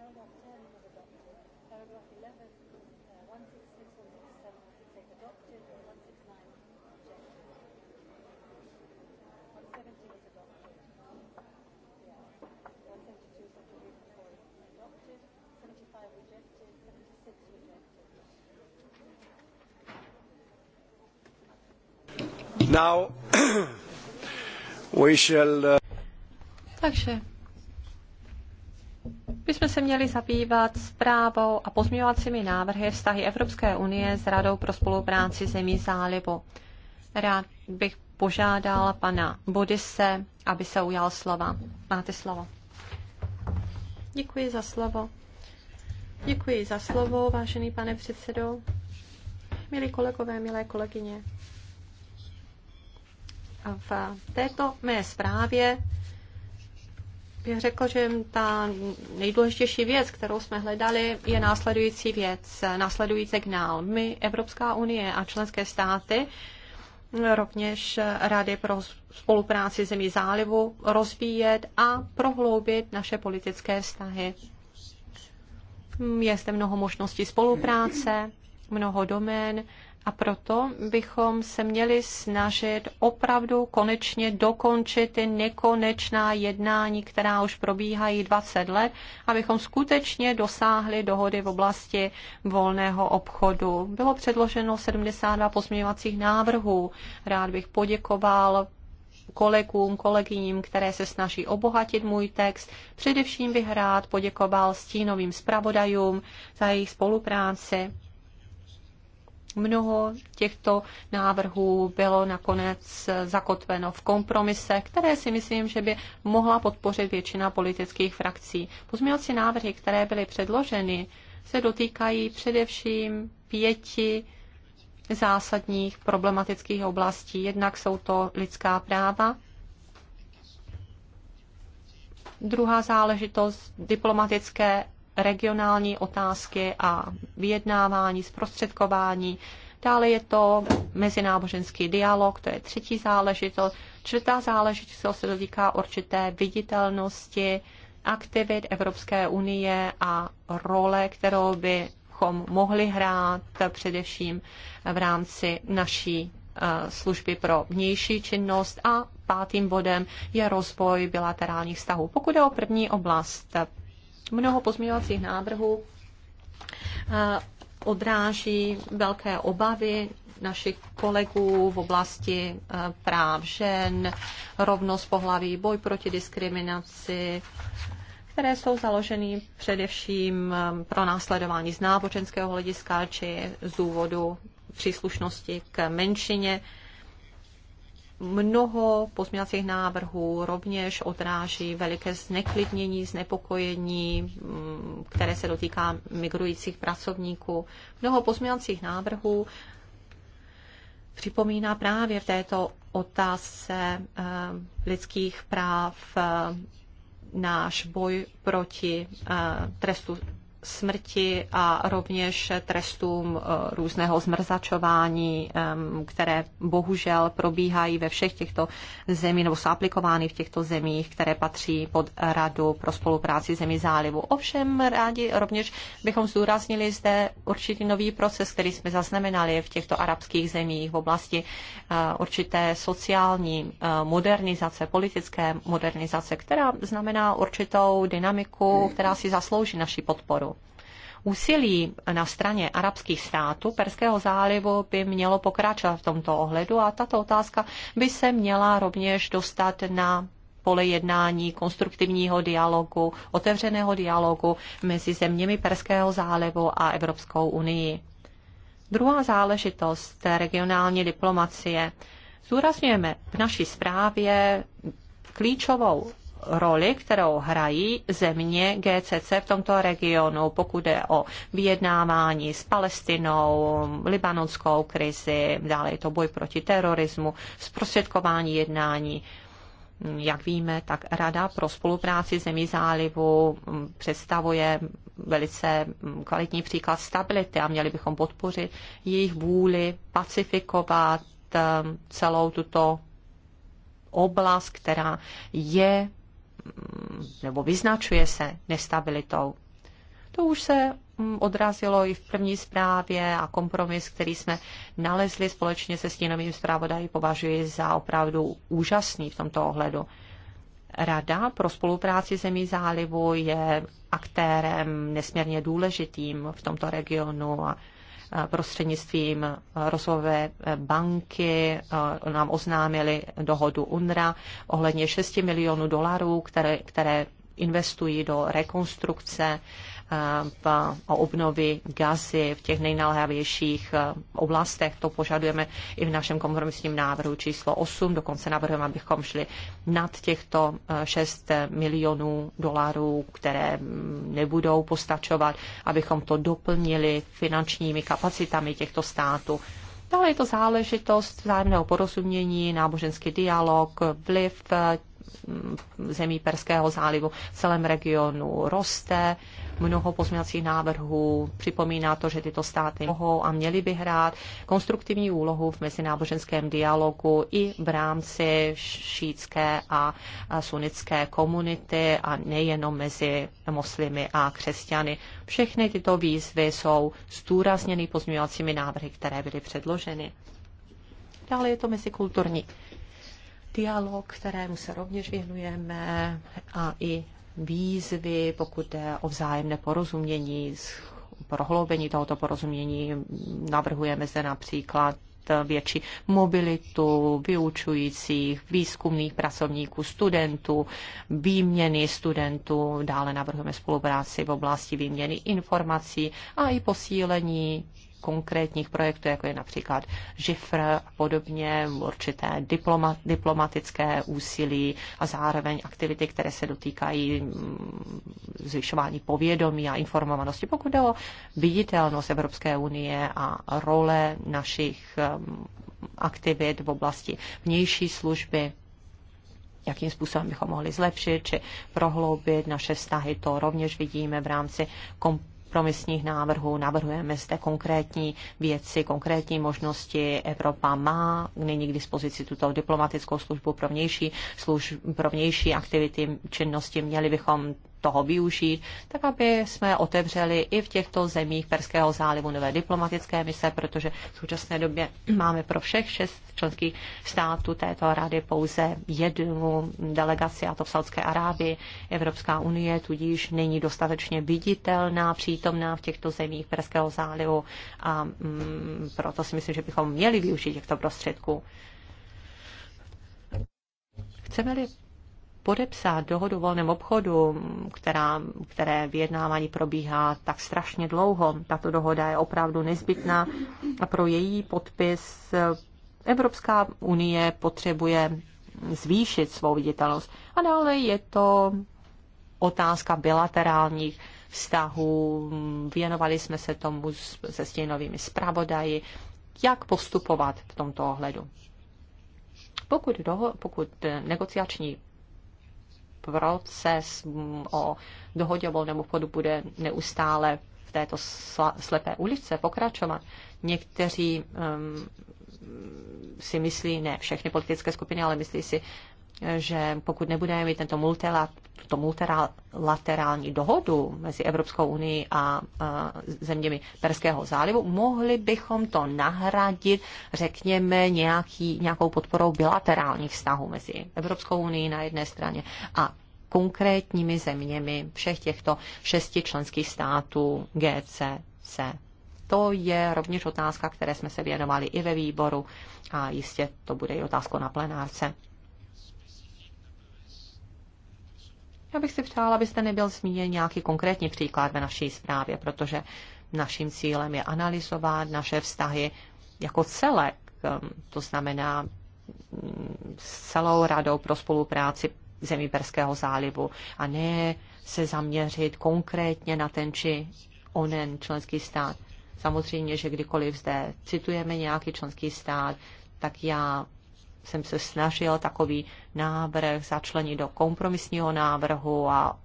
Speaker 19: paragraph 10 paragraph 11, uh, 166, 167, adopted, 169 rejected. 170 was adopted. Yeah. 172, adopted, 75 rejected,
Speaker 4: 76 rejected. Now we shall. Uh...
Speaker 18: Takže bychom se měli zabývat zprávou a pozměňovacími návrhy vztahy Evropské unie s Radou pro spolupráci zemí zálivu. Rád bych požádal pana Bodise, aby se ujal slova. Máte slovo. Děkuji za slovo. Děkuji za slovo, vážený pane předsedo. Milí kolegové, milé kolegyně. V této mé zprávě bych řekl, že ta nejdůležitější věc, kterou jsme hledali, je následující věc, následující signál. My, Evropská unie a členské státy, rovněž Rady pro spolupráci zemí zálivu rozvíjet a prohloubit naše politické vztahy. Je zde mnoho možností spolupráce, mnoho domén, a proto bychom se měli snažit opravdu konečně dokončit ty nekonečná jednání, která už probíhají 20 let, abychom skutečně dosáhli dohody v oblasti volného obchodu. Bylo předloženo 72 pozměňovacích návrhů. Rád bych poděkoval kolegům, kolegyním, které se snaží obohatit můj text. Především bych rád poděkoval stínovým zpravodajům za jejich spolupráci. Mnoho těchto návrhů bylo nakonec zakotveno v kompromise, které si myslím, že by mohla podpořit většina politických frakcí. Pozměňovací návrhy, které byly předloženy, se dotýkají především pěti zásadních problematických oblastí. Jednak jsou to lidská práva, druhá záležitost diplomatické regionální otázky a vyjednávání, zprostředkování. Dále je to mezináboženský dialog, to je třetí záležitost. Čtvrtá záležitost se dotýká určité viditelnosti aktivit Evropské unie a role, kterou bychom mohli hrát především v rámci naší eh, služby pro vnější činnost a pátým bodem je rozvoj bilaterálních vztahů. Pokud je o první oblast Mnoho pozměňovacích návrhů eh, odráží velké obavy našich kolegů v oblasti eh, práv žen, rovnost pohlaví, boj proti diskriminaci, které jsou založeny především eh, pro následování z náboženského hlediska či z důvodu příslušnosti k menšině mnoho pozměňovacích návrhů rovněž odráží veliké zneklidnění, znepokojení, mm, které se dotýká migrujících pracovníků. Mnoho pozměňovacích návrhů připomíná právě v této otázce eh, lidských práv eh, náš boj proti eh, trestu smrti a rovněž trestům eh, různého zmrzačování, které bohužel probíhají ve všech těchto zemích nebo jsou aplikovány v těchto zemích, které patří pod Radu pro spolupráci zemí zálivu. Ovšem rádi rovněž bychom zdůraznili zde určitý nový proces, který jsme zaznamenali v těchto arabských zemích v oblasti eh, určité sociální eh, modernizace, politické modernizace, která znamená určitou dynamiku, která si zaslouží naši podporu úsilí na straně arabských států Perského zálivu by mělo pokračovat v tomto ohledu a tato otázka by se měla rovněž dostat na pole jednání, konstruktivního dialogu, otevřeného dialogu mezi zeměmi Perského zálivu a Evropskou unii. Druhá záležitost té regionální diplomacie. Zúrazňujeme v naší zprávě klíčovou roli, kterou hrají země GCC v tomto regionu, pokud je o vyjednávání s Palestinou, libanonskou krizi, dále je to boj proti terorismu, zprostředkování jednání jak víme, tak Rada pro spolupráci zemí zálivu představuje velice kvalitní příklad stability a měli bychom podpořit jejich vůli pacifikovat um, celou tuto oblast, která je nebo vyznačuje se nestabilitou. To už se mm, odrazilo i v první zprávě a kompromis, který jsme nalezli společně se stínovým zpravodají, považuji za opravdu úžasný v tomto ohledu. Rada pro spolupráci zemí zálivu je aktérem nesmírně důležitým v tomto regionu a prostřednictvím rozvojové banky nám oznámili dohodu UNRA ohledně 6 milionů dolarů, které, které investují do rekonstrukce v obnovy gazy v těch nejnalhavějších eh, oblastech. To požadujeme i v našem kompromisním návrhu číslo 8. Dokonce navrhujeme, abychom šli nad těchto 6 eh, milionů dolarů, které mm, nebudou postačovat, abychom to doplnili finančními kapacitami těchto států. Dále je to záležitost vzájemného porozumění, náboženský dialog, vliv eh, zemí Perského zálivu v celém regionu roste. Mnoho pozměňovacích návrhů připomíná to, že tyto státy mohou a měly by hrát konstruktivní úlohu v mezináboženském dialogu i v rámci šítské a sunnické komunity a nejenom mezi muslimy a křesťany. Všechny tyto výzvy jsou zdůrazněny pozměňovacími návrhy, které byly předloženy. Dále je to mezikulturní dialog, kterému se rovněž věnujeme, a i výzvy, pokud jde o vzájemné porozumění, prohloubení tohoto porozumění. Navrhujeme zde například větší mobilitu vyučujících, výzkumných pracovníků, studentů, výměny studentů. Dále navrhujeme spolupráci v oblasti výměny informací a i posílení konkrétních projektů, jako je například žifr a podobně, určité diploma, diplomatické úsilí a zároveň aktivity, které se dotýkají mm, zvyšování povědomí a informovanosti. Pokud jde o viditelnost Evropské unie a role našich mm, aktivit v oblasti vnější služby, jakým způsobem bychom mohli zlepšit či prohloubit naše vztahy. To rovněž vidíme v rámci kompromisních návrhů. Navrhujeme zde konkrétní věci, konkrétní možnosti. Evropa má nyní k dispozici tuto diplomatickou službu pro vnější, služ, pro vnější aktivity, činnosti. Měli bychom toho využít, tak aby jsme otevřeli i v těchto zemích Perského zálivu nové diplomatické mise, protože v současné době máme pro všech šest členských států této rady pouze jednu delegaci, a to v Saudské Arábii. Evropská unie tudíž není dostatečně viditelná, přítomná v těchto zemích Perského zálivu a mm, proto si myslím, že bychom měli využít těchto prostředků. Chceme-li podepsat dohodu o volném obchodu, která, které vyjednávání probíhá tak strašně dlouho. Tato dohoda je opravdu nezbytná a pro její podpis Evropská unie potřebuje zvýšit svou viditelnost. A dále je to otázka bilaterálních vztahů. Věnovali jsme se tomu se stěnovými zpravodaji, jak postupovat v tomto ohledu. Pokud, doho- pokud eh, negociační proces mm, o dohodě o volném obchodu bude neustále v této slepé ulice pokračovat. Někteří um, si myslí, ne všechny politické skupiny, ale myslí si, že pokud nebudeme mít tento multilat, tuto multilaterální dohodu mezi Evropskou unii a, a zeměmi Perského zálivu, mohli bychom to nahradit, řekněme, nějaký, nějakou podporou bilaterálních vztahů mezi Evropskou unii na jedné straně a konkrétními zeměmi všech těchto šesti členských států GCC. To je rovněž otázka, které jsme se věnovali i ve výboru a jistě to bude i otázka na plenárce. Já bych si přála, abyste nebyl zmíněn nějaký konkrétní příklad ve naší zprávě, protože naším cílem je analyzovat naše vztahy jako celek, um, to znamená mm, s celou radou pro spolupráci zemí Perského zálivu a ne se zaměřit konkrétně na ten či onen členský stát. Samozřejmě, že kdykoliv zde citujeme nějaký členský stát, tak já jsem se snažil takový návrh začlenit do kompromisního návrhu a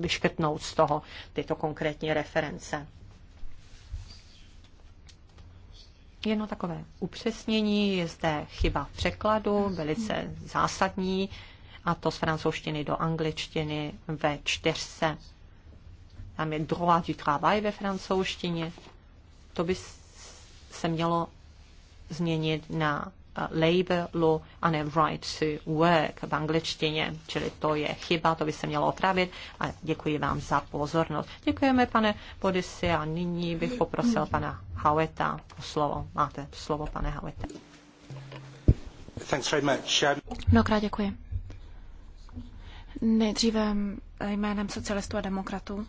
Speaker 18: vyškrtnout z toho tyto konkrétní reference. Jedno takové upřesnění, je zde chyba v překladu, velice zásadní, a to z francouzštiny do angličtiny ve čtyřce. Tam je droit du travail ve francouzštině. To by se mělo změnit na labor law a ne right to work v angličtině, čili to je chyba, to by se mělo opravit a děkuji vám za pozornost. Děkujeme, pane Podisi, a nyní bych poprosil pana Haweta o
Speaker 15: slovo. Máte slovo, pane Haueta.
Speaker 8: Thanks very much. Um,
Speaker 15: Mnohokrát děkuji. Nejdříve jménem socialistů a demokratů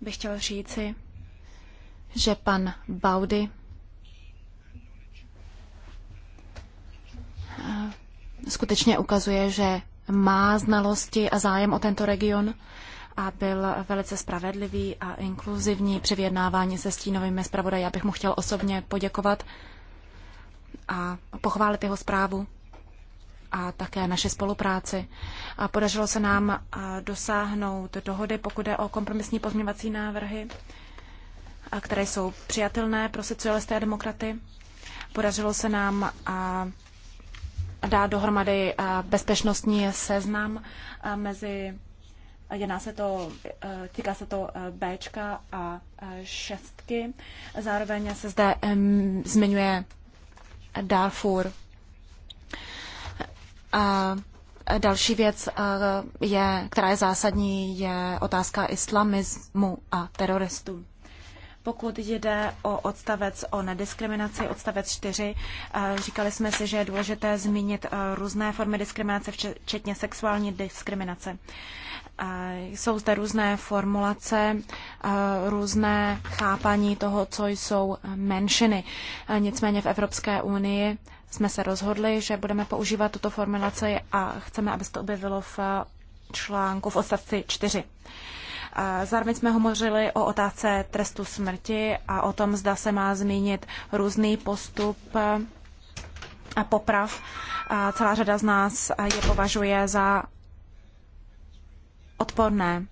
Speaker 15: bych chtěl říci, že pan Baudy skutečně ukazuje, že má znalosti a zájem o tento region a byl velice spravedlivý a inkluzivní při vyjednávání se stínovými zpravodaji. Já bych mu chtěl osobně poděkovat a pochválit jeho zprávu a také naše spolupráci. A podařilo se nám dosáhnout dohody, pokud jde o kompromisní pozměňovací návrhy, které jsou přijatelné pro socialisté a demokraty. Podařilo se nám dát dohromady eh, bezpečnostní seznam eh, mezi Jedná se to, eh, týká se to B a šestky. Zároveň se zde zmiňuje Darfur. A další věc, je, která je zásadní, je otázka islamismu a teroristů. Pokud jde o odstavec o nediskriminaci, odstavec 4, eh, říkali jsme si, že je důležité zmínit eh, různé formy diskriminace, včetně sexuální diskriminace. Eh, jsou zde různé formulace, různé chápaní toho, co jsou menšiny. Nicméně v Evropské unii jsme se rozhodli, že budeme používat tuto formulaci a chceme, aby se to objevilo v článku v odstavci 4. Zároveň jsme hovořili o otázce trestu smrti a o tom, zda se má zmínit různý postup eh, a poprav. A celá řada z nás je považuje za odporné.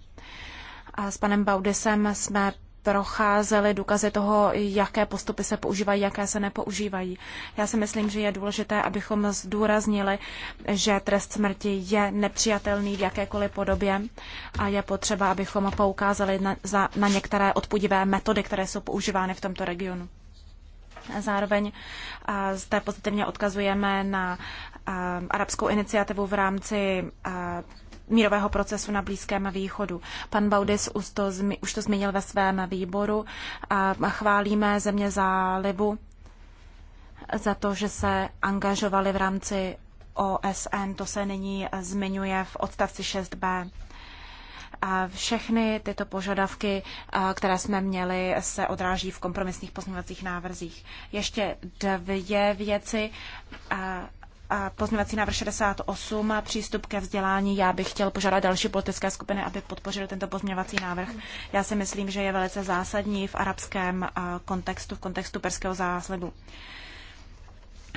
Speaker 15: A s panem Baudisem jsme procházeli důkazy toho, jaké postupy se používají, jaké se nepoužívají. Já si myslím, že je důležité, abychom zdůraznili, že trest smrti je nepřijatelný v jakékoliv podobě a je potřeba, abychom poukázali na, za, na některé odpudivé metody, které jsou používány v tomto regionu. Zároveň zde pozitivně odkazujeme na arabskou iniciativu v rámci mírového procesu na Blízkém východu. Pan Baudis už to, už to zmínil ve svém výboru. A chválíme země zálivu za to, že se angažovali v rámci OSN. To se nyní zmiňuje v odstavci 6b. A všechny tyto požadavky, které jsme měli, se odráží v kompromisních pozměňovacích návrzích. Ještě dvě věci pozměvací návrh 68 a přístup ke vzdělání. Já bych chtěl požádat další politické skupiny, aby podpořili tento pozměvací návrh. Já si myslím, že je velice zásadní v arabském kontextu, v kontextu Perského záslebu.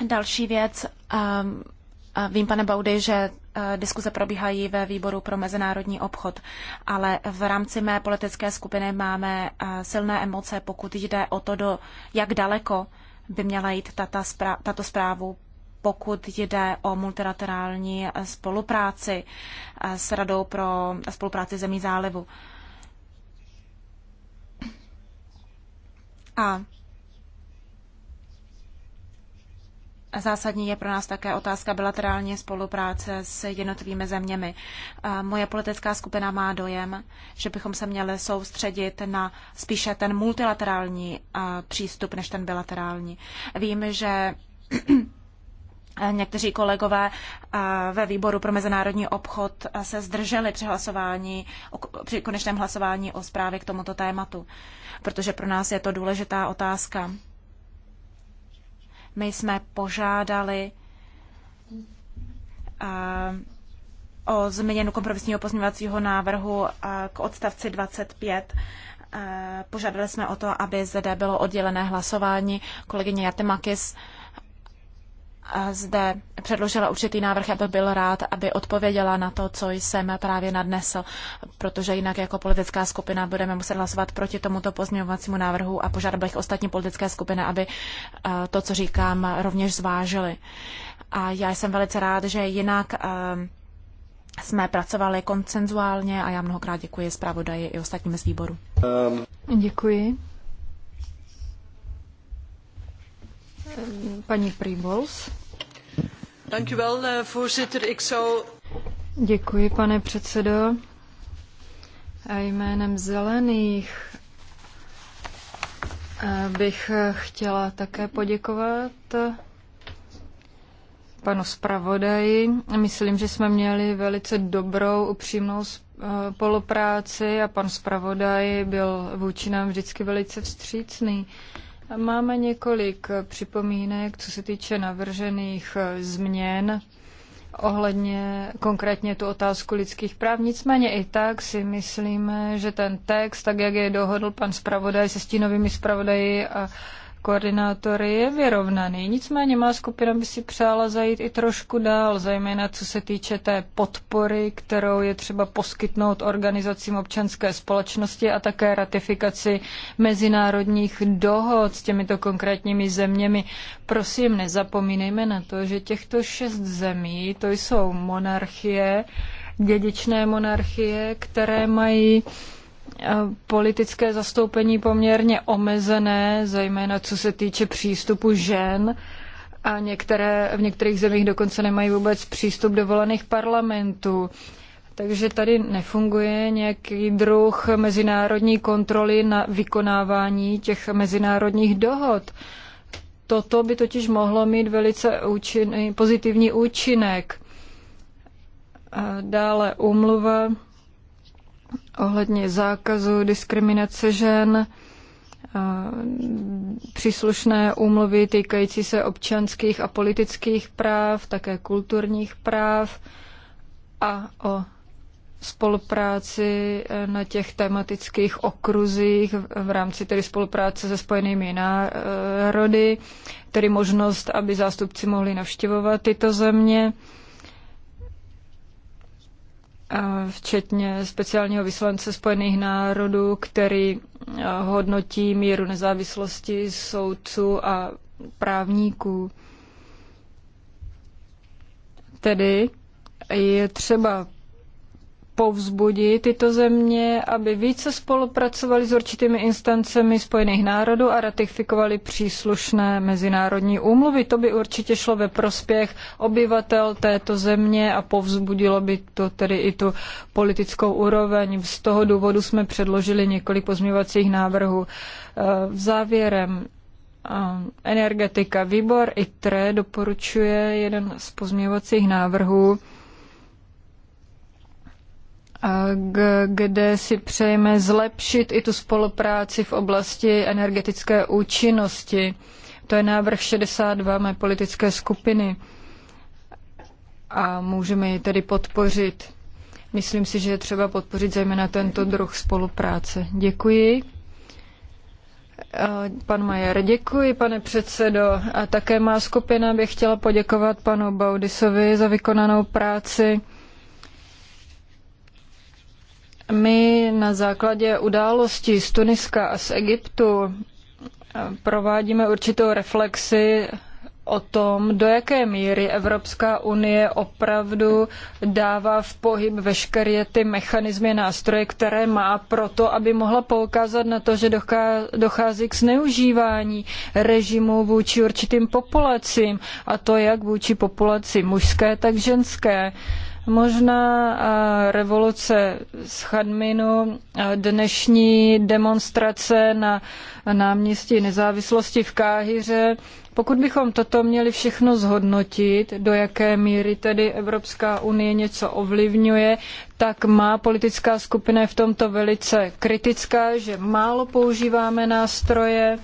Speaker 15: Další věc. Vím, pane Baudy, že diskuze probíhají ve výboru pro mezinárodní obchod, ale v rámci mé politické skupiny máme silné emoce, pokud jde o to, do, jak daleko by měla jít tato, zprávu pokud jde o multilaterální spolupráci eh, s Radou pro spolupráci zemí zálivu. A Zásadní je pro nás také otázka bilaterální spolupráce s jednotlivými zeměmi. Eh, moje politická skupina má dojem, že bychom se měli soustředit na spíše ten multilaterální eh, přístup než ten bilaterální. Vím, že Někteří kolegové eh, ve výboru pro mezinárodní obchod eh, se zdrželi při hlasování, při konečném hlasování o zprávě k tomuto tématu, protože pro nás je to důležitá otázka. My jsme požádali eh, o změnu kompromisního pozměňovacího návrhu k odstavci 25. Požádali jsme o to, aby zde bylo oddělené hlasování. Kolegyně Jatemakis zde předložila určitý návrh, aby byl rád, aby odpověděla na to, co jsem právě nadnesl, protože jinak jako politická skupina budeme muset hlasovat proti tomuto pozměňovacímu návrhu a požádal bych ostatní politické skupiny, aby eh, to, co říkám, rovněž zvážili. A já jsem velice rád, že jinak eh, jsme pracovali koncenzuálně a já mnohokrát děkuji zpravodaji i ostatním z výboru. Děkuji.
Speaker 17: Paní Prýbols.
Speaker 11: Eh,
Speaker 17: Děkuji, pane předsedo. A jménem zelených eh, bych eh, chtěla také poděkovat panu zpravodaji. Myslím, že jsme měli velice dobrou, upřímnou spolupráci a pan zpravodaj byl vůči nám vždycky velice vstřícný. Uh, Máme několik připomínek, co se týče navržených eh, změn ohledně konkrétně tu otázku lidských práv. Nicméně i tak si myslíme, že ten text, tak jak je dohodl pan zpravodaj se stínovými zpravodaji a Koordinátor je vyrovnaný. Nicméně má skupina by si přála zajít i trošku dál, zejména co se týče té podpory, kterou je třeba poskytnout organizacím občanské společnosti a také ratifikaci mezinárodních dohod s těmito konkrétními zeměmi. Prosím, nezapomínejme na to, že těchto šest zemí, to jsou monarchie, dědičné monarchie, které mají Eh, politické zastoupení poměrně omezené, zejména co se týče přístupu žen a některé, v některých zemích dokonce nemají vůbec přístup do volených parlamentů. Takže tady nefunguje nějaký druh mezinárodní kontroly na vykonávání těch mezinárodních dohod. Toto by totiž mohlo mít velice účinný, pozitivní účinek. A dále umluva ohledně zákazu diskriminace žen, příslušné úmluvy týkající se občanských a politických práv, také kulturních práv a o spolupráci e, na těch tematických okruzích v rámci tedy spolupráce se spojenými národy, tedy možnost, aby zástupci mohli navštěvovat tyto země včetně speciálního vyslance Spojených národů, který eh, hodnotí míru nezávislosti soudců a právníků. Tedy je třeba povzbudit tyto země, aby více spolupracovali s určitými instancemi Spojených národů a ratifikovali příslušné mezinárodní úmluvy. To by určitě šlo ve prospěch obyvatel této země a povzbudilo by to tedy i tu politickou úroveň. Z toho důvodu jsme předložili několik pozměvacích návrhů. Eh, v Závěrem eh, energetika. Výbor ITRE doporučuje jeden z pozměvacích návrhů, kde si přejeme zlepšit i tu spolupráci v oblasti energetické účinnosti. To je návrh 62 mé politické skupiny a můžeme ji tedy podpořit. Myslím si, že je třeba podpořit zejména tento druh spolupráce. Děkuji. Pan Majer, děkuji, pane předsedo. A také má skupina bych chtěla poděkovat panu Baudisovi za vykonanou práci. My na základě událostí z Tuniska a z Egyptu eh, provádíme určitou reflexi o tom, do jaké míry Evropská unie opravdu dává v pohyb veškeré ty mechanismy, nástroje, které má pro to, aby mohla poukázat na to, že dochází k zneužívání režimu vůči určitým populacím, a to jak vůči populaci mužské, tak ženské. Uh, Možná eh, revoluce z Chadminu, eh, dnešní demonstrace na náměstí nezávislosti v Káhyře. Pokud bychom toto měli všechno zhodnotit, do jaké míry tedy Evropská unie něco ovlivňuje, tak má politická skupina v tomto velice kritická, že málo používáme nástroje,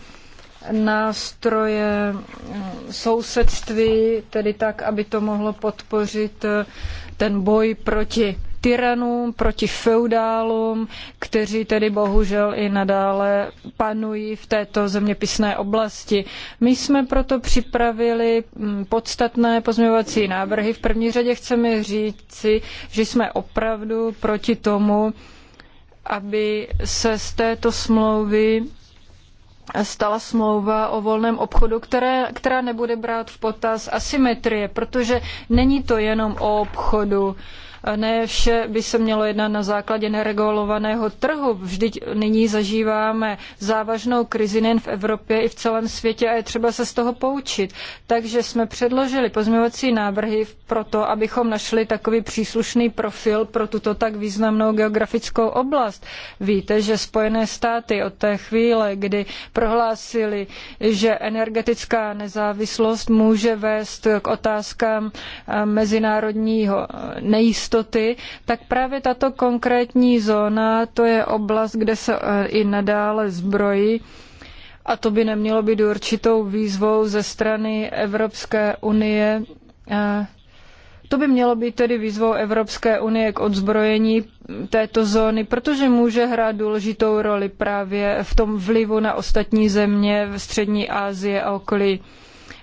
Speaker 17: nástroje mm, sousedství, tedy tak, aby to mohlo podpořit eh, ten boj proti tyranům, proti feudálům, kteří tedy bohužel i nadále panují v této zeměpisné oblasti. My jsme proto připravili mm, podstatné pozměňovací návrhy. V první řadě chceme říci, že jsme opravdu proti tomu, aby se z této smlouvy stala smlouva o volném obchodu, které, která nebude brát v potaz asymetrie, protože není to jenom o obchodu. Uh, ne vše by se mělo jednat na základě neregulovaného trhu. Vždyť nyní zažíváme závažnou krizi nejen v Evropě, i v celém světě a je třeba se z toho poučit. Takže jsme předložili pozměňovací návrhy proto, abychom našli takový příslušný profil pro tuto tak významnou geografickou oblast. Víte, že Spojené státy od té chvíle, kdy prohlásili, že energetická nezávislost může vést k otázkám mezinárodního nejistoty, nejistoty, tak právě tato konkrétní zóna, to je oblast, kde se eh, i nadále zbrojí. A to by nemělo být určitou výzvou ze strany Evropské unie. Eh, to by mělo být tedy výzvou Evropské unie k odzbrojení této zóny, protože může hrát důležitou roli právě v tom vlivu na ostatní země v Střední Asii a okolí.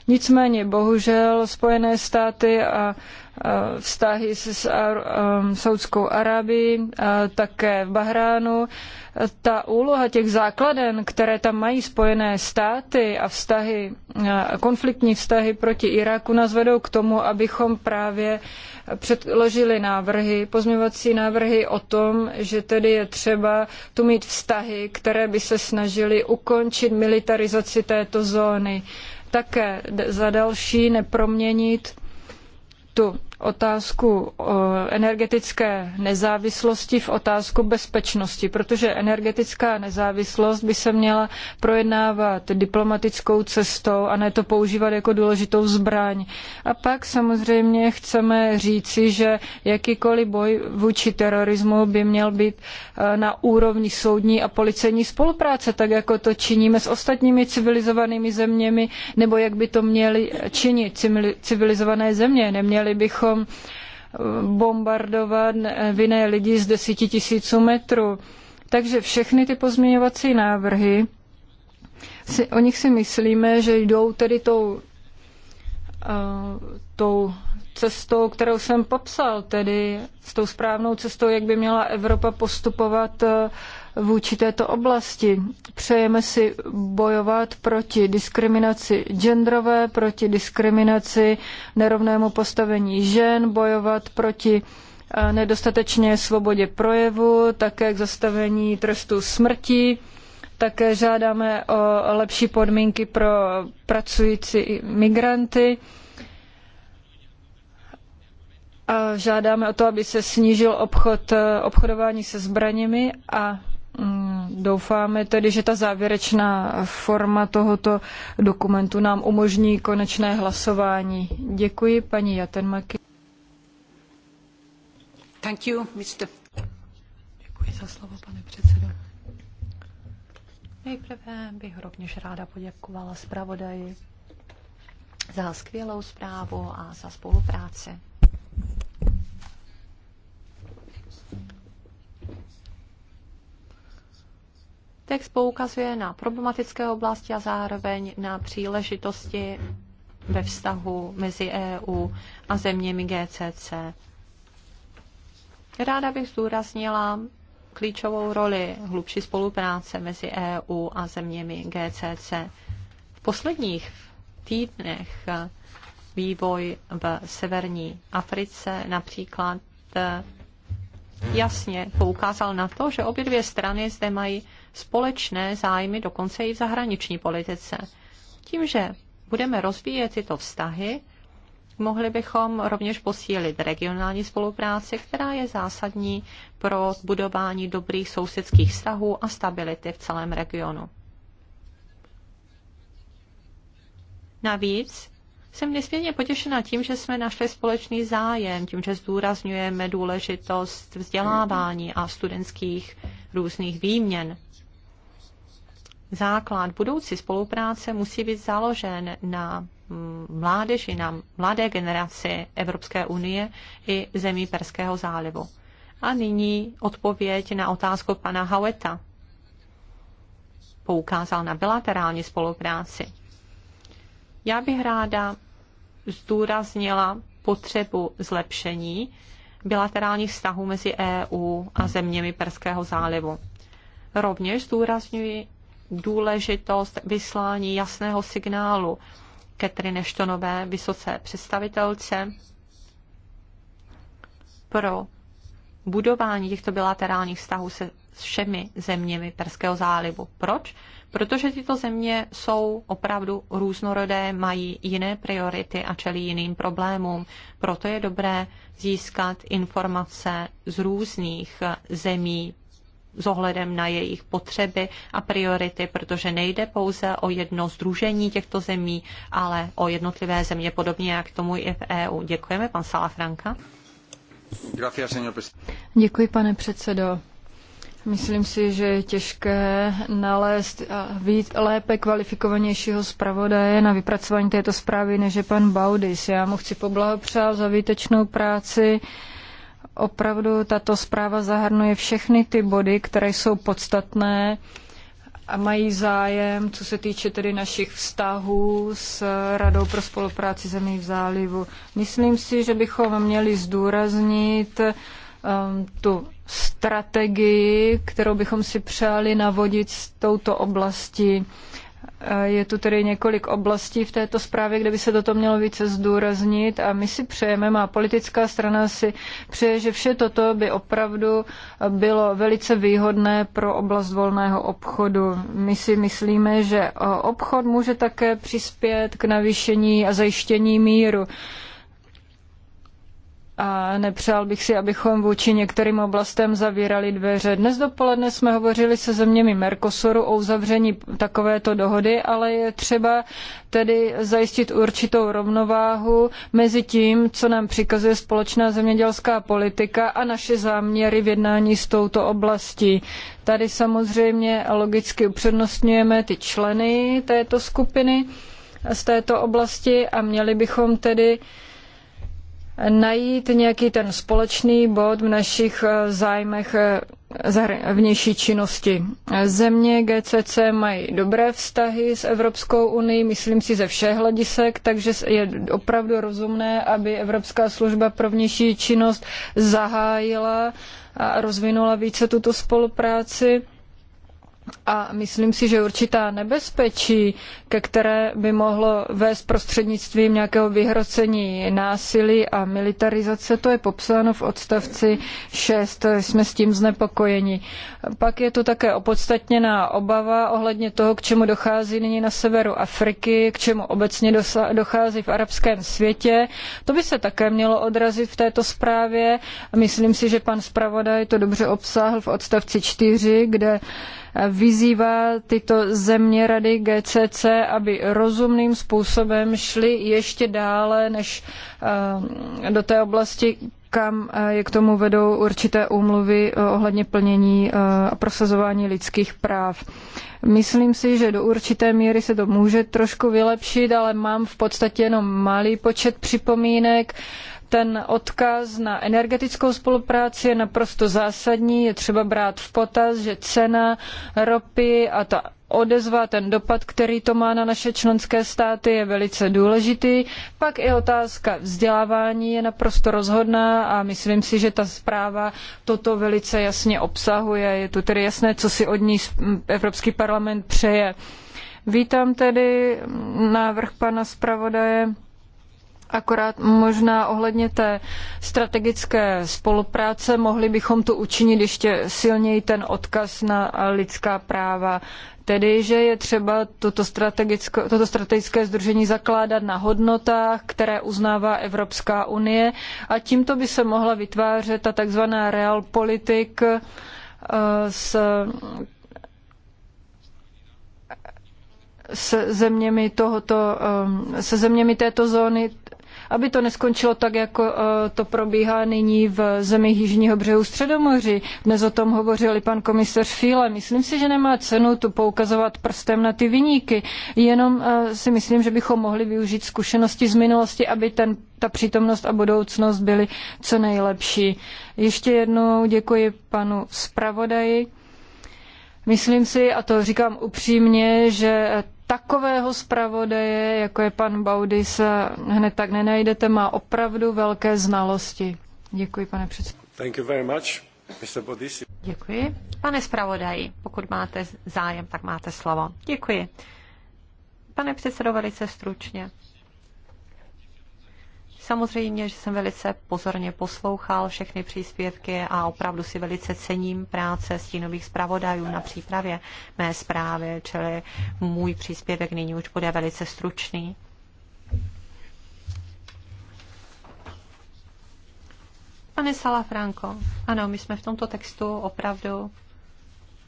Speaker 17: Nicméně, bohužel, Spojené státy a Eh, vztahy s Saudskou Arábií, eh, také v Bahránu. Eh, ta úloha těch základen, které tam mají spojené státy a vztahy, konfliktní vztahy proti Iráku nás vedou k tomu, abychom právě předložili návrhy, pozměvací návrhy o tom, že tedy je třeba tu mít vztahy, které by se snažily ukončit militarizaci této zóny. Také za další neproměnit tu otázku eh, energetické nezávislosti v otázku bezpečnosti, protože energetická nezávislost by se měla projednávat diplomatickou cestou a ne to používat jako důležitou zbraň. A pak samozřejmě chceme říci, že jakýkoliv boj vůči terorismu by měl být eh, na úrovni soudní a policejní spolupráce, tak jako to činíme s ostatními civilizovanými zeměmi, nebo jak by to měly činit civilizované země. Neměli bychom bychom eh, bombardovat vinné lidi z deseti tisíců metrů. Takže všechny ty pozměňovací návrhy, si, o nich si myslíme, že jdou tedy tou, uh, tou cestou, kterou jsem popsal, tedy s tou správnou cestou, jak by měla Evropa postupovat uh, vůči této oblasti. Přejeme si bojovat proti diskriminaci genderové, proti diskriminaci nerovnému postavení žen, bojovat proti eh, nedostatečné svobodě projevu, také k zastavení trestu smrti. Také žádáme o lepší podmínky pro pracující migranty. A žádáme o to, aby se snížil obchod, eh, obchodování se zbraněmi a Mm, doufáme tedy, že ta závěrečná forma tohoto dokumentu nám umožní konečné hlasování. Děkuji, paní Jatenmaky. Thank you, Mr. Děkuji za slovo, pane předsedo.
Speaker 18: Nejprve bych rovněž ráda poděkovala zpravodaji za skvělou zprávu a za spolupráci. Text poukazuje na problematické oblasti a zároveň na příležitosti ve vztahu mezi EU a zeměmi GCC. Ráda bych zdůraznila klíčovou roli hlubší spolupráce mezi EU a zeměmi GCC. V posledních týdnech vývoj v severní Africe například jasně poukázal na to, že obě dvě strany zde mají společné zájmy, dokonce i v zahraniční politice. Tím, že budeme rozvíjet tyto vztahy, mohli bychom rovněž posílit regionální spolupráci, která je zásadní pro budování dobrých sousedských vztahů a stability v celém regionu. Navíc jsem nesmírně potěšena tím, že jsme našli společný zájem, tím, že zdůrazňujeme důležitost vzdělávání a studentských různých výměn. Základ budoucí spolupráce musí být založen na mládeži, na mladé generaci Evropské unie i zemí Perského zálivu. A nyní odpověď na otázku pana Haueta. Poukázal na bilaterální spolupráci. Já bych ráda zdůraznila potřebu zlepšení bilaterálních vztahů mezi EU a zeměmi Perského zálivu. Rovněž zdůrazňuji důležitost vyslání jasného signálu Katrin Neštonové, vysoce představitelce, pro budování těchto bilaterálních vztahů se s všemi zeměmi Perského zálivu. Proč? Protože tyto země jsou opravdu různorodé, mají jiné priority a čelí jiným problémům. Proto je dobré získat informace z různých zemí s ohledem na jejich potřeby a priority, protože nejde pouze o jedno združení těchto zemí, ale o jednotlivé země, podobně jak tomu i v EU. Děkujeme, pan Salafranka.
Speaker 17: Děkuji, pane předsedo. Myslím si, že je těžké nalézt víc, lépe kvalifikovanějšího zpravodaje na vypracování této zprávy, než je pan Baudis. Já mu chci poblahopřát za výtečnou práci. Opravdu tato zpráva zahrnuje všechny ty body, které jsou podstatné a mají zájem, co se týče tedy našich vztahů s Radou pro spolupráci zemí v zálivu. Myslím si, že bychom měli zdůraznit um, tu strategii, kterou bychom si přáli navodit s touto oblastí. Je tu tedy několik oblastí v této zprávě, kde by se toto mělo více zdůraznit a my si přejeme, má politická strana si přeje, že vše toto by opravdu bylo velice výhodné pro oblast volného obchodu. My si myslíme, že obchod může také přispět k navýšení a zajištění míru a nepřál bych si, abychom vůči některým oblastem zavírali dveře. Dnes dopoledne jsme hovořili se zeměmi Mercosuru o uzavření takovéto dohody, ale je třeba tedy zajistit určitou rovnováhu mezi tím, co nám přikazuje společná zemědělská politika a naše záměry v jednání s touto oblastí. Tady samozřejmě logicky upřednostňujeme ty členy této skupiny z této oblasti a měli bychom tedy uh, najít nějaký ten společný bod v našich eh, zájmech eh, vnější činnosti. Země GCC mají dobré vztahy s Evropskou unii, myslím si ze všech hledisek, takže je opravdu rozumné, aby Evropská služba pro vnější činnost zahájila a rozvinula více tuto spolupráci a myslím si, že určitá nebezpečí, ke které by mohlo vést prostřednictvím nějakého vyhrocení násilí a militarizace, to je popsáno v odstavci 6, jsme s tím znepokojeni. Pak je tu také opodstatněná obava ohledně toho, k čemu dochází nyní na severu Afriky, k čemu obecně dochází v arabském světě. To by se také mělo odrazit v této zprávě. Myslím si, že pan zpravodaj to dobře obsáhl v odstavci 4, kde vyzývá tyto země rady GCC, aby rozumným způsobem šly ještě dále než eh, do té oblasti, kam eh, je k tomu vedou určité úmluvy eh, ohledně plnění a prosazování lidských práv. Myslím si, že do určité míry se to může trošku vylepšit, ale mám v podstatě jenom malý počet připomínek ten odkaz na energetickou spolupráci je naprosto zásadní. Je třeba brát v potaz, že cena ropy a ta odezva, ten dopad, který to má na naše členské státy, je velice důležitý. Pak i otázka vzdělávání je naprosto rozhodná a myslím si, že ta zpráva toto velice jasně obsahuje. Je tu tedy jasné, co si od ní Evropský parlament přeje. Vítám tedy návrh pana zpravodaje Akorát možná ohledně té strategické spolupráce mohli bychom tu učinit ještě silněji ten odkaz na lidská práva. Tedy, že je třeba toto, toto strategické združení zakládat na hodnotách, které uznává Evropská unie a tímto by se mohla vytvářet ta takzvaná realpolitik eh, s se zeměmi, tohoto, eh, se zeměmi této zóny aby to neskončilo tak, jako eh, to probíhá nyní v zemích Jižního břehu Středomoří. Dnes o tom hovořil i pan komisař Fíle. Myslím si, že nemá cenu tu poukazovat prstem na ty vyníky. Jenom eh, si myslím, že bychom mohli využít zkušenosti z minulosti, aby ten, ta přítomnost a budoucnost byly co nejlepší. Ještě jednou děkuji panu zpravodaji. Myslím si, a to říkám upřímně, že takového zpravodaje, jako je pan Baudis, hned tak nenajdete, má opravdu velké znalosti. Děkuji, pane
Speaker 4: předsedo. Thank you very much, Mr. Děkuji.
Speaker 17: Pane zpravodaji, pokud máte
Speaker 18: zájem, tak máte slovo. Děkuji. Pane předsedo, velice stručně. Samozřejmě, že jsem velice pozorně poslouchal všechny příspěvky a opravdu si velice cením práce stínových zpravodajů na přípravě mé zprávy, čili můj příspěvek nyní už bude velice stručný. Pane Salafranko, ano, my jsme v tomto textu opravdu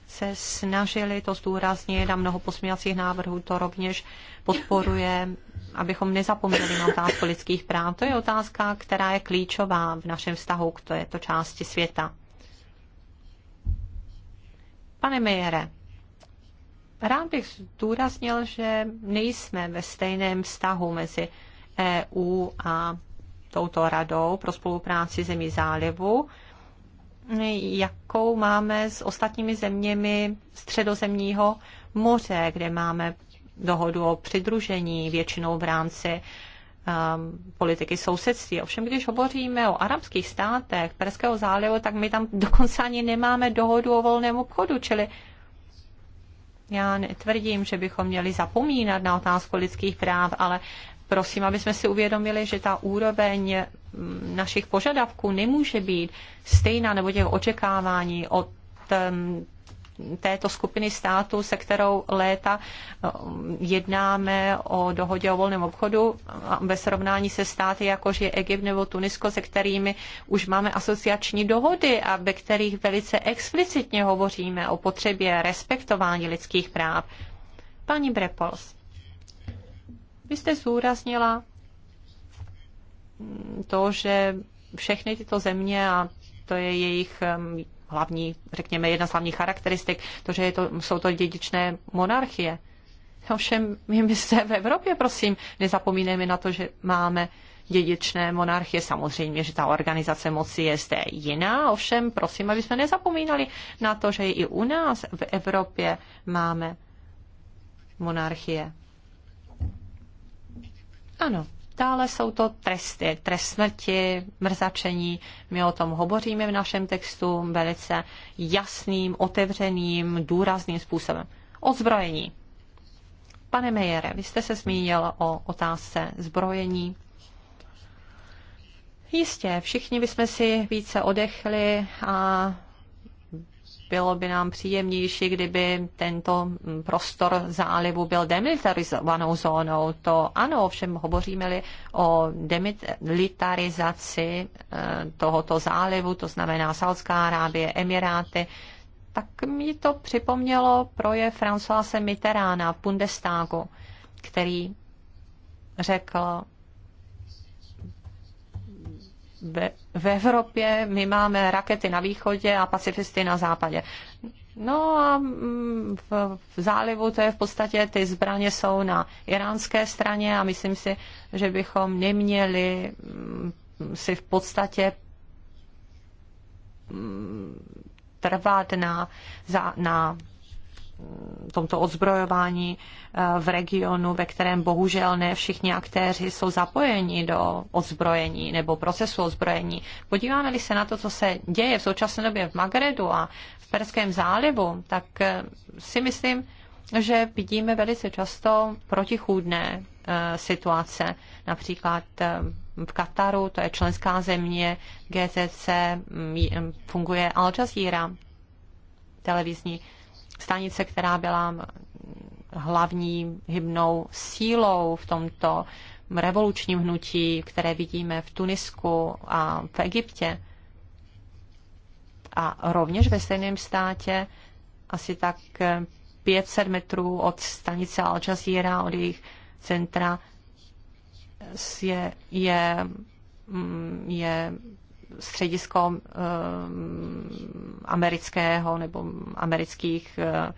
Speaker 18: se snažili to zdůraznit a mnoho posměvacích návrhů to rovněž podporuje abychom nezapomněli na otázku lidských práv. To je otázka, která je klíčová v našem vztahu k této části světa. Pane Mejere, rád bych zdůraznil, že nejsme ve stejném vztahu mezi EU a touto radou pro spolupráci zemí zálivu, jakou máme s ostatními zeměmi středozemního moře, kde máme dohodu o přidružení většinou v rámci um, politiky sousedství. Ovšem, když hovoříme o arabských státech Perského zálivu, tak my tam dokonce ani nemáme dohodu o volném obchodu, čili já netvrdím, že bychom měli zapomínat na otázku lidských práv, ale prosím, aby jsme si uvědomili, že ta úroveň mm, našich požadavků nemůže být stejná nebo těch očekávání od této skupiny států, se kterou léta eh, jednáme o dohodě o volném obchodu ve srovnání se státy, jako je Egypt nebo Tunisko, se kterými už máme asociační dohody a ve kterých velice explicitně hovoříme o potřebě respektování lidských práv. Paní Brepols, vy jste zúraznila to, že všechny tyto země a to je jejich hlavní, řekněme, jedna z hlavních charakteristik, to, že je to, jsou to dědičné monarchie. Ovšem, my se v Evropě, prosím, nezapomínejme na to, že máme dědičné monarchie. Samozřejmě, že ta organizace moci je zde jiná, ovšem, prosím, aby jsme nezapomínali na to, že i u nás v Evropě máme monarchie. Ano, Dále jsou to tresty, trest smrti, mrzačení. My o tom hovoříme v našem textu velice jasným, otevřeným, důrazným způsobem. Odzbrojení. Pane Mejere, vy jste se zmínil o otázce zbrojení. Jistě, všichni bychom si více odechli a bylo by nám příjemnější, kdyby tento prostor zálivu byl demilitarizovanou zónou. To ano, ovšem hovoříme-li o demilitarizaci eh, tohoto zálivu, to znamená Saudská Arábie, Emiráty, tak mi to připomnělo projev Françoise Mitterána v Bundestagu, který řekl, v Evropě my máme rakety na východě a pacifisty na západě. No a mm, v, v zálivu to je v podstatě, ty zbraně jsou na iránské straně a myslím si, že bychom neměli mm, si v podstatě mm, trvat na, za, na tomto odzbrojování eh, v regionu, ve kterém bohužel ne všichni aktéři jsou zapojeni do odzbrojení nebo procesu odzbrojení. Podíváme-li se na to, co se děje v současné době v Magredu a v Perském zálivu, tak eh, si myslím, že vidíme velice často protichůdné eh, situace. Například v Kataru, to je členská země, GCC, mm, funguje Al Jazeera, televizní stanice, která byla hlavní hybnou sílou v tomto revolučním hnutí, které vidíme v Tunisku a v Egyptě. A rovněž ve stejném státě asi tak 500 metrů od stanice Al Jazeera, od jejich centra, je, je, mm, je středisko eh, amerického nebo amerických eh,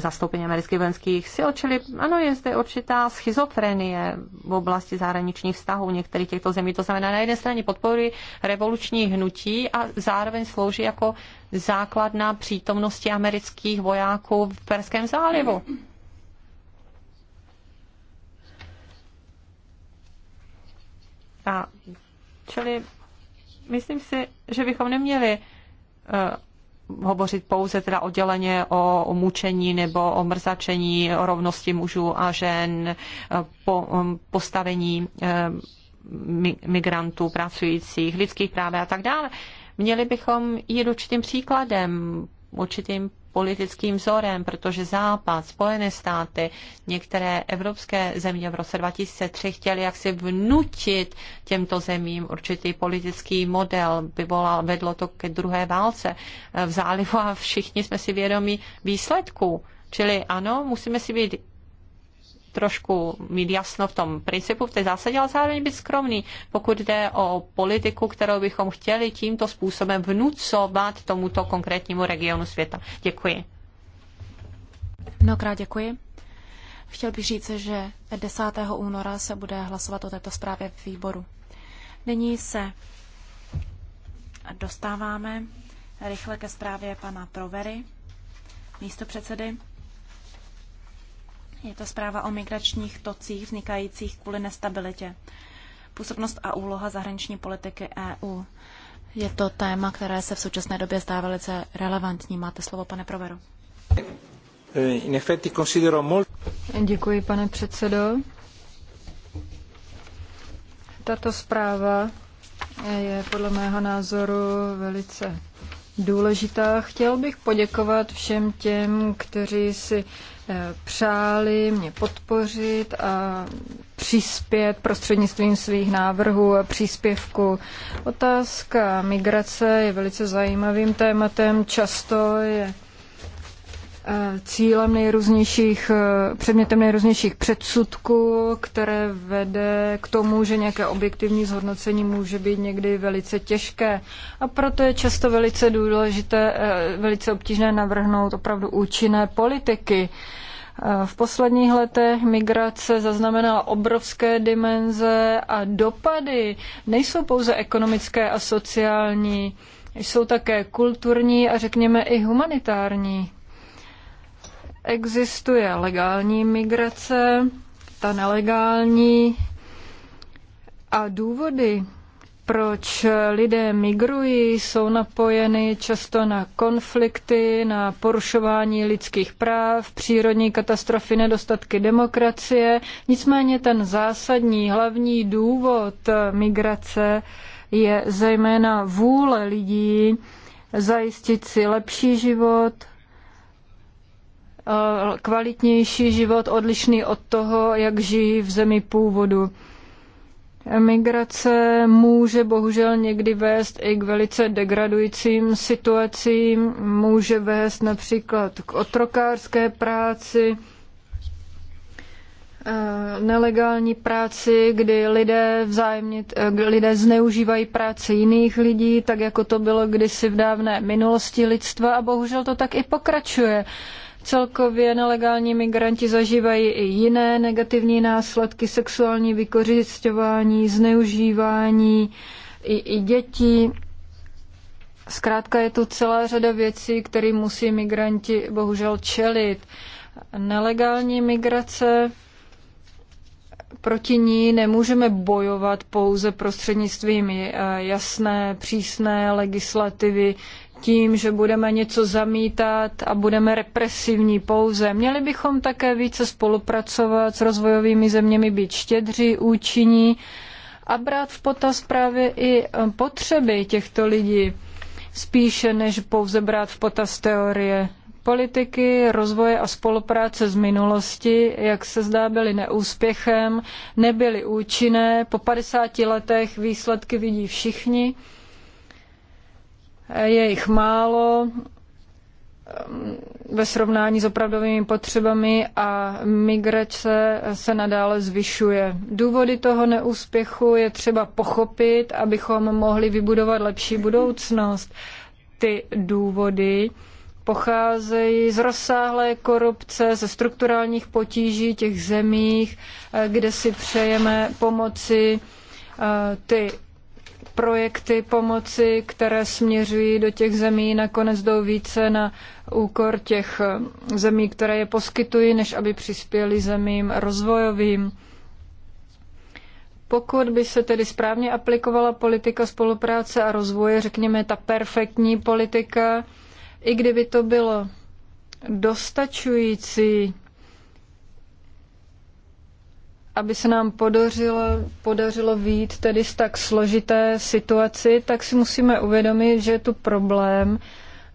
Speaker 18: zastoupení amerických vojenských sil, čili ano, je zde určitá schizofrenie v oblasti zahraničních vztahů některých těchto zemí. To znamená, na jedné straně podporují revoluční hnutí a zároveň slouží jako základna přítomnosti amerických vojáků v Perském zálivu. A čili myslím si, že bychom neměli eh, hovořit pouze teda odděleně o, o mučení nebo o mrzačení, o rovnosti mužů a žen, eh, po, hm, postavení eh, migrantů pracujících, lidských práv a tak dále. Měli bychom jít určitým příkladem, určitým politickým vzorem, protože Západ, Spojené státy, některé evropské země v roce 2003 chtěli jaksi vnutit těmto zemím určitý politický model. Vyvolal, vedlo to ke druhé válce eh, v zálivu a všichni jsme si vědomi výsledků. Čili ano, musíme si být trošku mít jasno v tom principu, v té zásadě, ale zároveň být skromný, pokud jde o politiku, kterou bychom chtěli tímto způsobem vnucovat tomuto konkrétnímu regionu světa. Děkuji.
Speaker 15: Mnohokrát děkuji. Chtěl bych říct, že 10. února se bude hlasovat o této zprávě v výboru. Nyní se dostáváme rychle ke zprávě pana Provery, místo předsedy. Je to zpráva o migračních tocích vznikajících kvůli nestabilitě. Působnost a úloha zahraniční politiky EU. Je to téma, které se v současné době zdá velice relevantní. Máte slovo, pane Proveru. Eh, Děkuji, pane předsedo.
Speaker 17: Tato zpráva je podle mého názoru velice důležitá. Chtěl bych poděkovat všem těm, kteří si eh, přáli mě podpořit a přispět prostřednictvím svých návrhů a příspěvku Otázka migrace je velice zajímavým tématem, často je cílem nejrůznějších, eh, předmětem nejrůznějších předsudků, které vede k tomu, že nějaké objektivní zhodnocení může být někdy velice těžké. A proto je často velice důležité, eh, velice obtížné navrhnout opravdu účinné politiky. Eh, v posledních letech migrace zaznamenala obrovské dimenze a dopady nejsou pouze ekonomické a sociální, jsou také kulturní a řekněme i humanitární. Existuje legální migrace, ta nelegální a důvody, proč lidé migrují, jsou napojeny často na konflikty, na porušování lidských práv, přírodní katastrofy, nedostatky demokracie. Nicméně ten zásadní, hlavní důvod migrace je zejména vůle lidí zajistit si lepší život, Eh, kvalitnější život, odlišný od toho, jak žijí v zemi původu. Migrace může bohužel někdy vést i k velice degradujícím situacím, může vést například k otrokářské práci, eh, nelegální práci, kdy lidé vzájemně, eh, lidé zneužívají práci jiných lidí, tak jako to bylo kdysi v dávné minulosti lidstva a bohužel to tak i pokračuje. Celkově nelegální migranti zažívají i jiné negativní následky, sexuální vykořišťování, zneužívání i, i dětí. Zkrátka je tu celá řada věcí, které musí migranti bohužel čelit. Nelegální migrace proti ní nemůžeme bojovat pouze prostřednictvím eh, jasné, přísné legislativy, tím, že budeme něco zamítat a budeme represivní pouze. Měli bychom také více spolupracovat s rozvojovými zeměmi, být štědří, účinní a brát v potaz právě i potřeby těchto lidí, spíše než pouze brát v potaz teorie politiky, rozvoje a spolupráce z minulosti, jak se zdá, byly neúspěchem, nebyly účinné. Po 50 letech výsledky vidí všichni je jich málo ve srovnání s opravdovými potřebami a migrace se nadále zvyšuje. Důvody toho neúspěchu je třeba pochopit, abychom mohli vybudovat lepší budoucnost. Ty důvody pocházejí z rozsáhlé korupce, ze strukturálních potíží těch zemích, eh, kde si přejeme pomoci eh, ty projekty pomoci, které směřují do těch zemí, nakonec jdou více na úkor těch eh, zemí, které je poskytují, než aby přispěli zemím rozvojovým. Pokud by se tedy správně aplikovala politika spolupráce a rozvoje, řekněme ta perfektní politika, i kdyby to bylo dostačující, aby se nám podařilo, podařilo výjít tedy z tak složité situaci, tak si musíme uvědomit, že je tu problém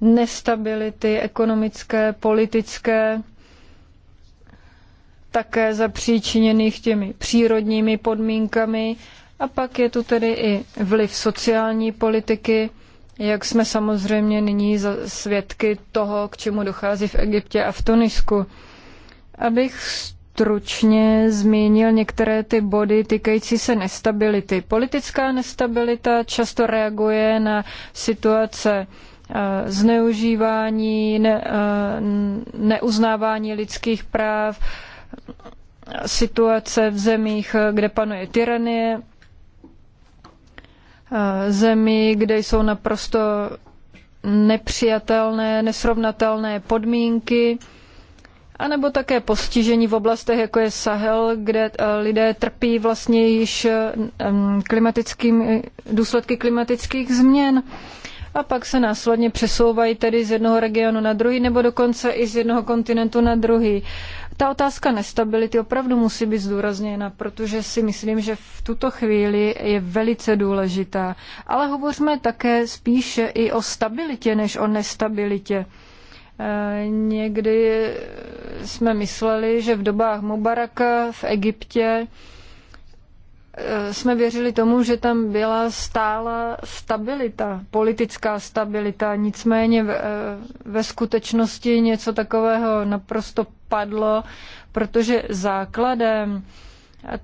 Speaker 17: nestability ekonomické, politické, také zapříčiněných těmi přírodními podmínkami. A pak je tu tedy i vliv sociální politiky, jak jsme samozřejmě nyní svědky toho, k čemu dochází v Egyptě a v Tunisku. Abych stručně zmínil některé ty body týkající se nestability. Politická nestabilita často reaguje na situace eh, zneužívání, ne, eh, neuznávání lidských práv, situace v zemích, eh, kde panuje tyranie, zemí, kde jsou naprosto nepřijatelné, nesrovnatelné podmínky, anebo také postižení v oblastech, jako je Sahel, kde eh, lidé trpí vlastně již eh, klimatickým, eh, důsledky klimatických změn a pak se následně přesouvají tedy z jednoho regionu na druhý nebo dokonce i z jednoho kontinentu na druhý. Ta otázka nestability opravdu musí být zdůrazněna, protože si myslím, že v tuto chvíli je velice důležitá. Ale hovořme také spíše i o stabilitě než o nestabilitě. Eh, někdy jsme mysleli, že v dobách Mubaraka v Egyptě eh, jsme věřili tomu, že tam byla stála stabilita, politická stabilita. Nicméně eh, ve skutečnosti něco takového naprosto padlo, protože základem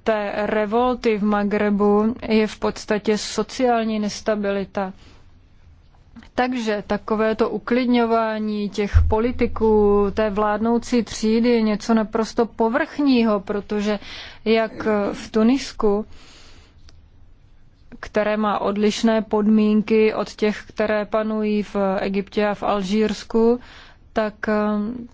Speaker 17: té revolty v Magrebu je v podstatě sociální nestabilita. Takže takovéto uklidňování těch politiků, té vládnoucí třídy je něco naprosto povrchního, protože jak v Tunisku, které má odlišné podmínky od těch, které panují v Egyptě a v Alžírsku, tak um,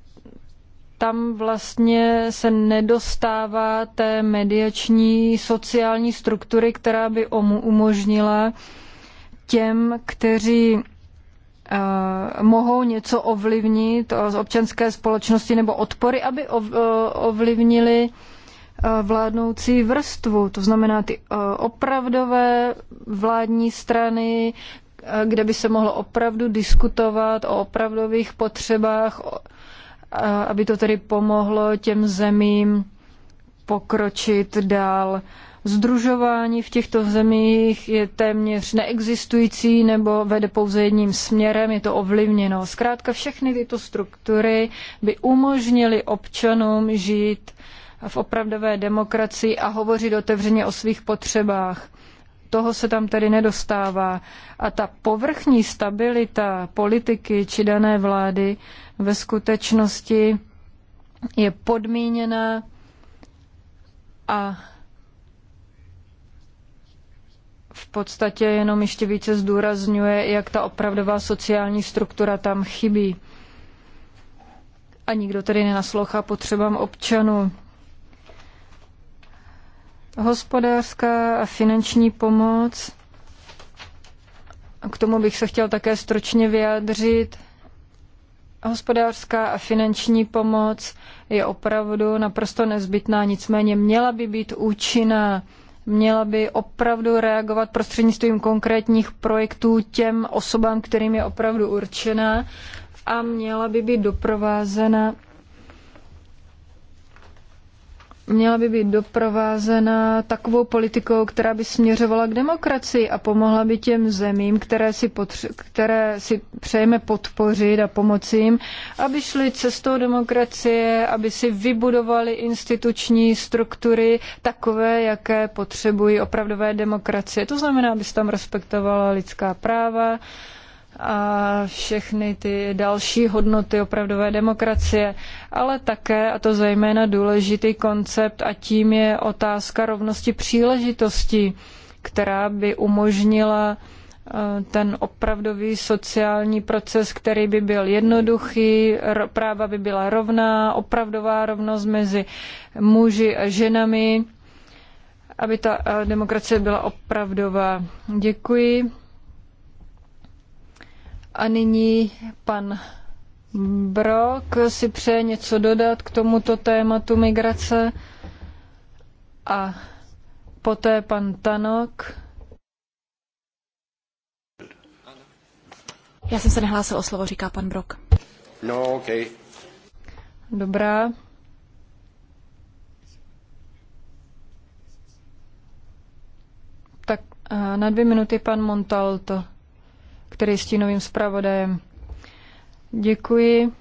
Speaker 17: tam vlastně se nedostává té mediační sociální struktury, která by umožnila těm, kteří Eh, mohou něco ovlivnit eh, z občanské společnosti nebo odpory, aby eh, ovlivnili vládnoucí vrstvu, to znamená ty opravdové vládní strany, kde by se mohlo opravdu diskutovat o opravdových potřebách, aby to tedy pomohlo těm zemím pokročit dál. Združování v těchto zemích je téměř neexistující nebo vede pouze jedním směrem, je to ovlivněno. Zkrátka všechny tyto struktury by umožnily občanům žít v opravdové demokracii a hovořit otevřeně o svých potřebách toho se tam tedy nedostává. A ta povrchní stabilita politiky či dané vlády ve skutečnosti je podmíněna a v podstatě jenom ještě více zdůrazňuje, jak ta opravdová sociální struktura tam chybí. A nikdo tedy nenaslouchá potřebám občanů. Hospodářská a finanční pomoc. K tomu bych se chtěl také stročně vyjádřit. Hospodářská a finanční pomoc je opravdu naprosto nezbytná, nicméně měla by být účinná měla by opravdu reagovat prostřednictvím konkrétních projektů těm osobám, kterým je opravdu určená a měla by být doprovázena měla by být doprovázena takovou politikou, která by směřovala k demokracii a pomohla by těm zemím, které si, potře- které si přejeme podpořit a pomoci jim, aby šli cestou demokracie, aby si vybudovali instituční struktury takové, jaké potřebují opravdové demokracie. To znamená, aby se tam respektovala lidská práva, a všechny ty další hodnoty opravdové demokracie, ale také, a to zejména důležitý koncept, a tím je otázka rovnosti příležitostí, která by umožnila eh, ten opravdový sociální proces, který by byl jednoduchý, práva by byla rovná, opravdová rovnost mezi muži a ženami, aby ta eh, demokracie byla opravdová. Děkuji. A nyní pan Brok si přeje něco dodat k tomuto tématu migrace a poté pan Tanok. Já jsem se nehlásil o slovo, říká pan Brok. No, OK. Dobrá. Tak eh, na dvě minuty pan Montalto který je stínovým zpravodajem. Děkuji.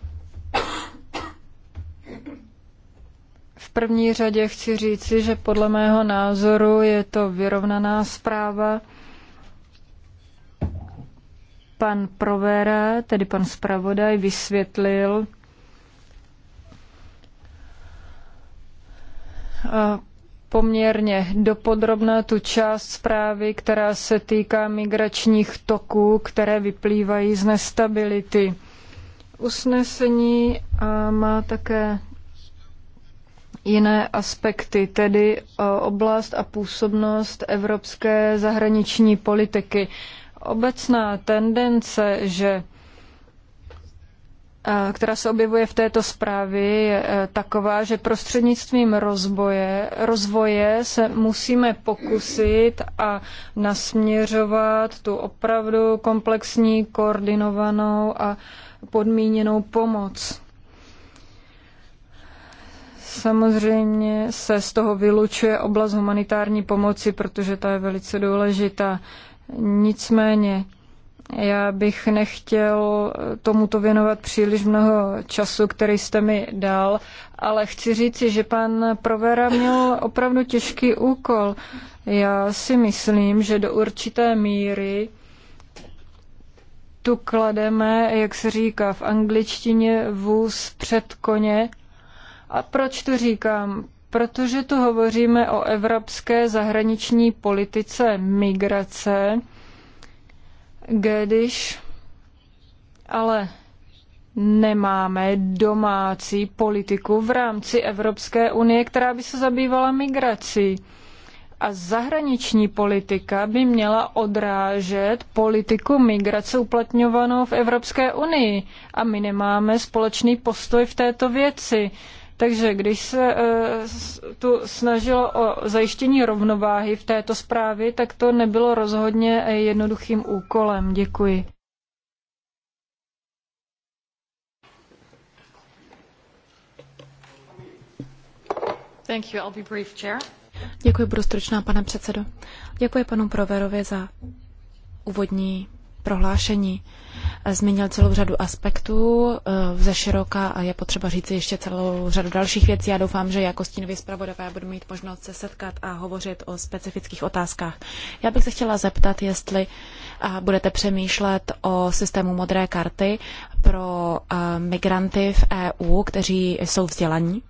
Speaker 17: V první řadě chci říci, že podle mého názoru je to vyrovnaná zpráva. Pan Provera, tedy pan zpravodaj, vysvětlil, poměrně dopodrobná tu část zprávy, která se týká migračních toků, které vyplývají z nestability. Usnesení má také jiné aspekty, tedy e, oblast a působnost evropské zahraniční politiky. Obecná tendence, že která se objevuje v této zprávě, je e, taková, že prostřednictvím rozboje, rozvoje se musíme pokusit a nasměřovat tu opravdu komplexní, koordinovanou a podmíněnou pomoc. Samozřejmě se z toho vylučuje oblast humanitární pomoci, protože ta je velice důležitá. Nicméně já bych nechtěl tomuto věnovat příliš mnoho času, který jste mi dal, ale chci říci, že pan Provera měl opravdu těžký úkol. Já si myslím, že do určité míry tu klademe, jak se říká v angličtině, vůz před koně. A proč to říkám? Protože tu hovoříme o evropské zahraniční politice migrace, když ale nemáme domácí politiku v rámci Evropské unie, která by se zabývala migrací. A zahraniční politika by měla odrážet politiku migrace uplatňovanou v Evropské unii. A my nemáme společný postoj v této věci. Takže když se eh, tu snažilo o zajištění rovnováhy v této zprávě, tak to nebylo rozhodně eh, jednoduchým úkolem. Děkuji. Thank you. I'll be brief, chair.
Speaker 15: Děkuji, budu stručná, pane předsedo. Děkuji panu Proverovi za úvodní prohlášení zmínil celou řadu aspektů eh, ze široka a je potřeba říci ještě celou řadu dalších věcí. Já doufám, že jako stínový zpravodajové budu mít možnost se setkat a hovořit o specifických otázkách. Já bych se chtěla zeptat, jestli budete přemýšlet o systému modré karty pro eh, migranty v EU, kteří jsou vzdělaní.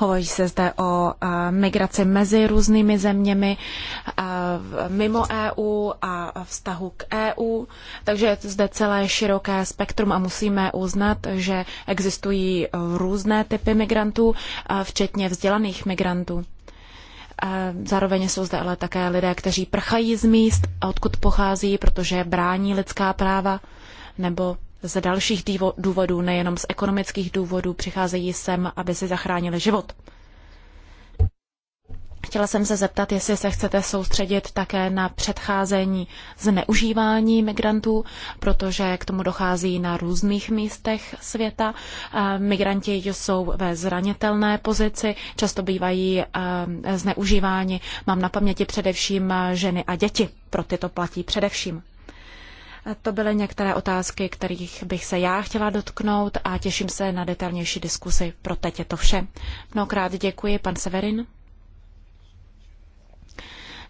Speaker 15: Hovoří se zde o eh, migraci mezi různými zeměmi eh, mimo EU a vztahu k EU, takže je zde celé široké spektrum a musíme uznat, že existují různé typy migrantů, eh, včetně vzdělaných migrantů. Zároveň jsou zde ale také lidé, kteří prchají z míst, odkud pochází, protože brání lidská práva nebo z dalších důvodů, nejenom z ekonomických důvodů, přicházejí sem, aby si zachránili život. Chtěla jsem se zeptat, jestli se chcete soustředit také na předcházení zneužívání migrantů, protože k tomu dochází na různých místech světa. Migranti jsou ve zranitelné pozici, často bývají zneužíváni. Mám na paměti především ženy a děti. Pro tyto platí především. To byly některé otázky, kterých bych se já chtěla dotknout a těším se na detailnější diskusi. Pro teď je to vše. Mnohokrát děkuji, pan Severin.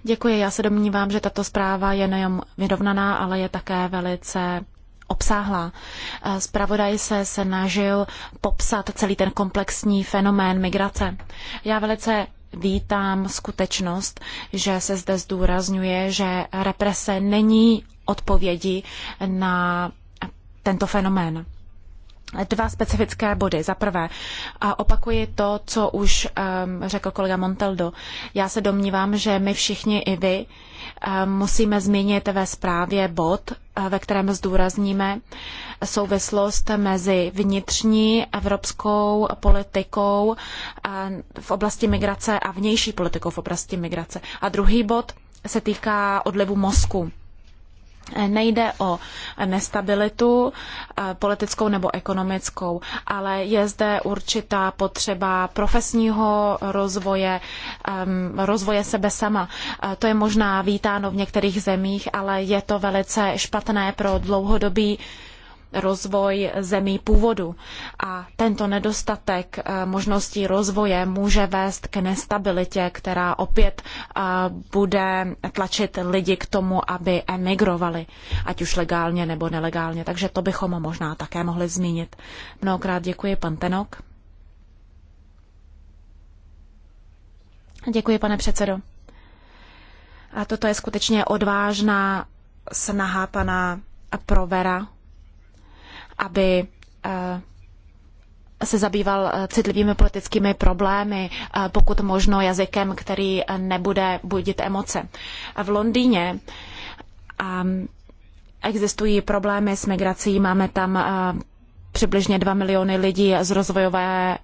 Speaker 15: Děkuji, já se domnívám, že tato zpráva je nejen vyrovnaná, ale je také velice obsáhlá. Spravodaj se snažil popsat celý ten komplexní fenomén migrace. Já velice vítám skutečnost, že se zde zdůrazňuje, že represe není odpovědi na tento fenomén. Dva specifické body. Za prvé, a opakuji to, co už um, řekl kolega Monteldo. Já se domnívám, že my všichni i vy um, musíme změnit ve zprávě bod, uh, ve kterém zdůrazníme souvislost mezi vnitřní evropskou politikou uh, v oblasti migrace a vnější politikou v oblasti migrace. A druhý bod se týká odlivu mozku. Nejde o nestabilitu eh, politickou nebo ekonomickou, ale je zde určitá potřeba profesního rozvoje, ehm, rozvoje sebe sama. Eh, to je možná vítáno v některých zemích, ale je to velice špatné pro dlouhodobý rozvoj zemí původu. A tento nedostatek eh, možností rozvoje může vést k nestabilitě, která opět eh, bude tlačit lidi k tomu, aby emigrovali, ať už legálně nebo nelegálně. Takže to bychom možná také mohli zmínit. Mnohokrát děkuji, pan Tenok. Děkuji, pane předsedo. A toto je skutečně odvážná snaha pana Provera aby eh, se zabýval eh, citlivými politickými problémy, eh, pokud možno jazykem, který nebude budit emoce. V Londýně ehm, existují problémy s migrací, máme tam přibližně 2 miliony lidí z rozvojového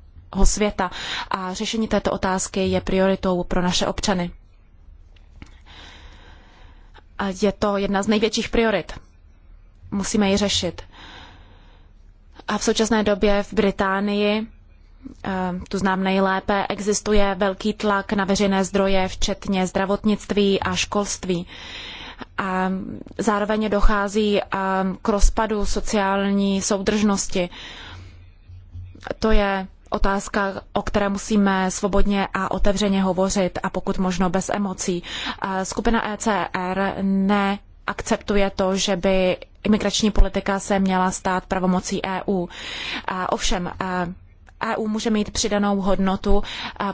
Speaker 15: světa a řešení této otázky je prioritou pro naše občany. Je to jedna z největších priorit. Musíme ji řešit. A v současné době v Británii, eh, tu znám nejlépe, existuje velký tlak na veřejné zdroje, včetně zdravotnictví a školství. A zároveň dochází eh, k rozpadu sociální soudržnosti. To je otázka, o které musíme svobodně a otevřeně hovořit a pokud možno bez emocí. Eh, skupina ECR neakceptuje to, že by imigrační politika se měla stát pravomocí EU. A ovšem, EU může mít přidanou hodnotu,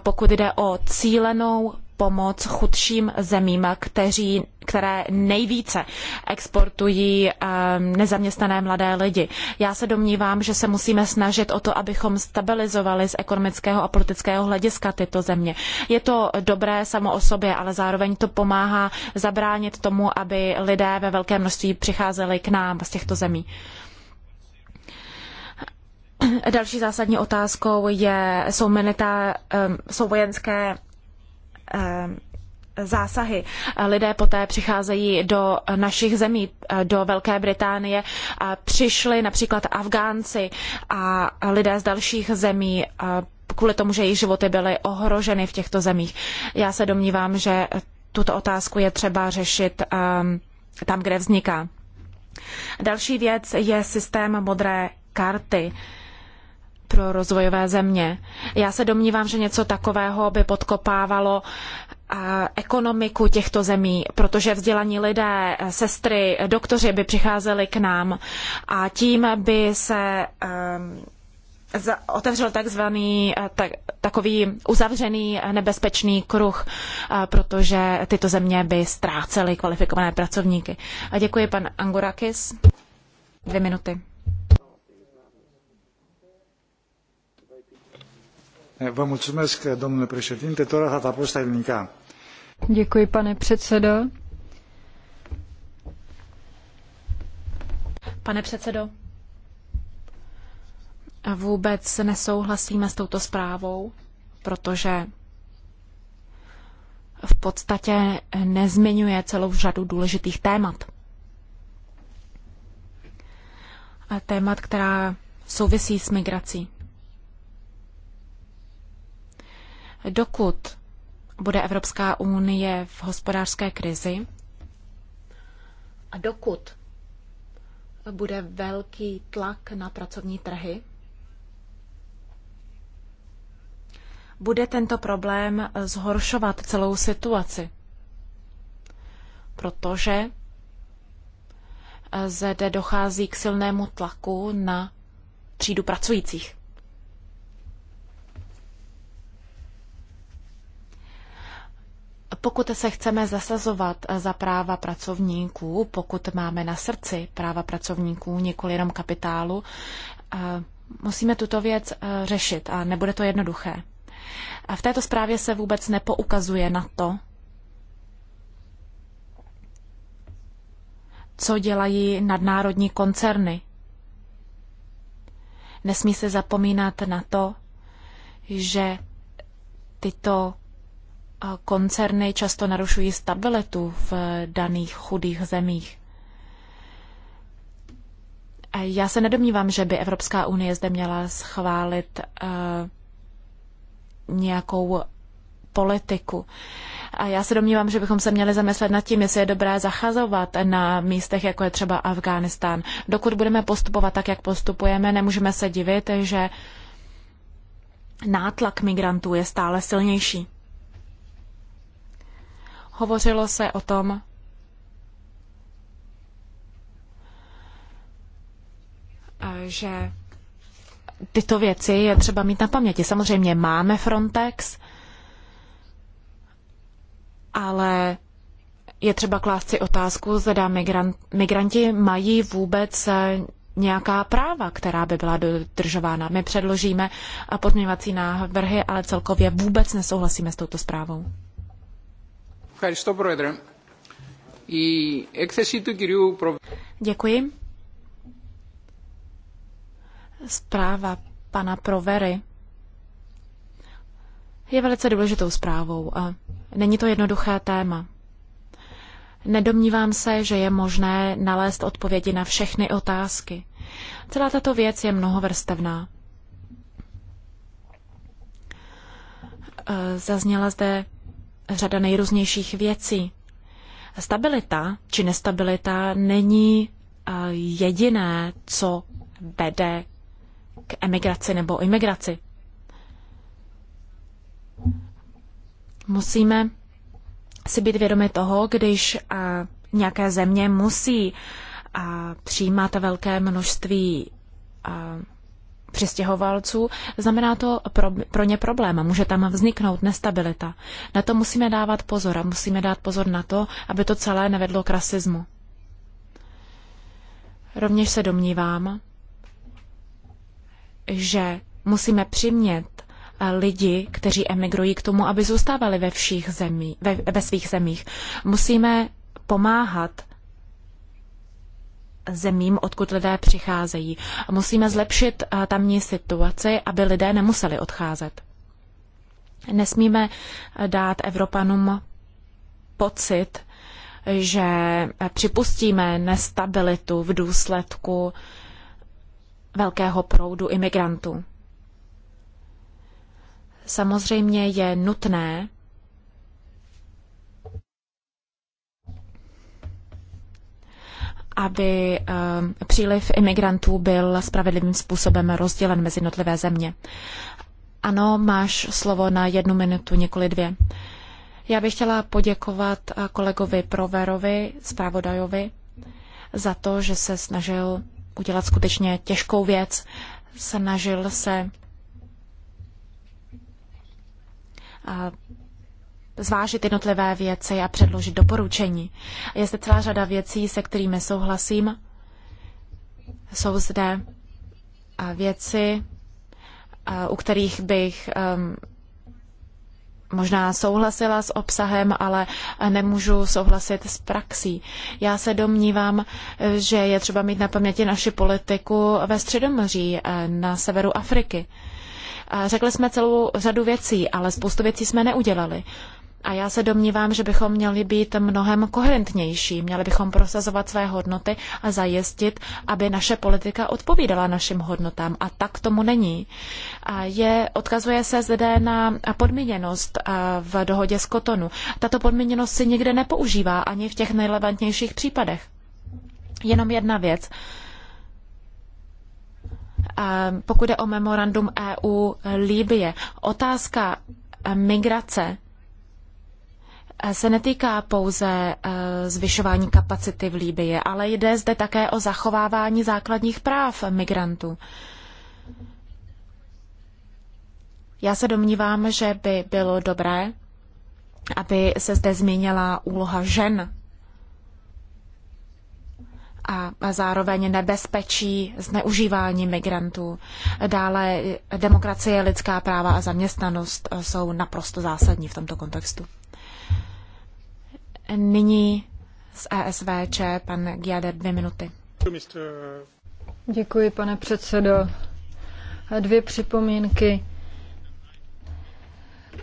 Speaker 15: pokud jde o cílenou pomoc chudším zemím, kteří, které nejvíce exportují ehm, nezaměstnané mladé lidi. Já se domnívám, že se musíme snažit o to, abychom stabilizovali z ekonomického a politického hlediska tyto země. Je to dobré samo o sobě, ale zároveň to pomáhá zabránit tomu, aby lidé ve velkém množství přicházeli k nám z těchto zemí. Další zásadní otázkou je, jsou, milita, ehm, jsou vojenské Eh, zásahy. Lidé poté přicházejí do našich zemí, eh, do Velké Británie. Přišli například Afgánci a lidé z dalších zemí eh, kvůli tomu, že jejich životy byly ohroženy v těchto zemích. Já se domnívám, že tuto otázku je třeba řešit tam, kde vzniká. Další věc je systém modré karty pro rozvojové země. Já se domnívám, že něco takového by podkopávalo ekonomiku těchto zemí, protože vzdělaní lidé, sestry, doktoři by přicházeli k nám a tím by se otevřel takzvaný tak, takový uzavřený nebezpečný kruh, protože tyto země by ztrácely kvalifikované pracovníky. A děkuji pan Angurakis. Dvě minuty.
Speaker 4: Eh, vă mulțumesc, domnule președinte, tora θα τα πω στα ελληνικά.
Speaker 17: Děkuji, pane předsedo.
Speaker 15: Pane předsedo, vůbec nesouhlasíme s touto zprávou, protože v podstatě nezmiňuje celou řadu důležitých témat. A témat, která souvisí s migrací. Dokud bude Evropská unie v hospodářské krizi a dokud bude velký tlak na pracovní trhy, bude tento problém zhoršovat celou situaci, protože zde dochází k silnému tlaku na třídu pracujících. Pokud se chceme zasazovat eh, za práva pracovníků, pokud máme na srdci práva pracovníků, nikoli jenom kapitálu, eh, musíme tuto věc eh, řešit a nebude to jednoduché. A v této zprávě se vůbec nepoukazuje na to, co dělají nadnárodní koncerny. Nesmí se zapomínat na to, že tyto koncerny často narušují stabilitu v daných chudých zemích. Já se nedomnívám, že by Evropská unie zde měla schválit eh, nějakou politiku. A já se domnívám, že bychom se měli zamyslet nad tím, jestli je dobré zachazovat na místech, jako je třeba Afghánistán. Dokud budeme postupovat tak, jak postupujeme, nemůžeme se divit, že nátlak migrantů je stále silnější. Hovořilo se o tom, že tyto věci je třeba mít na paměti. Samozřejmě máme Frontex, ale je třeba klást si otázku, zda migrant, migranti mají vůbec eh, nějaká práva, která by byla dodržována. My předložíme eh, podměvací návrhy, ale celkově vůbec nesouhlasíme s touto zprávou. Děkuji. Zpráva pana Provery je velice důležitou zprávou a není to jednoduché téma. Nedomnívám se, že je možné nalézt odpovědi na všechny otázky. Celá tato věc je mnohovrstevná. E, zazněla zde řada nejrůznějších věcí. Stabilita či nestabilita není eh, jediné, co vede k emigraci nebo imigraci. Musíme si být vědomi toho, když eh, nějaké země musí eh, přijímat velké množství přistěhovalců, znamená to pro, pro ně problém. Může tam vzniknout nestabilita. Na to musíme dávat pozor a musíme dát pozor na to, aby to celé nevedlo k rasismu. Rovněž se domnívám, že musíme přimět eh, lidi, kteří emigrují k tomu, aby zůstávali ve, všech zemí, ve, ve svých zemích. Musíme pomáhat zemím, odkud lidé přicházejí. Musíme zlepšit eh, tamní situaci, aby lidé nemuseli odcházet. Nesmíme eh, dát Evropanům pocit, že eh, připustíme nestabilitu v důsledku velkého proudu imigrantů. Samozřejmě je nutné aby ehm, příliv imigrantů byl spravedlivým způsobem rozdělen mezi jednotlivé země. Ano, máš slovo na jednu minutu, nikoli dvě. Já bych chtěla poděkovat eh, kolegovi Proverovi, zpravodajovi, za to, že se snažil udělat skutečně těžkou věc. Snažil se eh, zvážit jednotlivé věci a předložit doporučení. Je zde celá řada věcí, se kterými souhlasím. Jsou zde eh, věci, eh, u kterých bych ehm, možná souhlasila s obsahem, ale eh, nemůžu souhlasit s praxí. Já se domnívám, že je třeba mít na paměti naši politiku ve Středomoří, na severu Afriky. Řekli jsme celou řadu věcí, ale spoustu věcí jsme neudělali. A já se domnívám, že bychom měli být mnohem koherentnější, měli bychom prosazovat své hodnoty a zajistit, aby naše politika odpovídala našim hodnotám. A tak tomu není. A je, odkazuje se zde na podmíněnost v dohodě z Kotonu. Tato podmíněnost se nikde nepoužívá, ani v těch nejlevantnějších případech. Jenom jedna věc. A pokud je o memorandum EU Líbie, otázka migrace se netýká pouze eh, zvyšování kapacity v Líbii, ale jde zde také o zachovávání základních práv migrantů. Já se domnívám, že by bylo dobré, aby se zde změnila úloha žen a zároveň nebezpečí zneužívání migrantů. Dále demokracie, lidská práva a zaměstnanost eh, jsou naprosto zásadní v tomto kontextu. Nyní z ESVČ pan Giader dvě minuty.
Speaker 17: Děkuji, pane předsedo. Dvě připomínky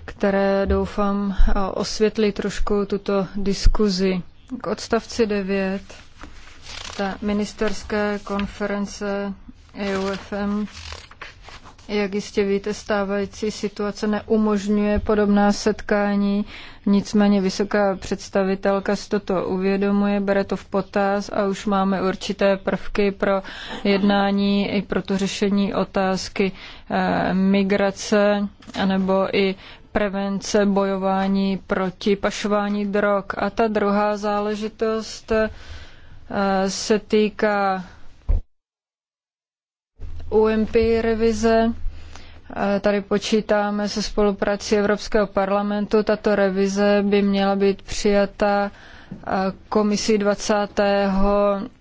Speaker 17: které doufám osvětlí trošku tuto diskuzi. K odstavci 9 Ta ministerské konference EUFM jak jistě víte, stávající situace neumožňuje podobná setkání, nicméně vysoká představitelka si toto uvědomuje, bere to v potaz a už máme určité prvky pro jednání i pro to řešení otázky eh, migrace anebo i prevence bojování proti pašování drog. A ta druhá záležitost eh, se týká UMP revize. Eh, tady počítáme se spoluprací Evropského parlamentu. Tato revize by měla být přijata eh, komisí 20.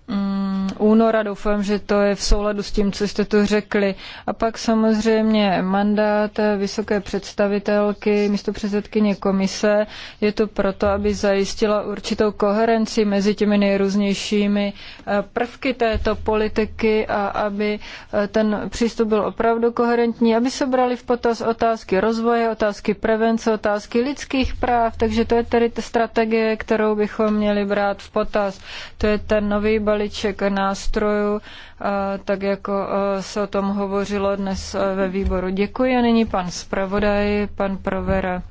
Speaker 17: Mm, února. Doufám, že to je v souladu s tím, co jste tu řekli. A pak samozřejmě mandát vysoké představitelky, místo předsedkyně komise, je to proto, aby zajistila určitou koherenci mezi těmi nejrůznějšími eh, prvky této politiky a aby eh, ten přístup byl opravdu koherentní, aby se brali v potaz otázky rozvoje, otázky prevence, otázky lidských práv, takže to je tedy strategie, kterou bychom měli brát v potaz. To je ten nový balíček balíček nástrojů, eh, tak jako eh, se o tom hovořilo dnes eh, ve výboru. Děkuji a nyní pan zpravodaj, pan Provera.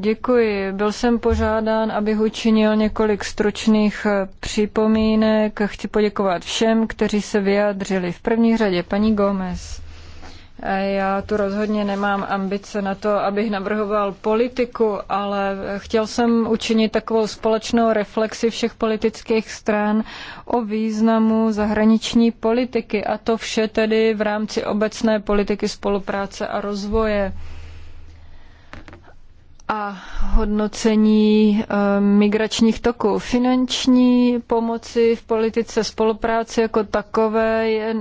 Speaker 17: Děkuji. Byl jsem požádán, abych učinil několik stručných připomínek. Chci poděkovat všem, kteří se vyjádřili. V první řadě paní Gomez. E, já tu rozhodně nemám ambice na to, abych navrhoval politiku, ale chtěl jsem učinit takovou společnou reflexi všech politických stran o významu zahraniční politiky a to vše tedy v rámci obecné politiky spolupráce a rozvoje a hodnocení eh, migračních toků. Finanční pomoci v politice spolupráce jako takové je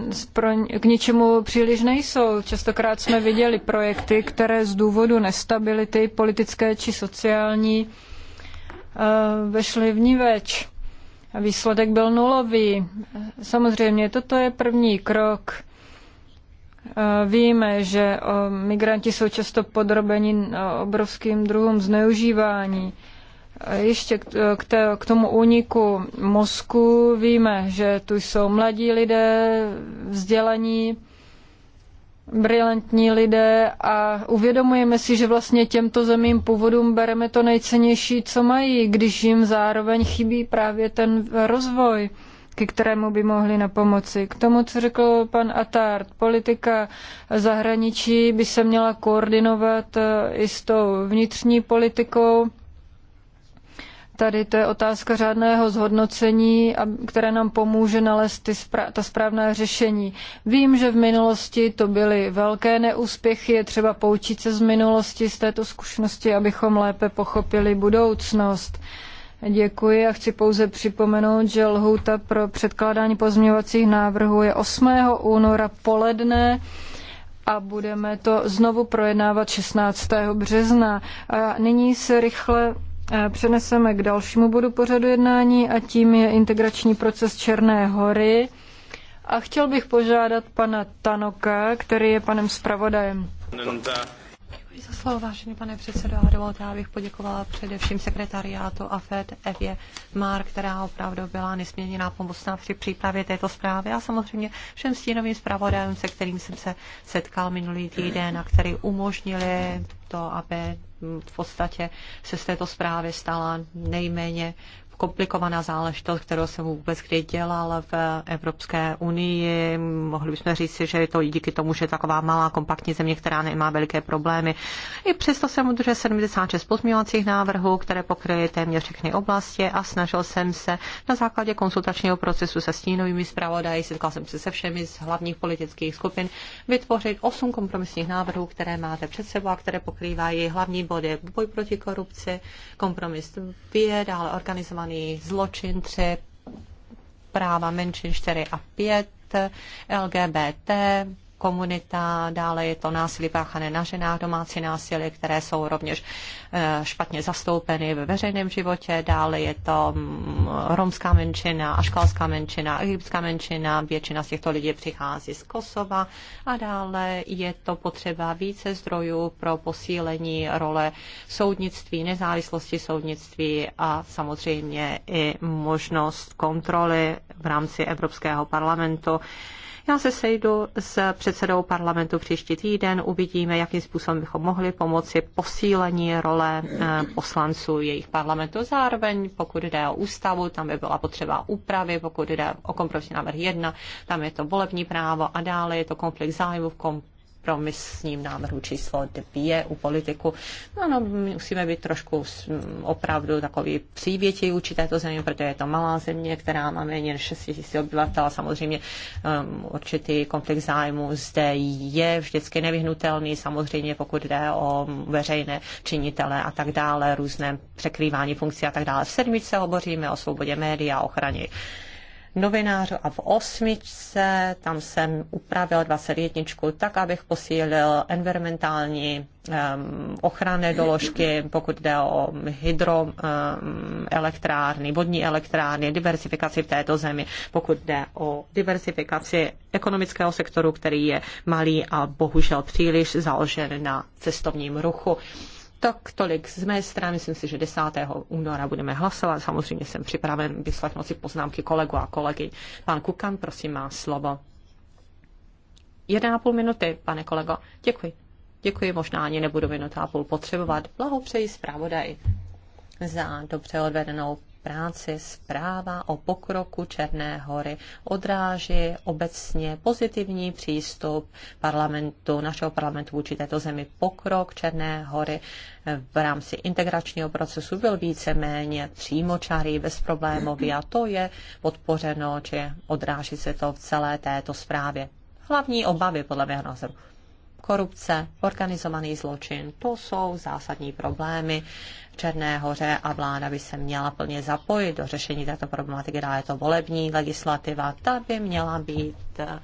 Speaker 17: k ničemu příliš nejsou. Častokrát jsme viděli projekty, které z důvodu nestability politické či sociální eh, vešly v več. Výsledek byl nulový. Samozřejmě toto je první krok Eh, víme, že eh, migranti jsou často podrobeni eh, obrovským druhům zneužívání. Ještě k tomu úniku mozku víme, že tu jsou mladí lidé, vzdělaní, brilantní lidé a uvědomujeme si, že vlastně těmto zemím původům bereme to nejcennější, co mají, když jim zároveň chybí právě ten rozvoj ke kterému by mohli na pomoci. K tomu, co řekl pan Atard, politika zahraničí by se měla koordinovat eh, i s tou vnitřní politikou. Tady to je otázka řádného zhodnocení, které nám pomůže nalézt ty spra- ta správná řešení. Vím, že v minulosti to byly velké neúspěchy, je třeba poučit se z minulosti, z této zkušenosti, abychom lépe pochopili budoucnost. Uh, Děkuji a chci pouze připomenout, že lhůta pro předkládání pozměňovacích návrhů je 8. února poledne a budeme to znovu projednávat 16. března. A nyní se rychle eh, přeneseme k dalšímu bodu pořadu jednání a tím je integrační proces Černé hory. A chtěl bych požádat pana Tanoka, který je panem zpravodajem za slovo, vážený pane předsedo, a dovolte, abych poděkovala
Speaker 18: především sekretariátu AFED Evě Mar, která opravdu byla nesmírně nápomocná při přípravě této zprávy a samozřejmě všem stínovým zpravodajům, se kterým jsem se setkal minulý týden a který umožnili to, aby v podstatě se z této zprávy stala nejméně komplikovaná záležitost, kterou jsem vůbec kdy dělal v Evropské unii. Mohli bychom říct, že je to i díky tomu, že je taková malá kompaktní země, která nemá veliké problémy. I přesto jsem udržel 76 pozměňovacích návrhů, které pokryly téměř všechny oblasti a snažil jsem se na základě konsultačního procesu se stínovými zpravodaji, setkal jsem se se všemi z hlavních politických skupin, vytvořit 8 kompromisních návrhů, které máte před sebou a které pokrývají hlavní body boj proti korupci, kompromis 2, dále organizovaný organizovaný zločin 3, práva menšin 4 a 5, LGBT, komunita, dále je to násilí páchané na ženách, domácí násilí, které jsou rovněž eh, špatně zastoupeny ve veřejném životě, dále je to mm, romská menšina, aškalská menšina, egyptská menšina, většina z těchto lidí přichází z Kosova a dále je to potřeba více zdrojů pro posílení role soudnictví, nezávislosti soudnictví a samozřejmě i možnost kontroly v rámci Evropského parlamentu já se sejdu s předsedou parlamentu příští týden, uvidíme, jakým způsobem bychom mohli pomoci posílení role eh, poslanců jejich parlamentu. Zároveň, pokud jde o ústavu, tam by byla potřeba úpravy, pokud jde o kompromisní návrh 1, tam je to volební právo a dále je to konflikt zájmu, kompromisním návrhu číslo dvě u politiku. No, no, musíme být trošku opravdu takový přívětí vůči této země, protože je to malá země, která má méně než 6 000 obyvatel. Samozřejmě um, určitý konflikt zájmu zde je vždycky nevyhnutelný, samozřejmě pokud jde o veřejné činitele a tak dále, různé překrývání funkcí a tak dále. V sedmičce hovoříme o svobodě médií a ochraně novinářů a v osmičce tam jsem upravil 21 tak, abych posílil environmentální um, ochranné doložky, pokud jde o hydroelektrárny, um, vodní elektrárny, diversifikaci v této zemi, pokud jde o diversifikaci ekonomického sektoru, který je malý a bohužel příliš založen na cestovním ruchu. Um, tak tolik z mé strany, myslím si, že 10. února budeme hlasovat. Samozřejmě jsem připraven vyslechnout si poznámky kolegu a kolegy. Pan Kukan, prosím, má slovo. Jedna a půl minuty, pane kolego. Děkuji. Děkuji, možná ani nebudu minuta a půl potřebovat. Blahopřeji zpravodaj za dobře odvedenou práci zpráva o pokroku Černé hory odráží obecně pozitivní přístup parlamentu, našeho parlamentu vůči této zemi. Pokrok Černé hory eh, v rámci integračního procesu byl víceméně přímočarý, bezproblémový a to je podpořeno, či odráží se to v celé této zprávě. Hlavní obavy podle mého názoru korupce, organizovaný zločin. To jsou zásadní problémy Černé hoře a vláda by se měla plně zapojit do řešení této problematiky, dále je to volební legislativa, ta by měla být eh,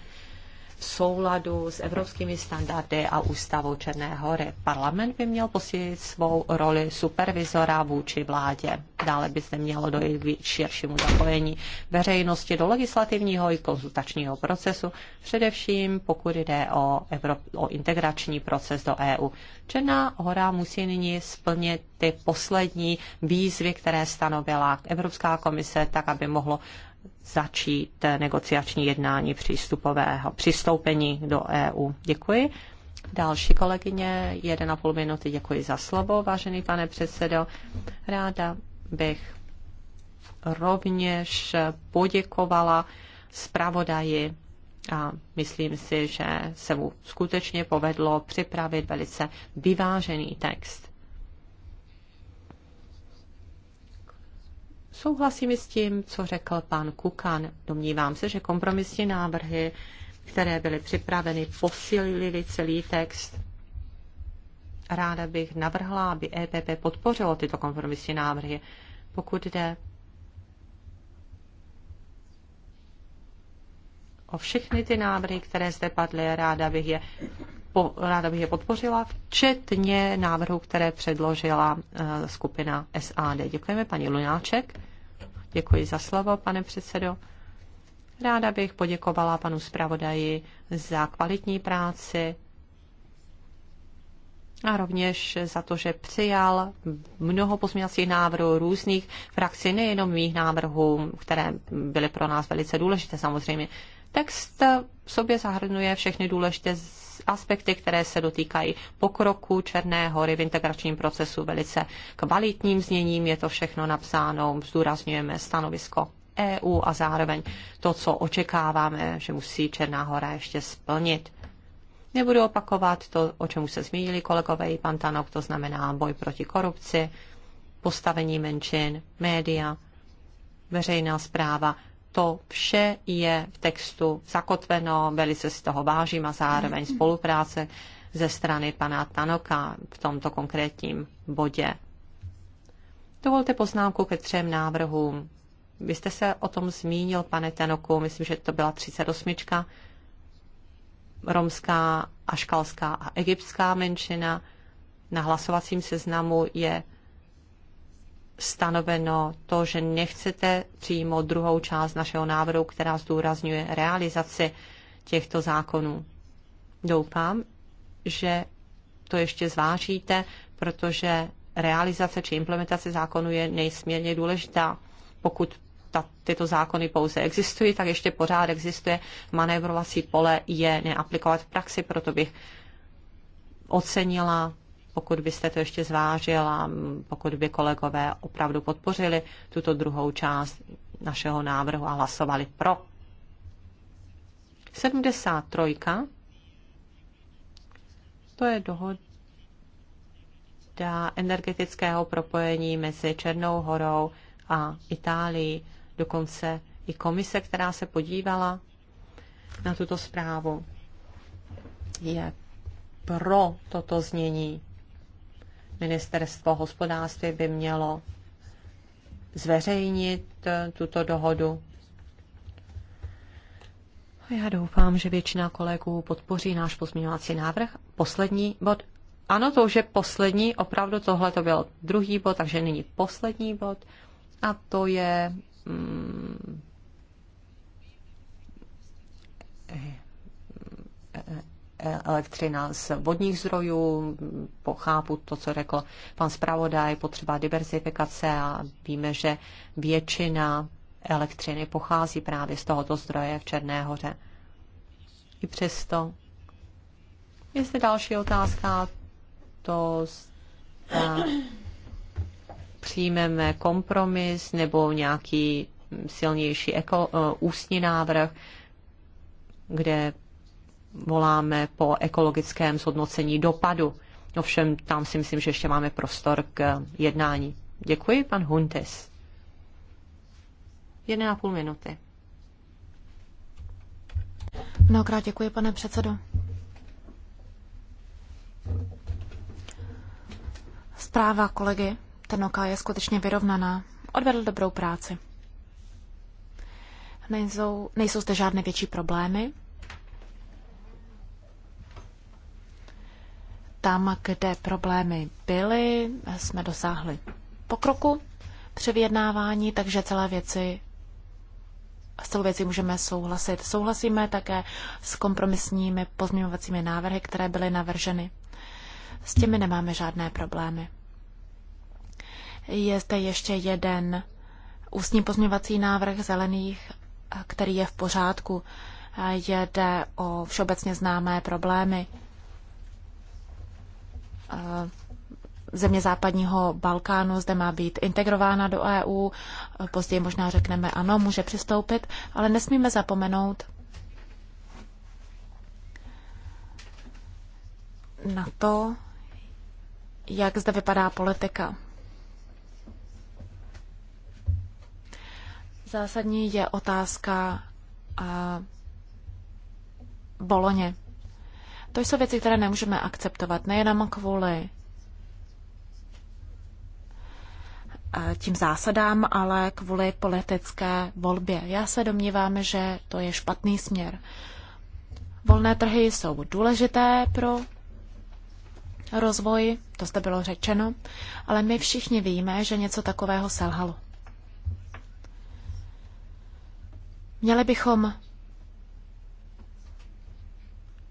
Speaker 18: v souladu s evropskými standardy a ústavou Černé hory. Parlament by měl posílit svou roli supervizora vůči vládě. Dále by se mělo dojít k širšímu zapojení veřejnosti do legislativního i konzultačního procesu, především pokud jde o, Evrop- o integrační proces do EU. Černá hora musí nyní splnit ty poslední výzvy, které stanovila Evropská komise, tak aby mohlo začít negociační jednání přístupového přistoupení do EU. Děkuji. Další kolegyně, půl minuty, děkuji za slovo, vážený pane předsedo. Ráda bych rovněž poděkovala zpravodaji a myslím si, že se mu skutečně povedlo připravit velice vyvážený text. Souhlasím s tím, co řekl pan Kukan. Domnívám se, že kompromisní návrhy, které byly připraveny, posílily celý text. Ráda bych navrhla, aby EPP podpořilo tyto kompromisní návrhy. Pokud jde o všechny ty návrhy, které zde padly, ráda bych je ráda bych je podpořila, včetně návrhu, které předložila eh, skupina SAD. Děkujeme, paní Lunáček. Děkuji za slovo, pane předsedo. Ráda bych poděkovala panu zpravodaji za kvalitní práci a rovněž za to, že přijal mnoho pozměňovacích návrhů různých frakcí, nejenom mých návrhů, které byly pro nás velice důležité samozřejmě. Text v sobě zahrnuje všechny důležité aspekty, které se dotýkají pokroku Černé hory v integračním procesu velice kvalitním zněním. Je to všechno napsáno, zdůrazňujeme stanovisko EU a zároveň to, co očekáváme, že musí Černá hora ještě splnit. Nebudu opakovat to, o čem se zmínili kolegové i pan Tanok, to znamená boj proti korupci, postavení menšin, média, veřejná zpráva, to vše je v textu zakotveno, velice z toho vážím a zároveň spolupráce ze strany pana Tanoka v tomto konkrétním bodě. Dovolte poznámku ke třem návrhům. Vy jste se o tom zmínil, pane Tanoku, myslím, že to byla 38. Romská, aškalská a egyptská menšina na hlasovacím seznamu je stanoveno to, že nechcete přijmout druhou část našeho návrhu, která zdůrazňuje realizaci těchto zákonů. Doufám, že to ještě zvážíte, protože realizace či implementace zákonu je nejsměrně důležitá. Pokud ta, tyto zákony pouze existují, tak ještě pořád existuje manévrovací pole, je neaplikovat v praxi, proto bych ocenila pokud byste to ještě zvážil a pokud by kolegové opravdu podpořili tuto druhou část našeho návrhu a hlasovali pro. 73. To je dohoda energetického propojení mezi Černou horou a Itálií. Dokonce i komise, která se podívala na tuto zprávu, je pro toto znění. Ministerstvo hospodářství by mělo zveřejnit eh, tuto dohodu. Já doufám, že většina kolegů podpoří náš pozměňovací návrh. Poslední bod. Ano, to už je poslední, opravdu tohle to byl druhý bod, takže nyní poslední bod. A to je mm, elektřina z vodních zdrojů. Pochápu to, co řekl pan zpravodaj, potřeba diversifikace a víme, že většina elektřiny pochází právě z tohoto zdroje v Černé hoře. I přesto je zde další otázka, to zda přijmeme kompromis nebo nějaký silnější eko, eh, ústní návrh, kde voláme po ekologickém zhodnocení dopadu. Ovšem tam si myslím, že ještě máme prostor k jednání. Děkuji, pan Huntes. Jedné a půl minuty.
Speaker 15: Mnohokrát děkuji, pane předsedo. Zpráva kolegy Tenoka je skutečně vyrovnaná. Odvedl dobrou práci. Nejsou, nejsou zde žádné větší problémy, tam, kde problémy byly, jsme dosáhli pokroku při vyjednávání, takže celé věci s celou věcí můžeme souhlasit. Souhlasíme také s kompromisními pozměňovacími návrhy, které byly navrženy. S těmi nemáme žádné problémy. Je zde ještě jeden ústní pozměňovací návrh zelených, který je v pořádku. Jde o všeobecně známé problémy Eh, země západního Balkánu zde má být integrována do EU. Později možná řekneme ano, může přistoupit, ale nesmíme zapomenout na to, jak zde vypadá politika. Zásadní je otázka a eh, Boloně. To jsou věci, které nemůžeme akceptovat, nejenom kvůli eh, tím zásadám, ale kvůli politické volbě. Já se domnívám, že to je špatný směr. Volné trhy jsou důležité pro rozvoj, to zde bylo řečeno, ale my všichni víme, že něco takového selhalo. Měli bychom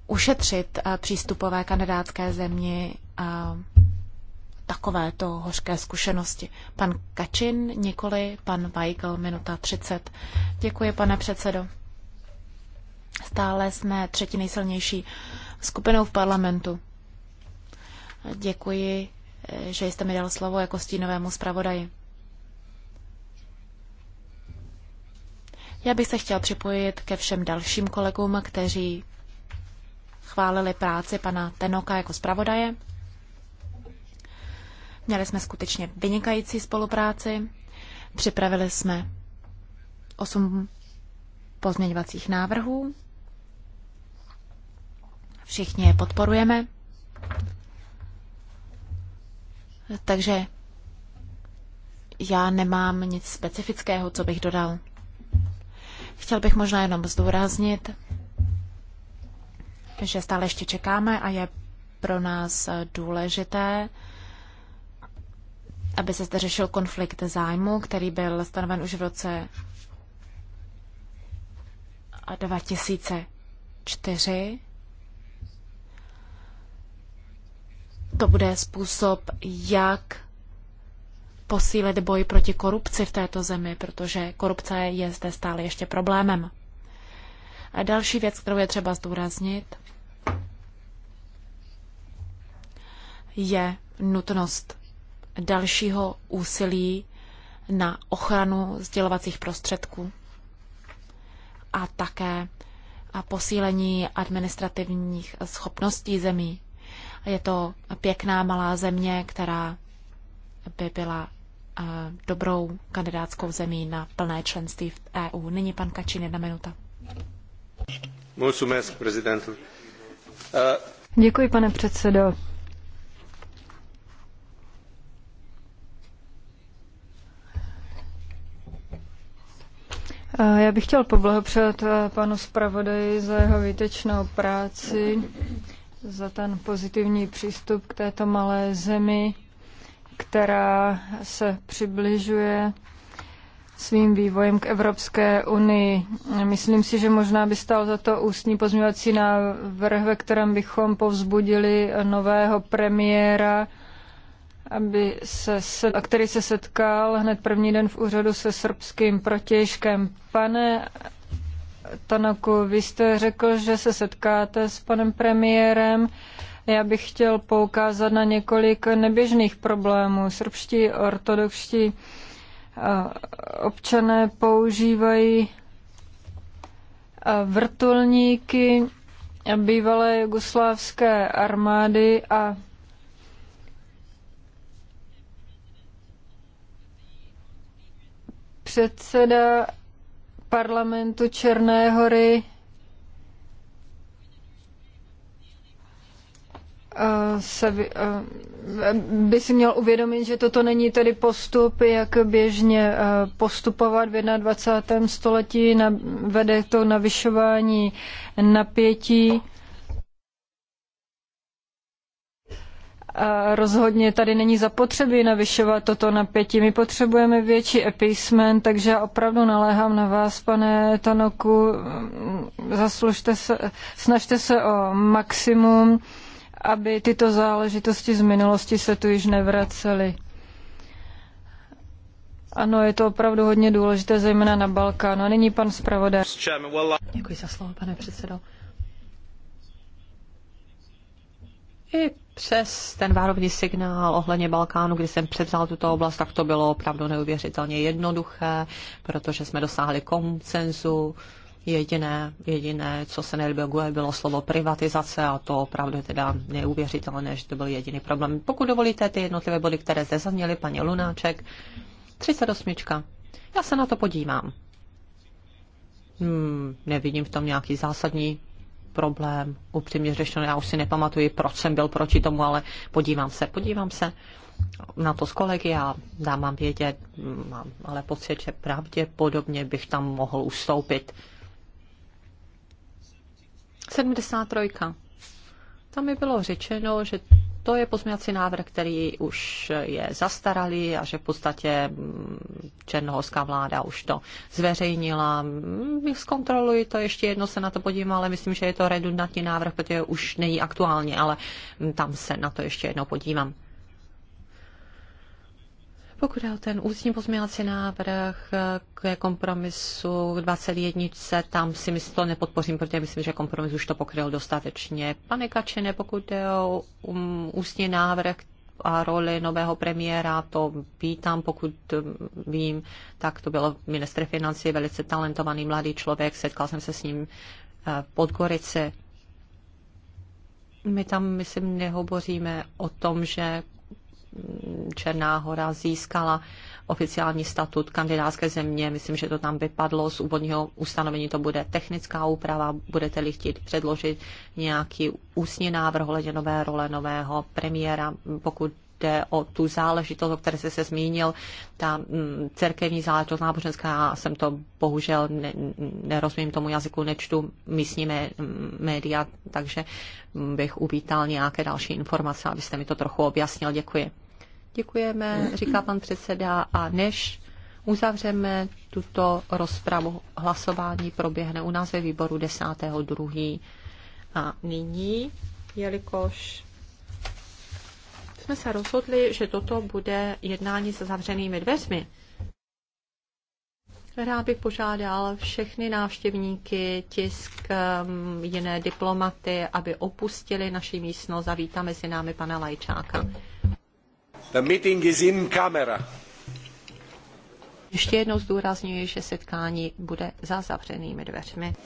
Speaker 15: ušetřit eh, přístupové kandidátské země eh, takovéto hořké zkušenosti. Pan Kačin, nikoli pan Weigl, minuta 30. Děkuji, pane předsedo. Stále jsme třetí nejsilnější skupinou v parlamentu. Děkuji, eh, že jste mi dal slovo jako stínovému zpravodaji. Já bych se chtěl připojit ke všem dalším kolegům, kteří chválili práci pana Tenoka jako zpravodaje. Měli jsme skutečně vynikající spolupráci. Připravili jsme osm pozměňovacích návrhů. Všichni je podporujeme. Takže já nemám nic specifického, co bych dodal. Chtěl bych možná jenom zdůraznit, že stále ještě čekáme a je pro nás důležité, aby se zde řešil konflikt zájmu, který byl stanoven už v roce 2004. To bude způsob, jak posílit boj proti korupci v této zemi, protože korupce je zde stále ještě problémem. A další věc, kterou je třeba zdůraznit, je nutnost dalšího úsilí na ochranu sdělovacích prostředků a také a posílení administrativních schopností zemí. Je to pěkná malá země, která by byla eh, dobrou kandidátskou zemí na plné členství v EU. Nyní pan Kačín, jedna minuta. Uh, Děkuji,
Speaker 17: pane předsedo. Eh, já bych chtěl poblahopřát eh, panu zpravodaji za jeho výtečnou práci, za ten pozitivní přístup k této malé zemi, která se přibližuje svým vývojem k Evropské unii. Myslím si, že možná by stál za to ústní pozměňovací návrh, ve kterém bychom povzbudili nového premiéra, aby se, a který se setkal hned první den v úřadu se srbským protěžkem. Pane Tanaku, vy jste řekl, že se setkáte s panem premiérem. Já bych chtěl poukázat na několik neběžných problémů. Srbští ortodoxští Občané používají vrtulníky bývalé jugoslávské armády a předseda parlamentu Černé hory Eh, se, eh, by si měl uvědomit, že toto není tedy postup, jak běžně eh, postupovat v 21. století, vede to navyšování napětí. A rozhodně tady není zapotřebí navyšovat toto napětí. My potřebujeme větší appeasement, takže já opravdu naléhám na vás, pane Tanoku, zaslužte se, snažte se o maximum aby tyto záležitosti z minulosti se tu již nevracely. Ano, je to opravdu hodně důležité, zejména na Balkánu. A nyní pan zpravodaj. Děkuji za slovo, pane předsedo.
Speaker 18: I přes ten várovní signál ohledně Balkánu, kdy jsem převzal tuto oblast, tak to bylo opravdu neuvěřitelně jednoduché, protože jsme dosáhli koncenzu Jediné, jediné, co se nelíbilo, bylo slovo privatizace a to opravdu teda neuvěřitelné, že to byl jediný problém. Pokud dovolíte ty jednotlivé body, které zde zazněly, paní Lunáček, 38. Já se na to podívám. Hmm, nevidím v tom nějaký zásadní problém. Upřímně řečeno, já už si nepamatuji, proč jsem byl proti tomu, ale podívám se, podívám se na to s kolegy a dám vám vědět, hmm, mám ale pocit, že pravděpodobně bych tam mohl ustoupit. 73. Tam mi bylo řečeno, že to je pozměňovací návrh, který už je zastaralý a že v podstatě mm, černohorská vláda už to zveřejnila. Mm, zkontroluji to, ještě jedno se na to podívám, ale myslím, že je to redundantní návrh, protože už není aktuální, ale mm, tam se na to ještě jednou podívám. Pokud je o ten ústní pozměňovací návrh k kompromisu 21, tam si myslím, to nepodpořím, protože myslím, že kompromis už to pokryl dostatečně. Pane Kačene, pokud je o um, ústní návrh a roli nového premiéra, to vítám, pokud um, vím, tak to bylo ministr financí, velice talentovaný mladý člověk, setkal jsem se s ním eh, v Podgorici. My tam, myslím, nehovoříme o tom, že Černá hora získala oficiální statut kandidátské země. Myslím, že to tam vypadlo. Z úvodního ustanovení to bude technická úprava. Budete-li chtít předložit nějaký ústní návrh ohledně nové role nového premiéra, pokud jde o tu záležitost, o které jste se zmínil, ta mm, cerkevní záležitost náboženská, já jsem to bohužel ne, nerozumím tomu jazyku, nečtu místní mé, média, takže bych uvítal nějaké další informace, abyste mi to trochu objasnil. Děkuji. Děkujeme, říká pan předseda, a než uzavřeme tuto rozpravu, hlasování proběhne u nás ve výboru 10.2. A nyní, jelikož jsme se rozhodli, že toto bude jednání se zavřenými dveřmi, Rád bych požádal všechny návštěvníky, tisk, um, jiné diplomaty, aby opustili naši místnost a vítáme si námi pana Lajčáka. Ještě jednou zdůrazňuji, že setkání bude za zavřenými dveřmi.